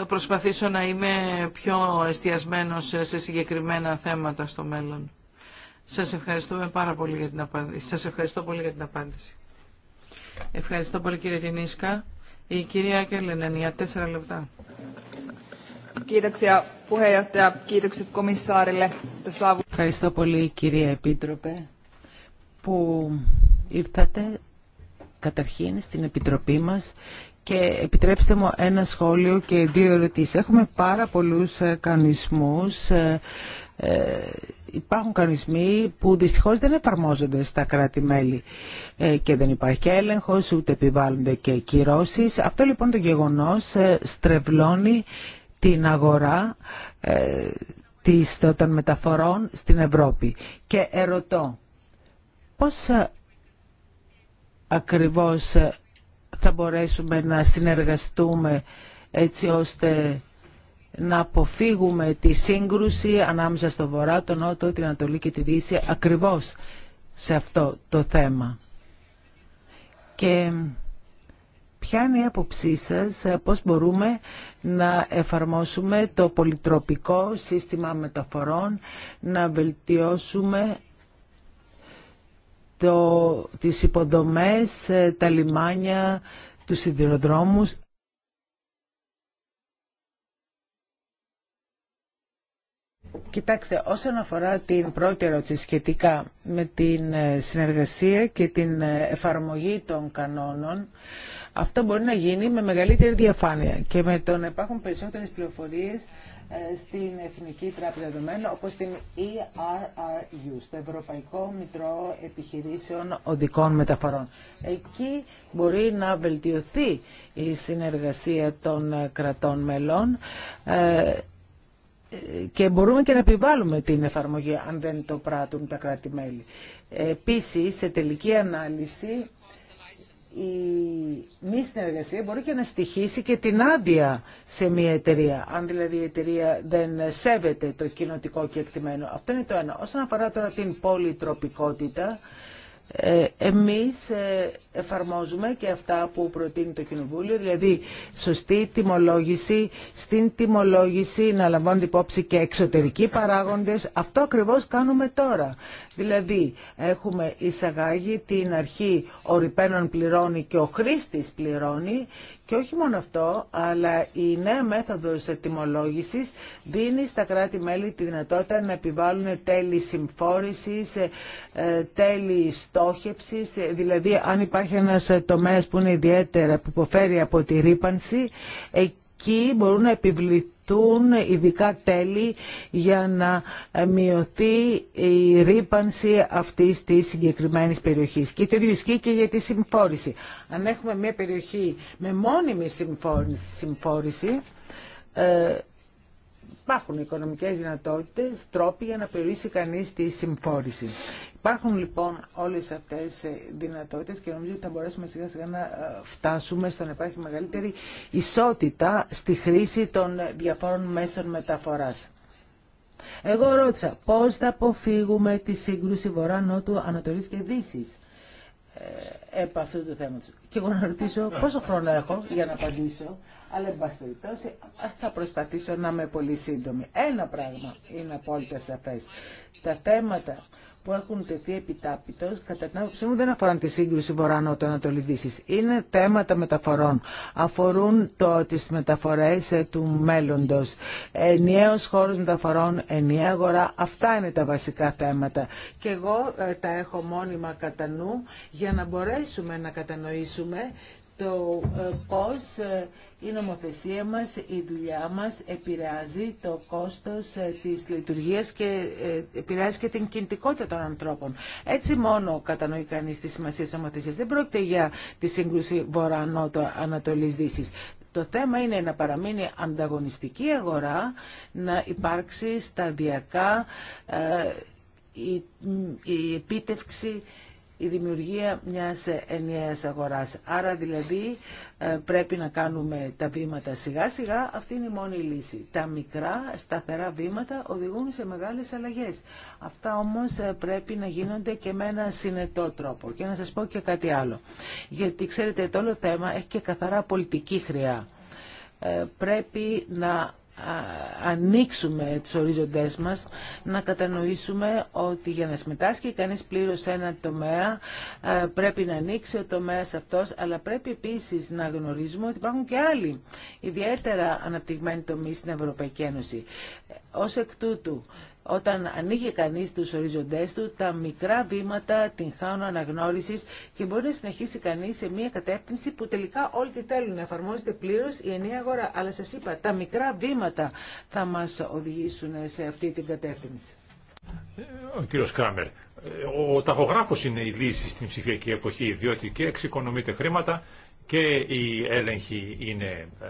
Θα προσπαθήσω να είμαι πιο εστιασμένος σε συγκεκριμένα θέματα στο μέλλον. Σας ευχαριστούμε πάρα πολύ για την απάντηση. Σας ευχαριστώ πολύ για την απάντηση. Ευχαριστώ πολύ κύριε Γενίσκα. Η κυρία Κέλλενεν για τέσσερα λεπτά. Ευχαριστώ πολύ κυρία Επίτροπε που ήρθατε καταρχήν στην Επιτροπή μας και επιτρέψτε μου ένα σχόλιο και δύο ερωτήσεις. Έχουμε πάρα πολλούς ε, κανισμούς. Ε, ε, υπάρχουν κανισμοί που δυστυχώς δεν εφαρμόζονται στα κράτη-μέλη και δεν υπάρχει έλεγχος, ούτε επιβάλλονται και κυρώσεις. Αυτό λοιπόν το γεγονός στρεβλώνει την αγορά της, των μεταφορών στην Ευρώπη. Και ερωτώ, πώς ακριβώς θα μπορέσουμε να συνεργαστούμε έτσι ώστε να αποφύγουμε τη σύγκρουση ανάμεσα στο Βορρά, τον Νότο, την Ανατολή και τη Δύση ακριβώς σε αυτό το θέμα. Και ποια είναι η άποψή σας, πώς μπορούμε να εφαρμόσουμε το πολυτροπικό σύστημα μεταφορών, να βελτιώσουμε το, τις υποδομές, ε, τα λιμάνια, τους σιδηροδρόμους. Κοιτάξτε, όσον αφορά την πρώτη ερώτηση σχετικά με την ε, συνεργασία και την ε, εφαρμογή των κανόνων, αυτό μπορεί να γίνει με μεγαλύτερη διαφάνεια και με το να υπάρχουν περισσότερες πληροφορίες στην Εθνική Τράπεζα Δεδομένων, όπως την ERRU, στο Ευρωπαϊκό Μητρό Επιχειρήσεων Οδικών Μεταφορών. Εκεί μπορεί να βελτιωθεί η συνεργασία των κρατών μελών ε, και μπορούμε και να επιβάλλουμε την εφαρμογή αν δεν το πράττουν τα κράτη-μέλη. Επίσης, σε τελική ανάλυση, η μη συνεργασία μπορεί και να στοιχήσει και την άδεια σε μια εταιρεία, αν δηλαδή η εταιρεία δεν σέβεται το κοινοτικό κεκτημένο. Αυτό είναι το ένα. Όσον αφορά τώρα την πολυτροπικότητα, ε, εμείς ε, εφαρμόζουμε και αυτά που προτείνει το Κοινοβούλιο, δηλαδή σωστή τιμολόγηση, στην τιμολόγηση να λαμβάνουν υπόψη και εξωτερικοί παράγοντες. Αυτό ακριβώς κάνουμε τώρα. Δηλαδή έχουμε εισαγάγει την αρχή ο ρηπαίνων πληρώνει και ο χρήστης πληρώνει και όχι μόνο αυτό, αλλά η νέα μέθοδος τιμολόγησης δίνει στα κράτη-μέλη τη δυνατότητα να επιβάλλουν τέλη συμφόρησης, ε, τέλη δηλαδή αν υπάρχει ένας τομέας που είναι ιδιαίτερα, που υποφέρει από τη ρήπανση, εκεί μπορούν να επιβληθούν ειδικά τέλη για να μειωθεί η ρήπανση αυτή τη συγκεκριμένη περιοχής. Και το και για τη συμφόρηση. Αν έχουμε μια περιοχή με μόνιμη συμφόρηση, ε, υπάρχουν οικονομικές δυνατότητες, τρόποι για να περιορίσει κανείς τη συμφόρηση. Υπάρχουν λοιπόν όλες αυτές οι ε, δυνατότητες και νομίζω ότι θα μπορέσουμε σιγά σιγά να ε, φτάσουμε στο να υπάρχει μεγαλύτερη ισότητα στη χρήση των ε, διαφόρων μέσων μεταφοράς. Εγώ ρώτησα πώς θα αποφύγουμε τη σύγκρουση Βορρά, Νότου, Ανατολής και Δύσης. Ε, επ' αυτού του θέματος. Και εγώ να ρωτήσω πόσο χρόνο έχω για να απαντήσω, αλλά εν πάση περιπτώσει θα προσπαθήσω να είμαι πολύ σύντομη. Ένα πράγμα είναι απόλυτα σαφές. Τα θέματα που έχουν τεθεί επιτάπητο, κατά την άποψή μου δεν αφορούν τη σύγκρουση βορρά-νότου-ανατολή Δύσης. δυση ειναι θέματα μεταφορών. Αφορούν το, τις μεταφορές ε, του μέλλοντος. Ενιαίος χώρος μεταφορών, ενιαία αγορά. Αυτά είναι τα βασικά θέματα. Και εγώ ε, τα έχω μόνιμα κατά νου για να μπορέσουμε να κατανοήσουμε το ε, πώς ε, η νομοθεσία μας, η δουλειά μας επηρεάζει το κόστος ε, της λειτουργίας και επηρεάζει και την κινητικότητα των ανθρώπων. Έτσι μόνο κατανοεί κανεί τη σημασία της νομοθεσίας. Δεν πρόκειται για τη σύγκρουση βορρά-νότου, ανατολής-δύσης. Το θέμα είναι να παραμείνει ανταγωνιστική αγορά, να υπάρξει σταδιακά η, η επίτευξη η δημιουργία μιας ενιαίας αγοράς. Άρα δηλαδή ε, πρέπει να κάνουμε τα βήματα σιγά σιγά, αυτή είναι η μόνη λύση. Τα μικρά σταθερά βήματα οδηγούν σε μεγάλες αλλαγές. Αυτά όμως ε, πρέπει να γίνονται και με ένα συνετό τρόπο. Και να σας πω και κάτι άλλο. Γιατί ξέρετε το όλο θέμα έχει και καθαρά πολιτική χρειά. Ε, πρέπει να ανοίξουμε τους ορίζοντές μας, να κατανοήσουμε ότι για να συμμετάσχει κανείς πλήρως σε ένα τομέα πρέπει να ανοίξει ο τομέας αυτός, αλλά πρέπει επίσης να γνωρίζουμε ότι υπάρχουν και άλλοι ιδιαίτερα αναπτυγμένοι τομείς στην Ευρωπαϊκή Ένωση. Ως εκ τούτου, όταν ανοίγει κανείς τους οριζοντές του, τα μικρά βήματα την χάνουν αναγνώρισης και μπορεί να συνεχίσει κανείς σε μια κατεύθυνση που τελικά όλοι τη θέλουν να εφαρμόζεται πλήρως η ενιαία αγορά. Αλλά σας είπα, τα μικρά βήματα θα μας οδηγήσουν σε αυτή την κατεύθυνση. Ο κύριος Κράμερ, ο ταχογράφος είναι η λύση στην ψηφιακή εποχή, διότι και εξοικονομείται χρήματα και οι έλεγχοι είναι ε,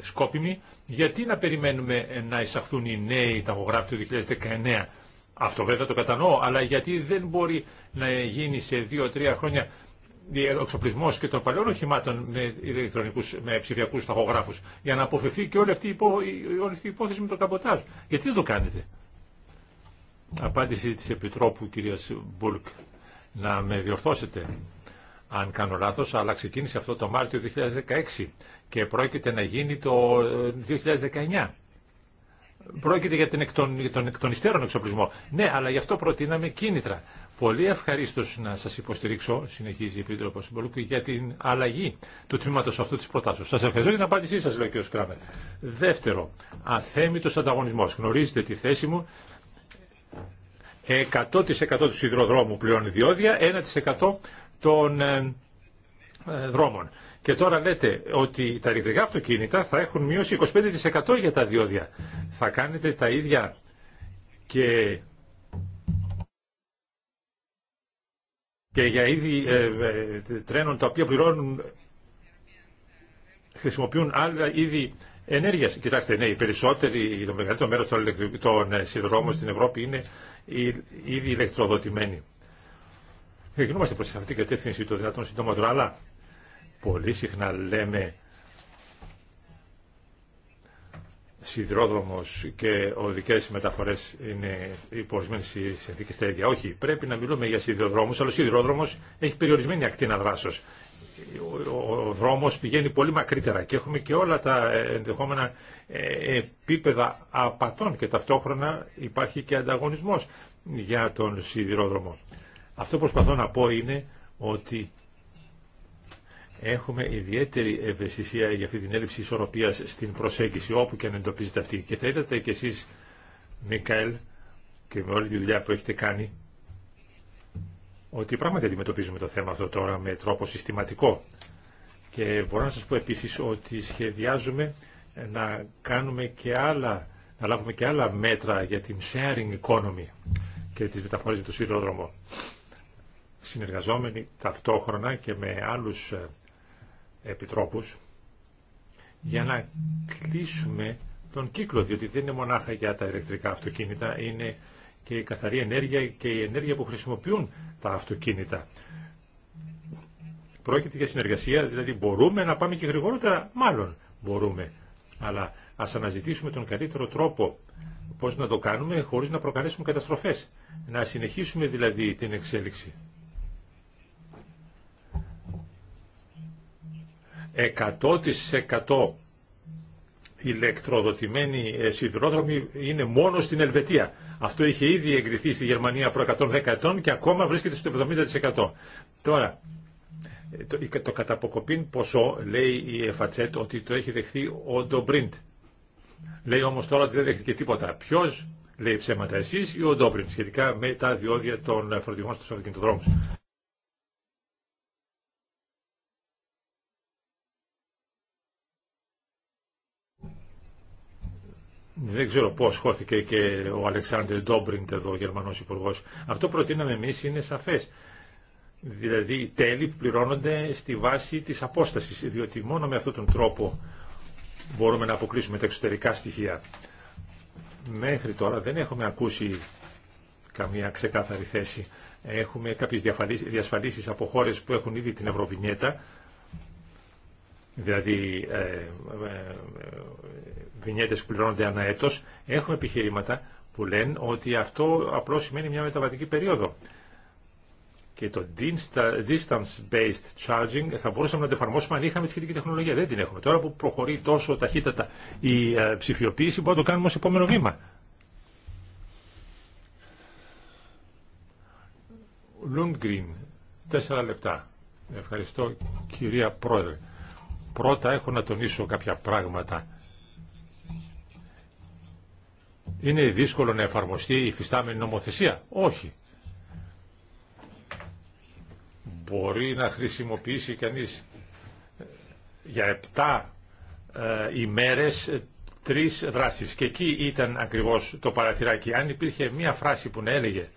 σκόπιμοι, γιατί να περιμένουμε να εισαχθούν οι νέοι ταχογράφοι του 2019. Αυτό βέβαια το κατανοώ, αλλά γιατί δεν μπορεί να γίνει σε δύο-τρία χρόνια ο εξοπλισμό και των παλαιών οχημάτων με, ηλεκτρονικούς, με ψηφιακού ταχογράφου για να αποφευθεί και όλη αυτή, η όλη αυτή η υπόθεση με το καμποτάζ. Γιατί δεν το κάνετε. Απάντηση της Επιτρόπου κυρίας Μπούλκ. Να με διορθώσετε αν κάνω λάθος, αλλά ξεκίνησε αυτό το Μάρτιο 2016 και πρόκειται να γίνει το 2019. Ε, πρόκειται για, την για τον εκ εξοπλισμό. Ναι, αλλά γι' αυτό προτείναμε κίνητρα. Πολύ ευχαρίστω να σα υποστηρίξω, συνεχίζει η Επίτροπο Συμπολούκου, για την αλλαγή του τμήματο αυτού τη προτάσεω. Σα ευχαριστώ για την απάντησή σα, λέει ο κ. Κράμερ. Δεύτερο, αθέμητο ανταγωνισμό. Γνωρίζετε τη θέση μου. 100% του σιδηροδρόμου πλέον ιδιώδια, 1% των ε, ε, δρόμων. Και τώρα λέτε ότι τα ηλεκτρικά αυτοκίνητα θα έχουν μειώσει 25% για τα διόδια. Θα κάνετε τα ίδια και, και για είδη ε, τρένων τα οποία πληρώνουν χρησιμοποιούν άλλα είδη ενέργειας. Κοιτάξτε, ναι, οι περισσότεροι, το μεγαλύτερο μέρος των, των στην Ευρώπη είναι ήδη ηλεκτροδοτημένοι γινόμαστε προς αυτήν την κατεύθυνση των δυνατών συντόματων, αλλά πολύ συχνά λέμε σιδηρόδρομος και οδικές μεταφορές είναι υπορισμένες συνθήκες τα ίδια. Όχι, πρέπει να μιλούμε για σιδηροδρόμους, αλλά ο σιδηρόδρομος έχει περιορισμένη ακτίνα δράσος. Ο δρόμος πηγαίνει πολύ μακρύτερα και έχουμε και όλα τα ενδεχόμενα ε, επίπεδα απατών και ταυτόχρονα υπάρχει και ανταγωνισμός για τον σιδηρόδρομο. Αυτό που προσπαθώ να πω είναι ότι έχουμε ιδιαίτερη ευαισθησία για αυτή την έλλειψη ισορροπίας στην προσέγγιση όπου και αν εντοπίζεται αυτή. Και θα είδατε κι εσείς, Μικαέλ, και με όλη τη δουλειά που έχετε κάνει, ότι πράγματι αντιμετωπίζουμε το θέμα αυτό τώρα με τρόπο συστηματικό. Και μπορώ να σας πω επίσης ότι σχεδιάζουμε να κάνουμε και άλλα, να λάβουμε και άλλα μέτρα για την sharing economy και τις μεταφορές με το σιδηρόδρομο συνεργαζόμενοι ταυτόχρονα και με άλλους ε, επιτρόπους για να κλείσουμε τον κύκλο, διότι δεν είναι μονάχα για τα ηλεκτρικά αυτοκίνητα, είναι και η καθαρή ενέργεια και η ενέργεια που χρησιμοποιούν τα αυτοκίνητα. Πρόκειται για συνεργασία, δηλαδή μπορούμε να πάμε και γρηγορότερα, μάλλον μπορούμε. Αλλά ας αναζητήσουμε τον καλύτερο τρόπο πώς να το κάνουμε χωρίς να προκαλέσουμε καταστροφές. Να συνεχίσουμε δηλαδή την εξέλιξη. 100% ηλεκτροδοτημένοι ε, σιδηρόδρομοι είναι μόνο στην Ελβετία. Αυτό είχε ήδη εγκριθεί στη Γερμανία προ 110 ετών και ακόμα βρίσκεται στο 70%. Τώρα, το, το καταποκοπήν ποσό λέει η Εφατσέτ ότι το έχει δεχθεί ο Ντομπριντ. Λέει όμως τώρα ότι δεν δέχτηκε τίποτα. Ποιος λέει ψέματα εσείς ή ο Ντόμπριντ σχετικά με τα διόδια των φορτηγών στους αυτοκινητοδρόμους. δεν ξέρω πώς χώθηκε και ο Αλεξάνδρ Ντόμπριντ εδώ, ο Γερμανός υπουργό. Αυτό προτείναμε εμείς είναι σαφές. Δηλαδή οι τέλη πληρώνονται στη βάση της απόσταση διότι μόνο με αυτόν τον τρόπο μπορούμε να αποκλείσουμε τα εξωτερικά στοιχεία. Μέχρι τώρα δεν έχουμε ακούσει καμία ξεκάθαρη θέση. Έχουμε κάποιες διασφαλίσεις από χώρε που έχουν ήδη την Ευρωβινιέτα, δηλαδή ε, ε, ε, ποινιέτες που πληρώνονται ανά έτος, έχουμε επιχειρήματα που λένε ότι αυτό απλώς σημαίνει μια μεταβατική περίοδο. Και το distance-based charging θα μπορούσαμε να το εφαρμόσουμε αν είχαμε τη σχετική τεχνολογία. Δεν την έχουμε. Τώρα που προχωρεί τόσο ταχύτατα η ε, ψηφιοποίηση, μπορούμε να το κάνουμε ως επόμενο βήμα. Λούντγκριν, τέσσερα λεπτά. Ευχαριστώ κυρία Πρόεδρε. Πρώτα έχω να τονίσω κάποια πράγματα είναι δύσκολο να εφαρμοστεί η φυστάμενη νομοθεσία. Όχι. Μπορεί να χρησιμοποιήσει κανείς ε, για επτά ε, ημέρες τρεις δράσεις. Και εκεί ήταν ακριβώς το παραθυράκι. Αν υπήρχε μία φράση που να έλεγε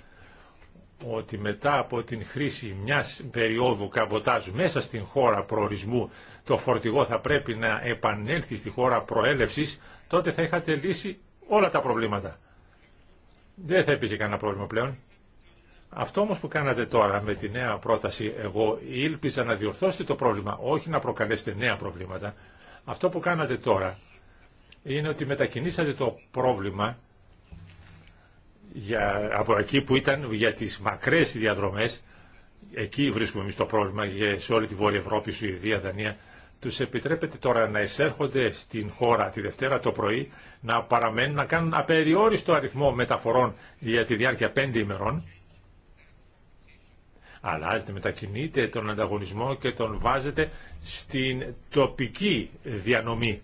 ότι μετά από την χρήση μιας περίοδου καμποτάζ μέσα στην χώρα προορισμού το φορτηγό θα πρέπει να επανέλθει στη χώρα προέλευσης, τότε θα είχατε λύσει όλα τα προβλήματα. Δεν θα υπήρχε κανένα πρόβλημα πλέον. Αυτό όμως που κάνατε τώρα με τη νέα πρόταση, εγώ ήλπιζα να διορθώσετε το πρόβλημα, όχι να προκαλέσετε νέα προβλήματα. Αυτό που κάνατε τώρα είναι ότι μετακινήσατε το πρόβλημα για, από εκεί που ήταν για τις μακρές διαδρομές, εκεί βρίσκουμε εμείς το πρόβλημα σε όλη τη Βόρεια Ευρώπη, Σουηδία, Δανία, τους επιτρέπεται τώρα να εισέρχονται στην χώρα τη Δευτέρα το πρωί, να παραμένουν, να κάνουν απεριόριστο αριθμό μεταφορών για τη διάρκεια πέντε ημερών. Αλλάζεται, μετακινείται τον ανταγωνισμό και τον βάζετε στην τοπική διανομή.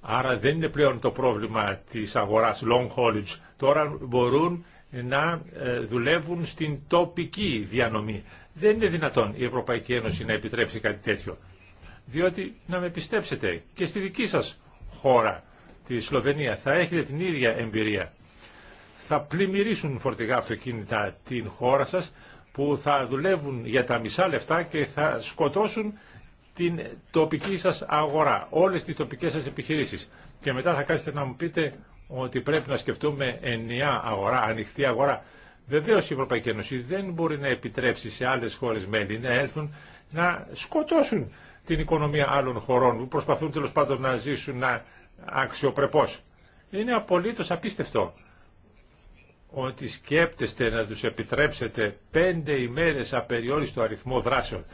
Άρα δεν είναι πλέον το πρόβλημα της αγοράς long haulage. Τώρα μπορούν να ε, δουλεύουν στην τοπική διανομή. Δεν είναι δυνατόν η Ευρωπαϊκή Ένωση να επιτρέψει κάτι τέτοιο διότι να με πιστέψετε και στη δική σας χώρα, τη Σλοβενία, θα έχετε την ίδια εμπειρία. Θα πλημμυρίσουν φορτηγά αυτοκίνητα την χώρα σας που θα δουλεύουν για τα μισά λεφτά και θα σκοτώσουν την τοπική σας αγορά, όλες τις τοπικές σας επιχειρήσεις. Και μετά θα κάτσετε να μου πείτε ότι πρέπει να σκεφτούμε ενιαία αγορά, ανοιχτή αγορά. Βεβαίω η Ευρωπαϊκή Ένωση δεν μπορεί να επιτρέψει σε άλλε χώρε μέλη να έρθουν να σκοτώσουν την οικονομία άλλων χωρών που προσπαθούν τέλο πάντων να ζήσουν να αξιοπρεπώς. Είναι απολύτως απίστευτο ότι σκέπτεστε να τους επιτρέψετε πέντε ημέρες απεριόριστο αριθμό δράσεων.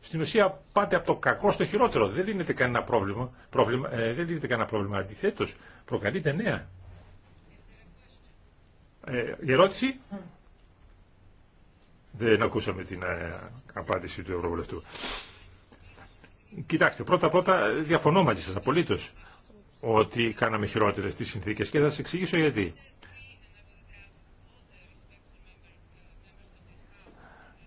Στην ουσία πάτε από το κακό στο χειρότερο. Δεν λύνεται κανένα πρόβλημα. πρόβλημα ε, δεν λύνεται κανένα πρόβλημα. Αντιθέτως, προκαλείται νέα. Ε, η ερώτηση. Δεν ακούσαμε την ε, απάντηση του Ευρωβουλευτού. Κοιτάξτε, πρώτα-πρώτα διαφωνώ μαζί σας απολύτως ότι κάναμε χειρότερες τις συνθήκες και θα σας εξηγήσω γιατί.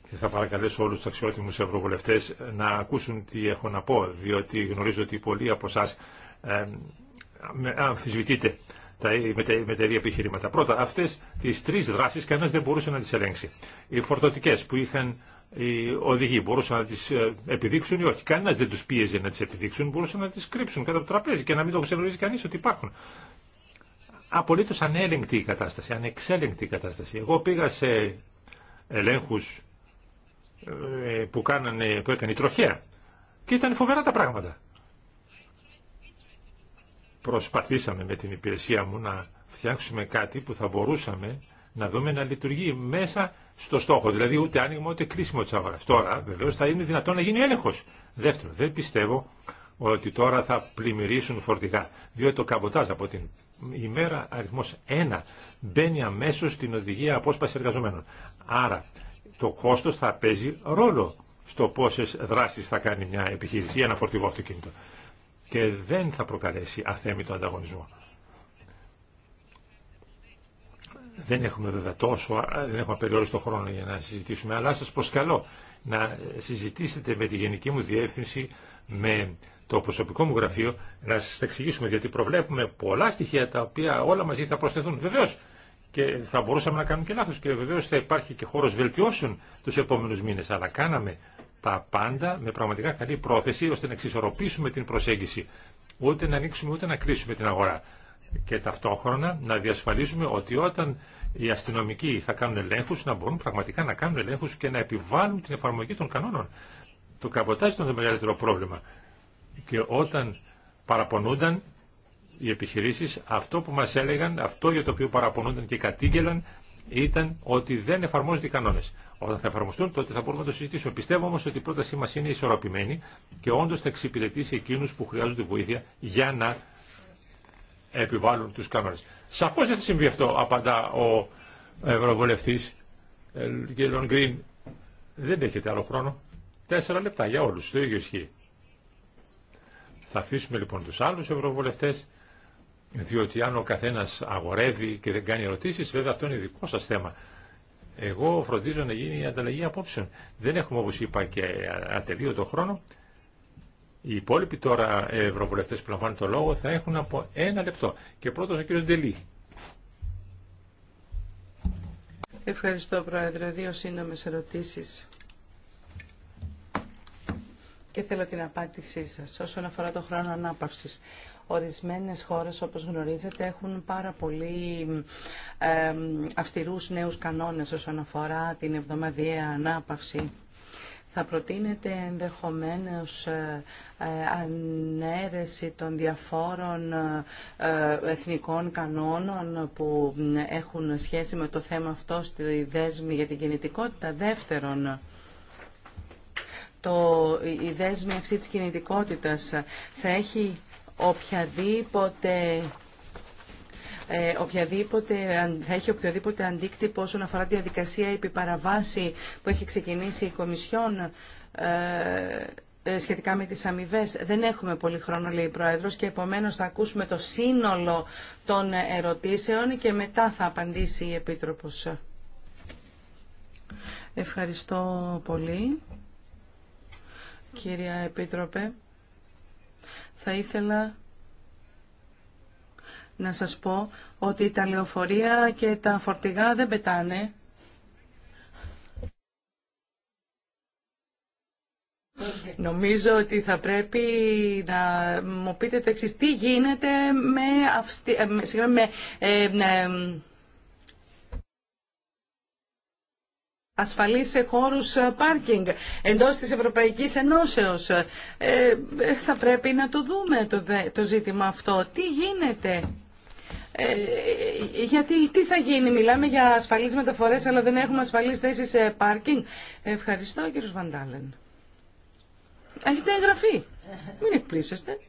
Και θα παρακαλέσω όλους τους αξιότιμους ευρωβουλευτές να ακούσουν τι έχω να πω, διότι γνωρίζω ότι πολλοί από εσά αμφισβητείτε τα, με, τα, ίδια επιχειρήματα. Πρώτα, αυτέ τι τρει δράσει κανένα δεν μπορούσε να τι ελέγξει. Οι φορτωτικέ που είχαν οι οδηγοί μπορούσαν να τι ε, επιδείξουν ή όχι. κανένα δεν τους πίεζε να τι επιδείξουν, μπορούσαν να τι κρύψουν κατά το τραπέζι και να μην το ξεγνωρίζει κανεί ότι υπάρχουν. Απολύτω ανέλεγκτη η κατάσταση, ανεξέλεγκτη η κατάσταση. Εγώ πήγα σε ελέγχου ε, που, που έκανε η τροχέα και ήταν φοβερά τα πράγματα προσπαθήσαμε με την υπηρεσία μου να φτιάξουμε κάτι που θα μπορούσαμε να δούμε να λειτουργεί μέσα στο στόχο. Δηλαδή ούτε άνοιγμα ούτε κρίσιμο τη αγορά. Τώρα βεβαίω θα είναι δυνατόν να γίνει έλεγχο. Δεύτερον, δεν πιστεύω ότι τώρα θα πλημμυρίσουν φορτηγά. Διότι το καμποτάζ από την ημέρα αριθμό 1 μπαίνει αμέσω στην οδηγία απόσπαση εργαζομένων. Άρα το κόστο θα παίζει ρόλο στο πόσε δράσει θα κάνει μια επιχείρηση ή ένα φορτηγό αυτοκίνητο και δεν θα προκαλέσει αθέμητο ανταγωνισμό. Δεν έχουμε βέβαια τόσο, δεν έχουμε περιόριστο χρόνο για να συζητήσουμε, αλλά σας προσκαλώ να συζητήσετε με τη Γενική μου Διεύθυνση, με το προσωπικό μου γραφείο, να σας τα εξηγήσουμε, γιατί προβλέπουμε πολλά στοιχεία τα οποία όλα μαζί θα προσθεθούν. Βεβαίως, και θα μπορούσαμε να κάνουμε και λάθος και βεβαίως θα υπάρχει και χώρος βελτιώσεων τους επόμενους μήνες, αλλά κάναμε τα πάντα με πραγματικά καλή πρόθεση ώστε να εξισορροπήσουμε την προσέγγιση, ούτε να ανοίξουμε ούτε να κλείσουμε την αγορά. Και ταυτόχρονα να διασφαλίσουμε ότι όταν οι αστυνομικοί θα κάνουν ελέγχους, να μπορούν πραγματικά να κάνουν ελέγχους και να επιβάλλουν την εφαρμογή των κανόνων. Το καμποτάζ ήταν το μεγαλύτερο πρόβλημα. Και όταν παραπονούνταν οι επιχειρήσεις, αυτό που μας έλεγαν, αυτό για το οποίο παραπονούνταν και κατήγγελαν, ήταν ότι δεν εφαρμόζονται οι κανόνες. Όταν θα εφαρμοστούν τότε θα μπορούμε να το συζητήσουμε. Πιστεύω όμω ότι η πρότασή μα είναι ισορροπημένη και όντω θα εξυπηρετήσει εκείνου που χρειάζονται βοήθεια για να επιβάλλουν του κανόνε. Σαφώ δεν θα συμβεί αυτό, απαντά ο Ευρωβουλευτή. Ε, κύριε Λονγκριν, δεν έχετε άλλο χρόνο. Τέσσερα λεπτά για όλου. Το ίδιο ισχύει. Θα αφήσουμε λοιπόν του άλλου Ευρωβουλευτέ, διότι αν ο καθένα αγορεύει και δεν κάνει ερωτήσει, βέβαια αυτό είναι δικό σα θέμα. Εγώ φροντίζω να γίνει η ανταλλαγή απόψεων. Δεν έχουμε όπως είπα και ατελείωτο χρόνο. Οι υπόλοιποι τώρα ευρωβουλευτέ που λαμβάνουν το λόγο θα έχουν από ένα λεπτό. Και πρώτος ο κύριο Ντελή. Ευχαριστώ Πρόεδρε. Δύο σύντομες ερωτήσει και θέλω την απάντησή σας όσον αφορά το χρόνο ανάπαυσης. Ορισμένες χώρες, όπως γνωρίζετε, έχουν πάρα πολύ ε, αυστηρούς νέους κανόνες όσον αφορά την εβδομαδιαία ανάπαυση. Θα προτείνετε ενδεχομένως ε, ε, ανέρεση των διαφόρων ε, εθνικών κανόνων που έχουν σχέση με το θέμα αυτό στη δέσμη για την κινητικότητα. Δεύτερον, το, η δέσμη αυτή της κινητικότητας θα έχει οποιαδήποτε ε, οποιαδήποτε, θα έχει οποιοδήποτε αντίκτυπο όσον αφορά τη διαδικασία επιπαραβάση που έχει ξεκινήσει η Κομισιόν ε, ε, σχετικά με τις αμοιβέ. Δεν έχουμε πολύ χρόνο, λέει η Πρόεδρος, και επομένως θα ακούσουμε το σύνολο των ερωτήσεων και μετά θα απαντήσει η Επίτροπος. Ευχαριστώ πολύ. Κυρία Επίτροπε, θα ήθελα να σας πω ότι τα λεωφορεία και τα φορτηγά δεν πετάνε. Νομίζω ότι θα πρέπει να μου πείτε το εξής. Τι γίνεται με, αυστη... Ε, με... με... Ε, ε, Ασφαλής σε χώρους ε, πάρκινγκ εντός της Ευρωπαϊκής Ενώσεως. Ε, ε, θα πρέπει να το δούμε το, το ζήτημα αυτό. Τι γίνεται. Ε, γιατί τι θα γίνει, μιλάμε για ασφαλείς μεταφορές αλλά δεν έχουμε ασφαλείς θέσεις σε πάρκινγκ. Ευχαριστώ κύριος Βαντάλεν. Έχετε εγγραφή. Μην εκπλήσεστε.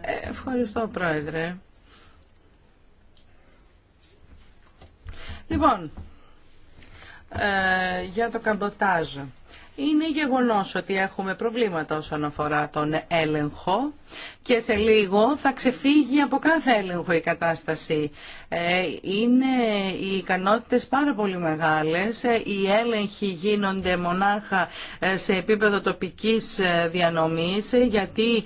Ε, ευχαριστώ πρόεδρε. Λοιπόν, ε, για το καμποτάζ. Είναι γεγονός ότι έχουμε προβλήματα όσον αφορά τον έλεγχο και σε λίγο θα ξεφύγει από κάθε έλεγχο η κατάσταση. Ε, είναι οι ικανότητες πάρα πολύ μεγάλες, ε, οι έλεγχοι γίνονται μονάχα ε, σε επίπεδο τοπικής διανομής γιατί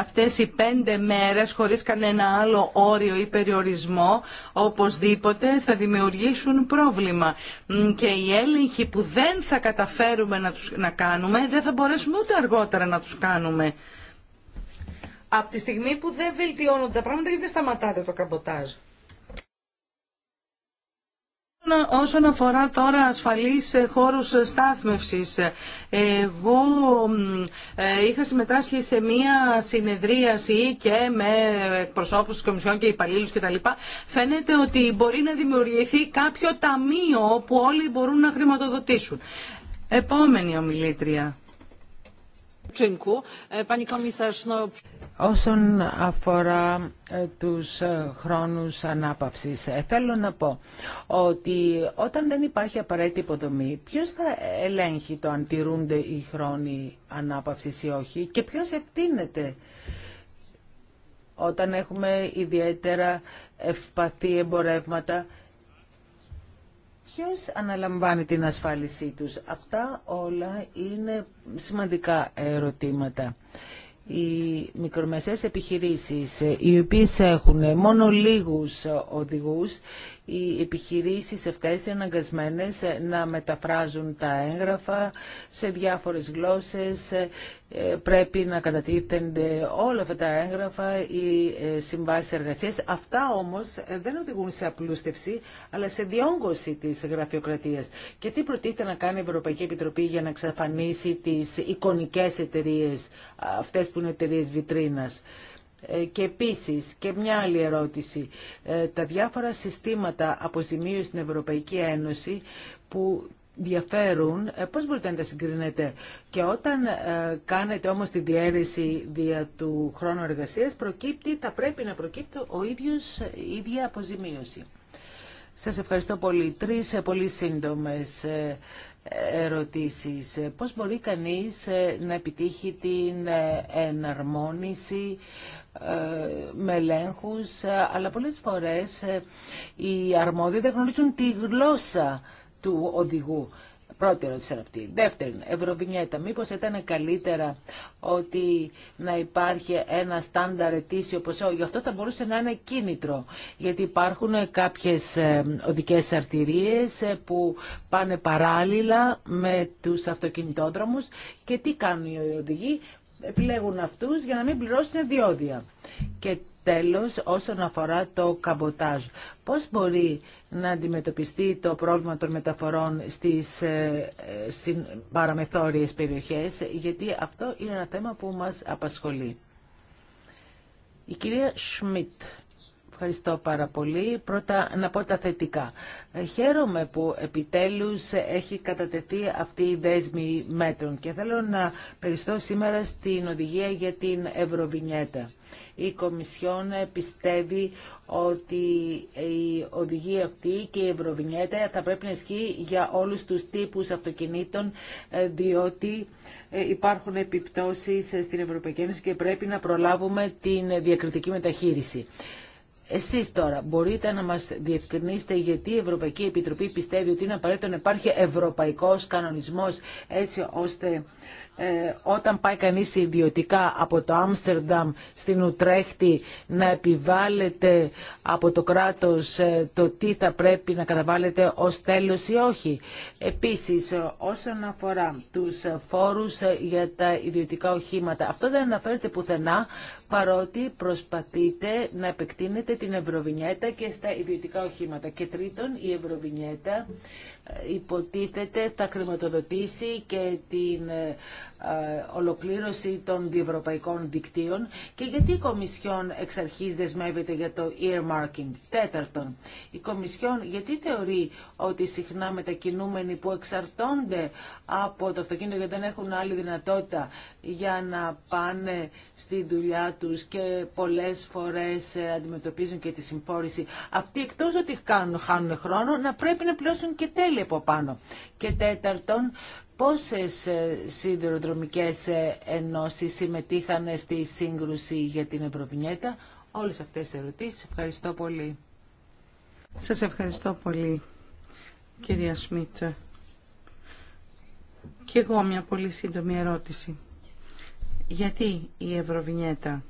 αυτές οι πέντε μέρες χωρίς κανένα άλλο όριο ή περιορισμό οπωσδήποτε θα δημιουργήσουν πρόβλημα. Και οι έλεγχοι που δεν θα καταφέρουμε να να κάνουμε, δεν θα μπορέσουμε ούτε αργότερα να τους κάνουμε. Από τη στιγμή που δεν βελτιώνονται τα πράγματα γιατί δεν σταματάτε το καμποτάζ. Όσον αφορά τώρα ασφαλείς χώρους στάθμευσης, εγώ ε, είχα συμμετάσχει σε μία συνεδρίαση και με εκπροσώπους της Κομισιόν και υπαλλήλους λοιπά Φαίνεται ότι μπορεί να δημιουργηθεί κάποιο ταμείο που όλοι μπορούν να χρηματοδοτήσουν. Επόμενη ομιλήτρια. Ε, Όσον αφορά ε, τους ε, χρόνους ανάπαυσης, θέλω να πω ότι όταν δεν υπάρχει απαραίτητη υποδομή, ποιος θα ελέγχει το αν τηρούνται οι χρόνοι ανάπαυσης ή όχι και ποιος εκτείνεται όταν έχουμε ιδιαίτερα ευπαθή εμπορεύματα Ποιος αναλαμβάνει την ασφάλισή τους. Αυτά όλα είναι σημαντικά ερωτήματα. Οι μικρομεσαίες επιχειρήσεις, οι οποίες έχουν μόνο λίγους οδηγούς οι επιχειρήσεις αυτές είναι αναγκασμένες ε, να μεταφράζουν τα έγγραφα σε διάφορες γλώσσες, ε, πρέπει να κατατίθενται όλα αυτά τα έγγραφα, οι ε, συμβάσεις εργασίας. Αυτά όμως δεν οδηγούν σε απλούστευση, αλλά σε διόγκωση της γραφειοκρατίας. Και τι προτίθεται να κάνει η Ευρωπαϊκή Επιτροπή για να εξαφανίσει τις εικονικές εταιρείε, αυτές που είναι εταιρείε βιτρίνας. Ε, και επίσης και μια άλλη ερώτηση. Ε, τα διάφορα συστήματα αποζημίωσης στην Ευρωπαϊκή Ένωση που διαφέρουν, ε, πώς μπορείτε να τα συγκρίνετε. Και όταν κάνετε όμως τη διαίρεση δια του χρόνου εργασίας, προκύπτει, θα πρέπει να προκύπτει ο ίδιος, η ίδια αποζημίωση. Σας ευχαριστώ πολύ. Τρεις πολύ σύντομες ερωτήσεις. Πώς μπορεί κανείς ε, να επιτύχει την ε, εναρμόνιση ε, με ελέγχου, αλλά πολλές φορές οι αρμόδιοι δεν γνωρίζουν τη γλώσσα του οδηγού. Πρώτη ερώτηση αυτή. Δεύτερη, Ευρωβινιέτα. μήπω ήταν καλύτερα ότι να υπάρχει ένα στάνταρ ετήσιο ποσό. Γι' αυτό θα μπορούσε να είναι κίνητρο. Γιατί υπάρχουν κάποιες ε, οδικέ αρτηρίες ε, που πάνε παράλληλα με τους αυτοκινητόδρομους και τι κάνουν οι οδηγοί επιλέγουν αυτούς για να μην πληρώσουν διόδια. Και τέλος, όσον αφορά το καμποτάζ, πώς μπορεί να αντιμετωπιστεί το πρόβλημα των μεταφορών στις, ε, ε, στις παραμεθόριες περιοχές, γιατί αυτό είναι ένα θέμα που μας απασχολεί. Η κυρία Σμιτ. Ευχαριστώ πάρα πολύ. Πρώτα να πω τα θετικά. Ε, χαίρομαι που επιτέλους έχει κατατεθεί αυτή η δέσμη μέτρων και θέλω να περιστώ σήμερα στην οδηγία για την Ευρωβινιέτα. Η Κομισιόν πιστεύει ότι η οδηγία αυτή και η Ευρωβινιέτα θα πρέπει να ισχύει για όλους τους τύπους αυτοκινήτων ε, διότι ε, υπάρχουν επιπτώσεις στην Ευρωπαϊκή Ένωση και πρέπει να προλάβουμε την διακριτική μεταχείριση. Εσείς τώρα μπορείτε να μας διευκρινίσετε γιατί η Ευρωπαϊκή Επιτροπή πιστεύει ότι είναι απαραίτητο να υπάρχει ευρωπαϊκός κανονισμός έτσι ώστε ε, όταν πάει κανείς ιδιωτικά από το Άμστερνταμ στην Ουτρέχτη να επιβάλλεται από το κράτος ε, το τι θα πρέπει να καταβάλλεται ως τέλος ή όχι. Επίσης, ε, όσον αφορά τους φόρους για τα ιδιωτικά οχήματα, αυτό δεν αναφέρεται πουθενά παρότι προσπαθείτε να επεκτείνετε την Ευρωβινιέτα και στα ιδιωτικά οχήματα. Και τρίτον, η Ευρωβινιέτα ε, υποτίθεται θα χρηματοδοτήσει και την ε, ε, ολοκλήρωση των διευρωπαϊκών δικτύων και γιατί η Κομισιόν εξ αρχής δεσμεύεται για το earmarking. Τέταρτον, η Κομισιόν γιατί θεωρεί ότι συχνά μετακινούμενοι που εξαρτώνται από το αυτοκίνητο γιατί δεν έχουν άλλη δυνατότητα για να πάνε στη δουλειά τους και πολλές φορές ε, αντιμετωπίζουν και τη συμφόρηση. Αυτοί εκτός ότι κάνουν, χάνουν χρόνο να πρέπει να πληρώσουν και τέλη από πάνω. Και τέταρτον, Πόσες ε, σιδηροδρομικές ε, ενώσεις συμμετείχαν στη σύγκρουση για την Ευρωβινιέτα. Όλες αυτές τις ερωτήσεις. Ευχαριστώ πολύ. Σας ευχαριστώ πολύ, κυρία Σμίτ. Και εγώ μια πολύ σύντομη ερώτηση. Γιατί η Ευρωβινιέτα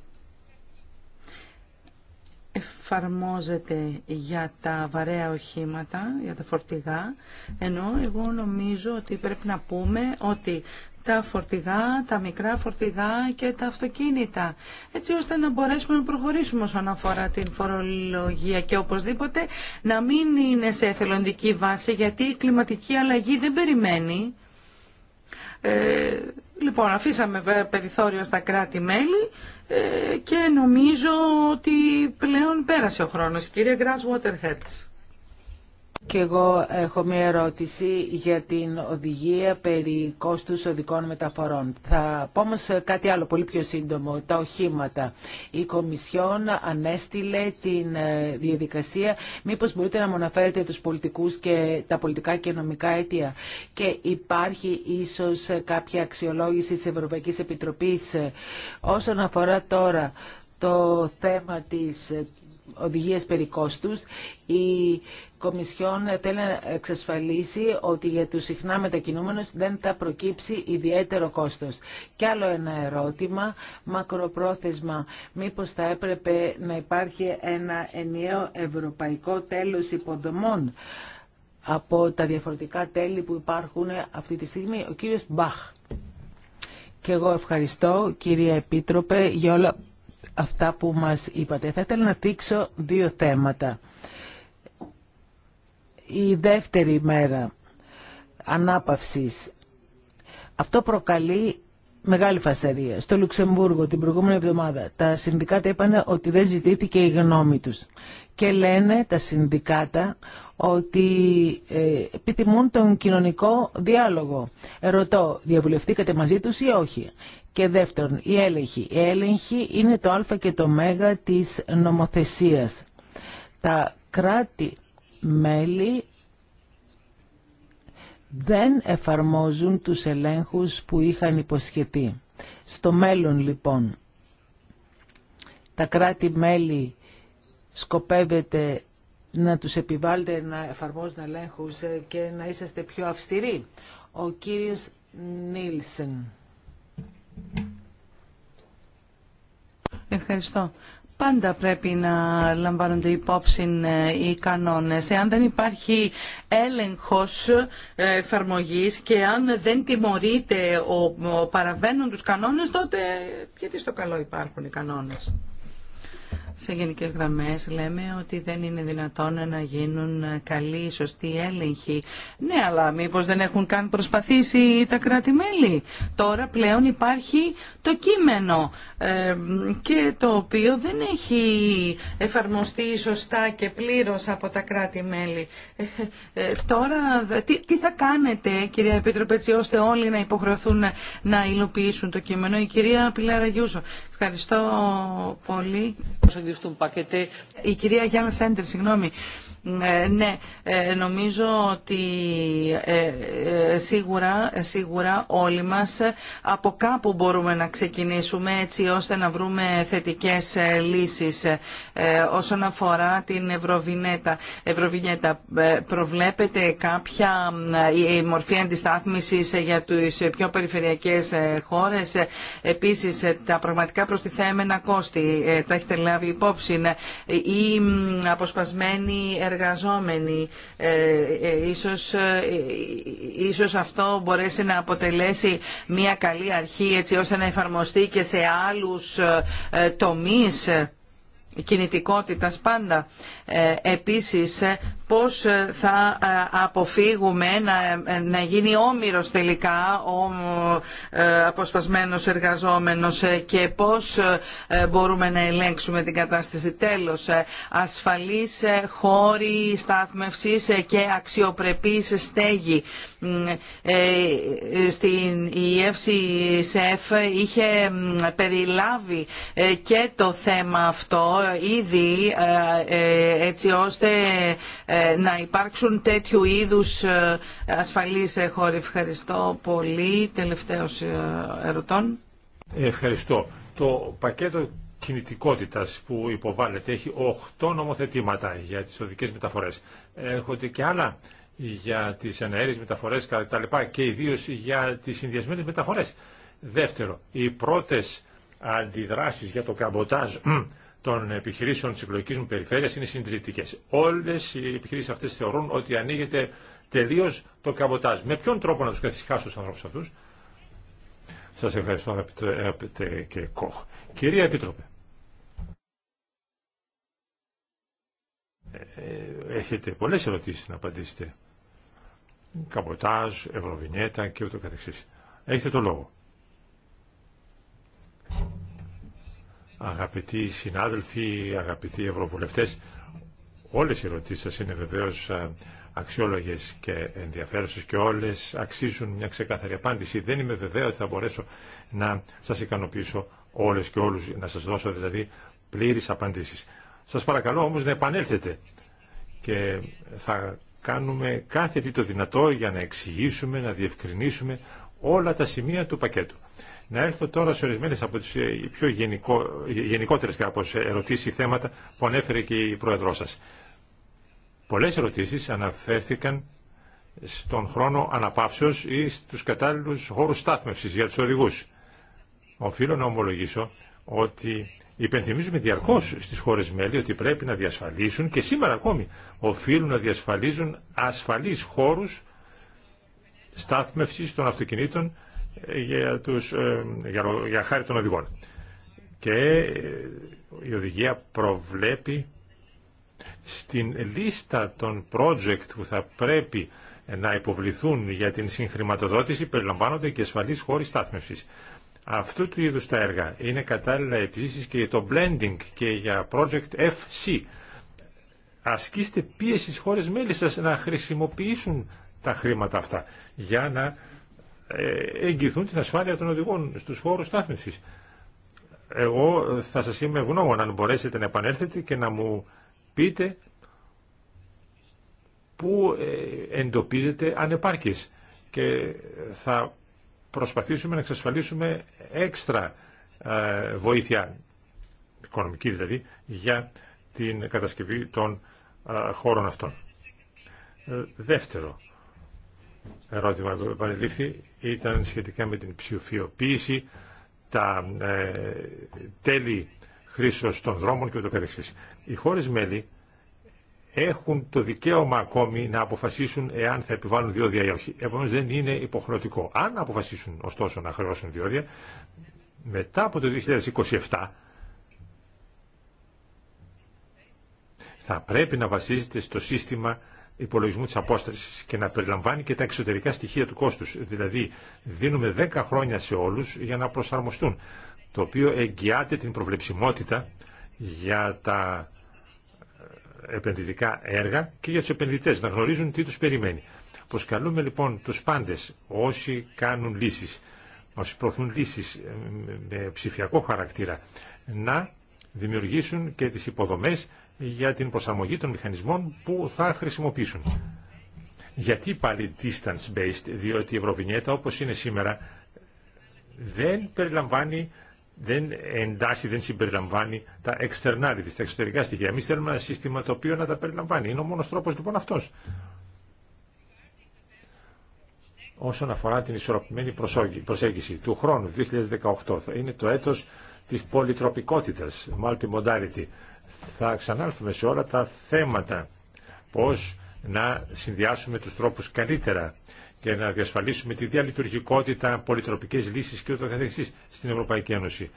εφαρμόζεται για τα βαρέα οχήματα, για τα φορτηγά, ενώ εγώ νομίζω ότι πρέπει να πούμε ότι τα φορτηγά, τα μικρά φορτηγά και τα αυτοκίνητα, έτσι ώστε να μπορέσουμε να προχωρήσουμε όσον αφορά την φορολογία και οπωσδήποτε να μην είναι σε εθελοντική βάση, γιατί η κλιματική αλλαγή δεν περιμένει. Ε, λοιπόν, αφήσαμε ε, περιθώριο στα κράτη-μέλη ε, και νομίζω ότι πλέον πέρασε ο χρόνος. κύριε Grass Waterheads. Και εγώ έχω μια ερώτηση για την οδηγία περί κόστους οδικών μεταφορών. Θα πω κάτι άλλο πολύ πιο σύντομο, τα οχήματα. Η Κομισιόν ανέστηλε την ε, διαδικασία. Μήπως μπορείτε να μου αναφέρετε τους πολιτικούς και τα πολιτικά και νομικά αίτια. Και υπάρχει ίσως κάποια αξιολόγηση της Ευρωπαϊκής Επιτροπής ε, όσον αφορά τώρα το θέμα της οδηγίες περί κόστους, η Κομισιόν θέλει να εξασφαλίσει ότι για τους συχνά μετακινούμενους δεν θα προκύψει ιδιαίτερο κόστος. Κι άλλο ένα ερώτημα, μακροπρόθεσμα. Μήπως θα έπρεπε να υπάρχει ένα ενιαίο ευρωπαϊκό τέλος υποδομών από τα διαφορετικά τέλη που υπάρχουν αυτή τη στιγμή. Ο κύριος Μπαχ. Και εγώ ευχαριστώ, κύριε Επίτροπε, για όλα αυτά που μας είπατε. Θα ήθελα να δείξω δύο θέματα. Η δεύτερη μέρα ανάπαυσης. Αυτό προκαλεί μεγάλη φασαρία. Στο Λουξεμβούργο την προηγούμενη εβδομάδα τα συνδικάτα είπαν ότι δεν ζητήθηκε η γνώμη τους. Και λένε τα συνδικάτα ότι ε, επιθυμούν τον κοινωνικό διάλογο. διευθυνθεί κατεμβασίτους διαβουλευτήκατε μαζί τους ή όχι. Και δεύτερον, η έλεγχη. Η έλεγχη είναι το α και το μέγα της νομοθεσίας. Τα κράτη-μέλη δεν εφαρμόζουν τους ελέγχους που είχαν υποσχεθεί. Στο μέλλον λοιπόν τα κράτη-μέλη σκοπεύετε να τους επιβάλλετε να εφαρμόζουν ελέγχους ε, και να είσαστε πιο αυστηροί. Ο κύριος Νίλσεν. Ευχαριστώ πάντα πρέπει να λαμβάνονται υπόψη ε, οι κανόνες. Εάν δεν υπάρχει έλεγχος ε, εφαρμογής και αν δεν τιμωρείται ο παραβαίνουν τους κανόνες, τότε γιατί στο καλό υπάρχουν οι κανόνες. Σε γενικές γραμμές λέμε ότι δεν είναι δυνατόν να γίνουν καλοί, σωστοί έλεγχοι. Ναι, αλλά μήπως δεν έχουν καν προσπαθήσει τα κράτη-μέλη. Τώρα πλέον υπάρχει το κείμενο ε, και το οποίο δεν έχει εφαρμοστεί σωστά και πλήρως από τα κράτη-μέλη. Ε, ε, τώρα, τι, τι θα κάνετε, κυρία Επίτροπε, έτσι ώστε όλοι να υποχρεωθούν να υλοποιήσουν το κείμενο. Η κυρία Πιλάρα Γιούσο. Ευχαριστώ πολύ. Η κυρία Γιάννα Σέντερ, συγγνώμη. Ναι, ναι ε, νομίζω ότι ε, ε, σίγουρα, σίγουρα όλοι μας από κάπου μπορούμε να ξεκινήσουμε έτσι ώστε να βρούμε θετικές λύσεις όσον αφορά την Ευρωβινέτα. Ευρωβινέτα προβλέπετε κάποια η μορφή αντιστάθμισης για τις πιο περιφερειακές χώρες. Επίσης τα πραγματικά προστιθέμενα κόστη τα έχετε λάβει υπόψη ή αποσπασμένη εργασία εργαζόμενοι. Ε, ε, ίσως, ε, ίσως αυτό μπορέσει να αποτελέσει μια καλή αρχή έτσι ώστε να εφαρμοστεί και σε άλλους τομείς κινητικότητας πάντα. Ε, επίσης, πώς θα ε, αποφύγουμε ε, να, γίνει όμοιρος τελικά ο αποσπασμένος εργαζόμενος και πώς μπορούμε να ελέγξουμε την κατάσταση. Τέλος, ασφαλής χώρη στάθμευσης και αξιοπρεπής στέγη. Στην η είχε περιλάβει και το θέμα αυτό ήδη έτσι ώστε ε, να υπάρξουν τέτοιου είδους ε, ασφαλείς χώροι. Ευχαριστώ πολύ. Τελευταίος ε, ερωτών. Ευχαριστώ. Το πακέτο κινητικότητας που υποβάλλεται έχει 8 νομοθετήματα για τις οδικές μεταφορές. Έρχονται και άλλα για τις αναέρειες μεταφορές κτλ. και ιδίω για τις συνδυασμένες μεταφορές. Δεύτερο, οι πρώτες αντιδράσεις για το καμποτάζ των επιχειρήσεων τη εκλογική μου περιφέρεια είναι συντηρητικέ. Όλε οι επιχειρήσει αυτέ θεωρούν ότι ανοίγεται τελείω το καμποτάζ. Με ποιον τρόπο να του καθισχάσω του ανθρώπου αυτού. Σα ευχαριστώ, αγαπητέ και Κοχ. Κυρία Επίτροπε. Ε, ε, έχετε πολλές ερωτήσεις να απαντήσετε. Καμποτάζ, ευρωβινέτα και ούτω καθεξής. Έχετε το λόγο. Αγαπητοί συνάδελφοι, αγαπητοί ευρωβουλευτές, όλες οι ερωτήσεις σας είναι βεβαίως αξιόλογες και ενδιαφέρουσες και όλες αξίζουν μια ξεκάθαρη απάντηση. Δεν είμαι βεβαίω ότι θα μπορέσω να σας ικανοποιήσω όλες και όλους, να σας δώσω δηλαδή πλήρε απαντήσεις. Σας παρακαλώ όμως να επανέλθετε και θα κάνουμε κάθε τι το δυνατό για να εξηγήσουμε, να διευκρινίσουμε όλα τα σημεία του πακέτου. Να έρθω τώρα σε ορισμένε από τι ε, πιο γενικό, ε, γενικότερες ερωτήσει ή θέματα που ανέφερε και η Πρόεδρό σα. Πολλέ ερωτήσει αναφέρθηκαν στον χρόνο αναπαύσεως ή στου κατάλληλου χώρου στάθμευσης για του οδηγού. Οφείλω να ομολογήσω ότι υπενθυμίζουμε διαρκώ στι χώρε μέλη ότι πρέπει να διασφαλίσουν και σήμερα ακόμη οφείλουν να διασφαλίζουν ασφαλείς χώρου στάθμευσης των αυτοκινήτων για, τους, ε, για, χάρη των οδηγών. Και ε, η οδηγία προβλέπει στην λίστα των project που θα πρέπει να υποβληθούν για την συγχρηματοδότηση περιλαμβάνονται και ασφαλείς χώροι στάθμευσης. Αυτού του είδους τα έργα είναι κατάλληλα επίσης και για το blending και για project FC. Ασκήστε πίεση στις χώρες μέλη σας να χρησιμοποιήσουν τα χρήματα αυτά για να ε, εγγυθούν την ασφάλεια των οδηγών στους χώρους στάθμευσης. Εγώ θα σας είμαι ευγνώμων αν μπορέσετε να επανέλθετε και να μου πείτε πού ε, εντοπίζετε ανεπάρκειες και θα προσπαθήσουμε να εξασφαλίσουμε έξτρα ε, βοήθεια, οικονομική δηλαδή, για την κατασκευή των χώρων αυτών. Δεύτερο, ερώτημα που επανελήφθη ήταν σχετικά με την ψηφιοποίηση, τα ε, τέλη χρήσεως των δρόμων και ούτω καθεξής. Οι χώρες μέλη έχουν το δικαίωμα ακόμη να αποφασίσουν εάν θα επιβάλλουν διόδια ή όχι. Επομένως δεν είναι υποχρεωτικό. Αν αποφασίσουν ωστόσο να χρεώσουν διόδια, μετά από το 2027 θα πρέπει να βασίζεται στο σύστημα υπολογισμού τη απόστασης και να περιλαμβάνει και τα εξωτερικά στοιχεία του κόστους. Δηλαδή δίνουμε 10 χρόνια σε όλους για να προσαρμοστούν, το οποίο εγγυάται την προβλεψιμότητα για τα ε, επενδυτικά έργα και για τους επενδυτές να γνωρίζουν τι τους περιμένει. Προσκαλούμε λοιπόν τους πάντες όσοι κάνουν λύσεις, όσοι προωθούν λύσεις ε, με ψηφιακό χαρακτήρα, να δημιουργήσουν και τις υποδομές για την προσαρμογή των μηχανισμών που θα χρησιμοποιήσουν. Γιατί πάλι distance-based, διότι η Ευρωβινιέτα όπως είναι σήμερα δεν περιλαμβάνει, δεν εντάσσει, δεν συμπεριλαμβάνει τα externality, δηλαδή τα εξωτερικά στοιχεία. Εμεί θέλουμε ένα σύστημα το οποίο να τα περιλαμβάνει. Είναι ο μόνος τρόπος λοιπόν αυτός. Όσον αφορά την ισορροπημένη προσέγγιση του χρόνου 2018, θα είναι το έτος της πολυτροπικότητας, multimodality, θα ξανάρθουμε σε όλα τα θέματα. Πώς να συνδυάσουμε τους τρόπους καλύτερα και να διασφαλίσουμε τη διαλειτουργικότητα, πολυτροπικές λύσεις και ούτω καθεξής στην Ευρωπαϊκή Ένωση.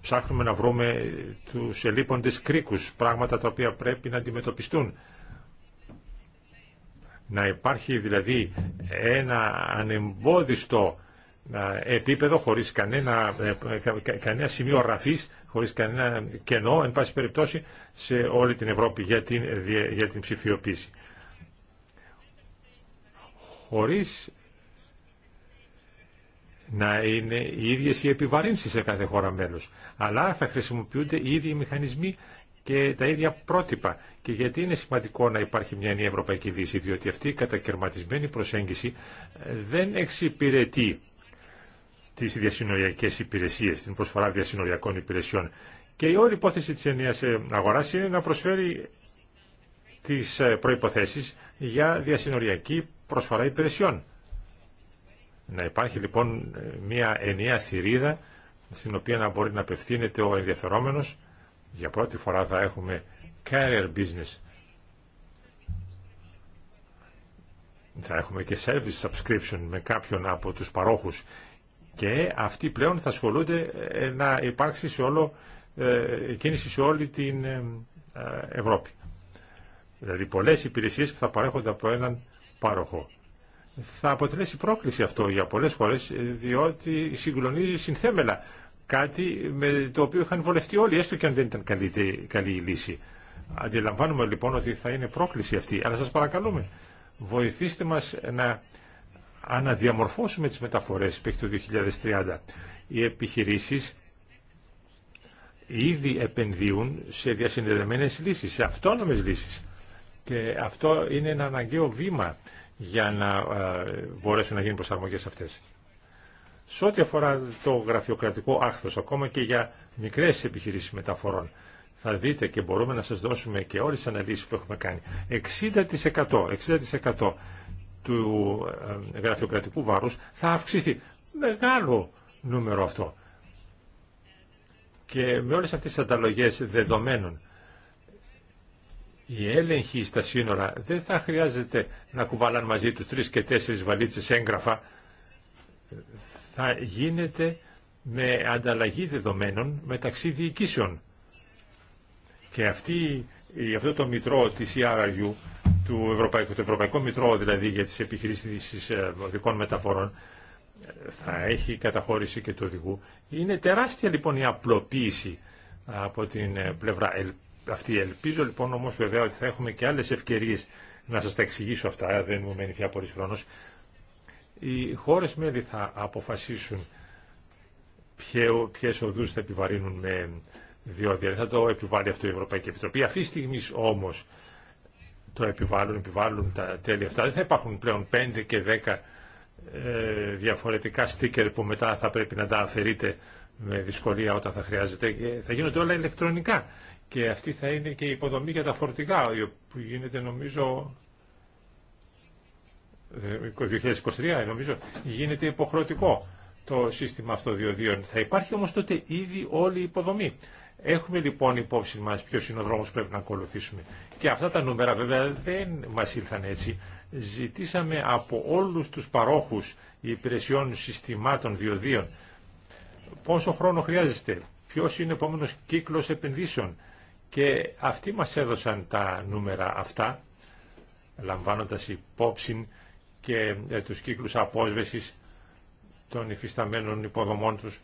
Ψάχνουμε να βρούμε τους ελείποντες κρίκους, πράγματα τα οποία πρέπει να αντιμετωπιστούν. Να υπάρχει δηλαδή ένα ανεμπόδιστο ε, επίπεδο χωρίς κανένα, ε, κανένα σημείο ραφής χωρίς κανένα κενό, εν πάση περιπτώσει, σε όλη την Ευρώπη για την, για την ψηφιοποίηση. Χωρίς να είναι οι ίδιες οι επιβαρύνσεις σε κάθε χώρα μέλος. Αλλά θα χρησιμοποιούνται οι ίδιοι μηχανισμοί και τα ίδια πρότυπα. Και γιατί είναι σημαντικό να υπάρχει μια νέα ευρωπαϊκή Δύση. διότι αυτή η κατακαιρματισμένη προσέγγιση δεν εξυπηρετεί τις διασυνοριακές υπηρεσίες, την προσφορά διασυνοριακών υπηρεσιών. Και η όλη υπόθεση της ενιαίας ε, αγοράς είναι να προσφέρει τις ε, προϋποθέσεις για διασυνοριακή προσφορά υπηρεσιών. Να υπάρχει λοιπόν ε, μια ενιαία θηρίδα στην οποία να μπορεί να απευθύνεται ο ενδιαφερόμενος. Για πρώτη φορά θα έχουμε carrier business. Θα έχουμε και service subscription με κάποιον από τους παρόχους και αυτοί πλέον θα ασχολούνται ε, να υπάρξει σε όλο, ε, κίνηση σε όλη την ε, Ευρώπη. Δηλαδή πολλές υπηρεσίες που θα παρέχονται από έναν πάροχο. Θα αποτελέσει πρόκληση αυτό για πολλές χώρες, διότι συγκλονίζει συνθέμελα κάτι με το οποίο είχαν βολευτεί όλοι, έστω και αν δεν ήταν καλή, καλή η λύση. Αντιλαμβάνουμε λοιπόν ότι θα είναι πρόκληση αυτή, αλλά σας παρακαλούμε, βοηθήστε μας να αναδιαμορφώσουμε τις μεταφορές μέχρι το 2030. Οι επιχειρήσεις ήδη επενδύουν σε διασυνδεδεμένες λύσεις, σε αυτόνομες λύσεις. Και αυτό είναι ένα αναγκαίο βήμα για να ε, μπορέσουν να γίνουν προσαρμογές αυτές. Σε ό,τι αφορά το γραφειοκρατικό άχθος, ακόμα και για μικρές επιχειρήσεις μεταφορών, θα δείτε και μπορούμε να σας δώσουμε και όλες τις αναλύσεις που έχουμε κάνει. 60%, 60 του ε, γραφειοκρατικού βάρους θα αυξηθεί. Μεγάλο νούμερο αυτό. Και με όλες αυτές τις ανταλλογές δεδομένων η έλεγχη στα σύνορα δεν θα χρειάζεται να κουβαλάν μαζί τους τρεις και τέσσερις βαλίτσες έγγραφα. Θα γίνεται με ανταλλαγή δεδομένων μεταξύ διοικήσεων. Και αυτή, αυτό το μητρό της ERU του Ευρωπαϊκού, το Ευρωπαϊκό Μητρό δηλαδή για τις επιχειρήσεις ε, οδικών μεταφορών θα έχει καταχώρηση και του οδηγού. Είναι τεράστια λοιπόν η απλοποίηση από την ε, πλευρά αυτή. Ελπίζω λοιπόν όμως βέβαια ότι θα έχουμε και άλλες ευκαιρίες να σας τα εξηγήσω αυτά, δεν μου μένει πια πολύ χρόνος. Οι χώρες μέλη θα αποφασίσουν ποιες οδούς θα επιβαρύνουν με διόδια. Θα το επιβάλλει αυτό η Ευρωπαϊκή Επιτροπή. Αυτή τη στιγμή όμως το επιβάλλουν, επιβάλλουν τα τέλη αυτά. Δεν θα υπάρχουν πλέον 5 και 10 ε, διαφορετικά στίκερ που μετά θα πρέπει να τα αφαιρείτε με δυσκολία όταν θα χρειάζεται. Και ε, θα γίνονται όλα ηλεκτρονικά. Και αυτή θα είναι και η υποδομή για τα φορτηγά, που γίνεται νομίζω 2023, ε, νομίζω, γίνεται υποχρεωτικό το σύστημα αυτο αυτοδιοδίων. Θα υπάρχει όμως τότε ήδη όλη η υποδομή. Έχουμε λοιπόν υπόψη μας ποιος είναι ο δρόμος που πρέπει να ακολουθήσουμε. Και αυτά τα νούμερα βέβαια δεν μας ήρθαν έτσι. Ζητήσαμε από όλους τους παρόχους υπηρεσιών συστημάτων διοδίων πόσο χρόνο χρειάζεστε, ποιος είναι ο επόμενος κύκλος επενδύσεων. Και αυτοί μας έδωσαν τα νούμερα αυτά, λαμβάνοντας υπόψη και ε, τους κύκλους απόσβεσης των υφισταμένων υποδομών τους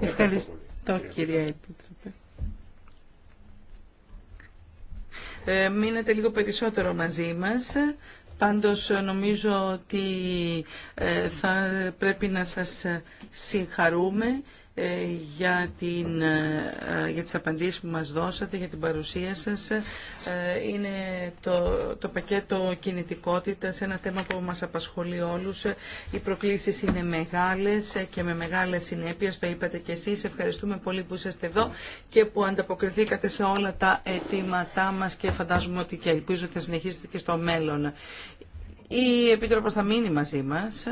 Ευχαριστώ, κύριε κυρία Επίτροπε. Ε, μείνετε λίγο περισσότερο μαζί μας. Πάντως νομίζω ότι ε, θα πρέπει να σας συγχαρούμε ε, για, την, ε, ε, για τις απαντήσεις που μας δώσατε, για την παρουσία σας. Είναι το, το πακέτο κινητικότητας, ένα θέμα που μας απασχολεί όλους. Οι προκλήσεις είναι μεγάλες και με μεγάλες συνέπειες, το είπατε και εσείς. Ευχαριστούμε πολύ που είσαστε εδώ και που ανταποκριθήκατε σε όλα τα αιτήματά μας και φαντάζομαι ότι και ελπίζω ότι θα συνεχίσετε και στο μέλλον. Η Επίτροπος θα μείνει μαζί μας,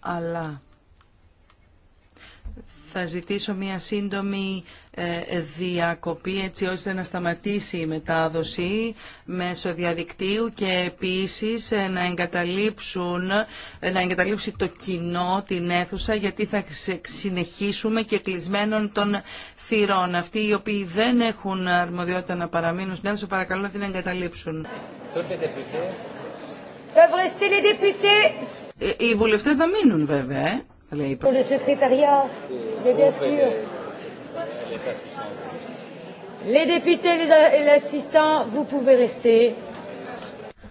αλλά θα ζητήσω μια σύντομη ε, διακοπή έτσι ώστε να σταματήσει η μετάδοση μέσω διαδικτύου και επίσης ε, να, εγκαταλείψουν, ε, να εγκαταλείψει το κοινό την αίθουσα γιατί θα συνεχίσουμε και κλεισμένων των θυρών. Αυτοί οι οποίοι δεν έχουν αρμοδιότητα να παραμείνουν στην αίθουσα παρακαλώ να την εγκαταλείψουν. Οι βουλευτές να μείνουν βέβαια. Allez, pour le secrétariat, mais bien sûr. Les députés et les assistants, vous pouvez rester.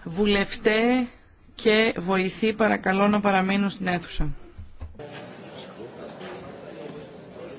Βουλευτέ και βοηθοί παρακαλώ να παραμείνουν στην αίθουσα.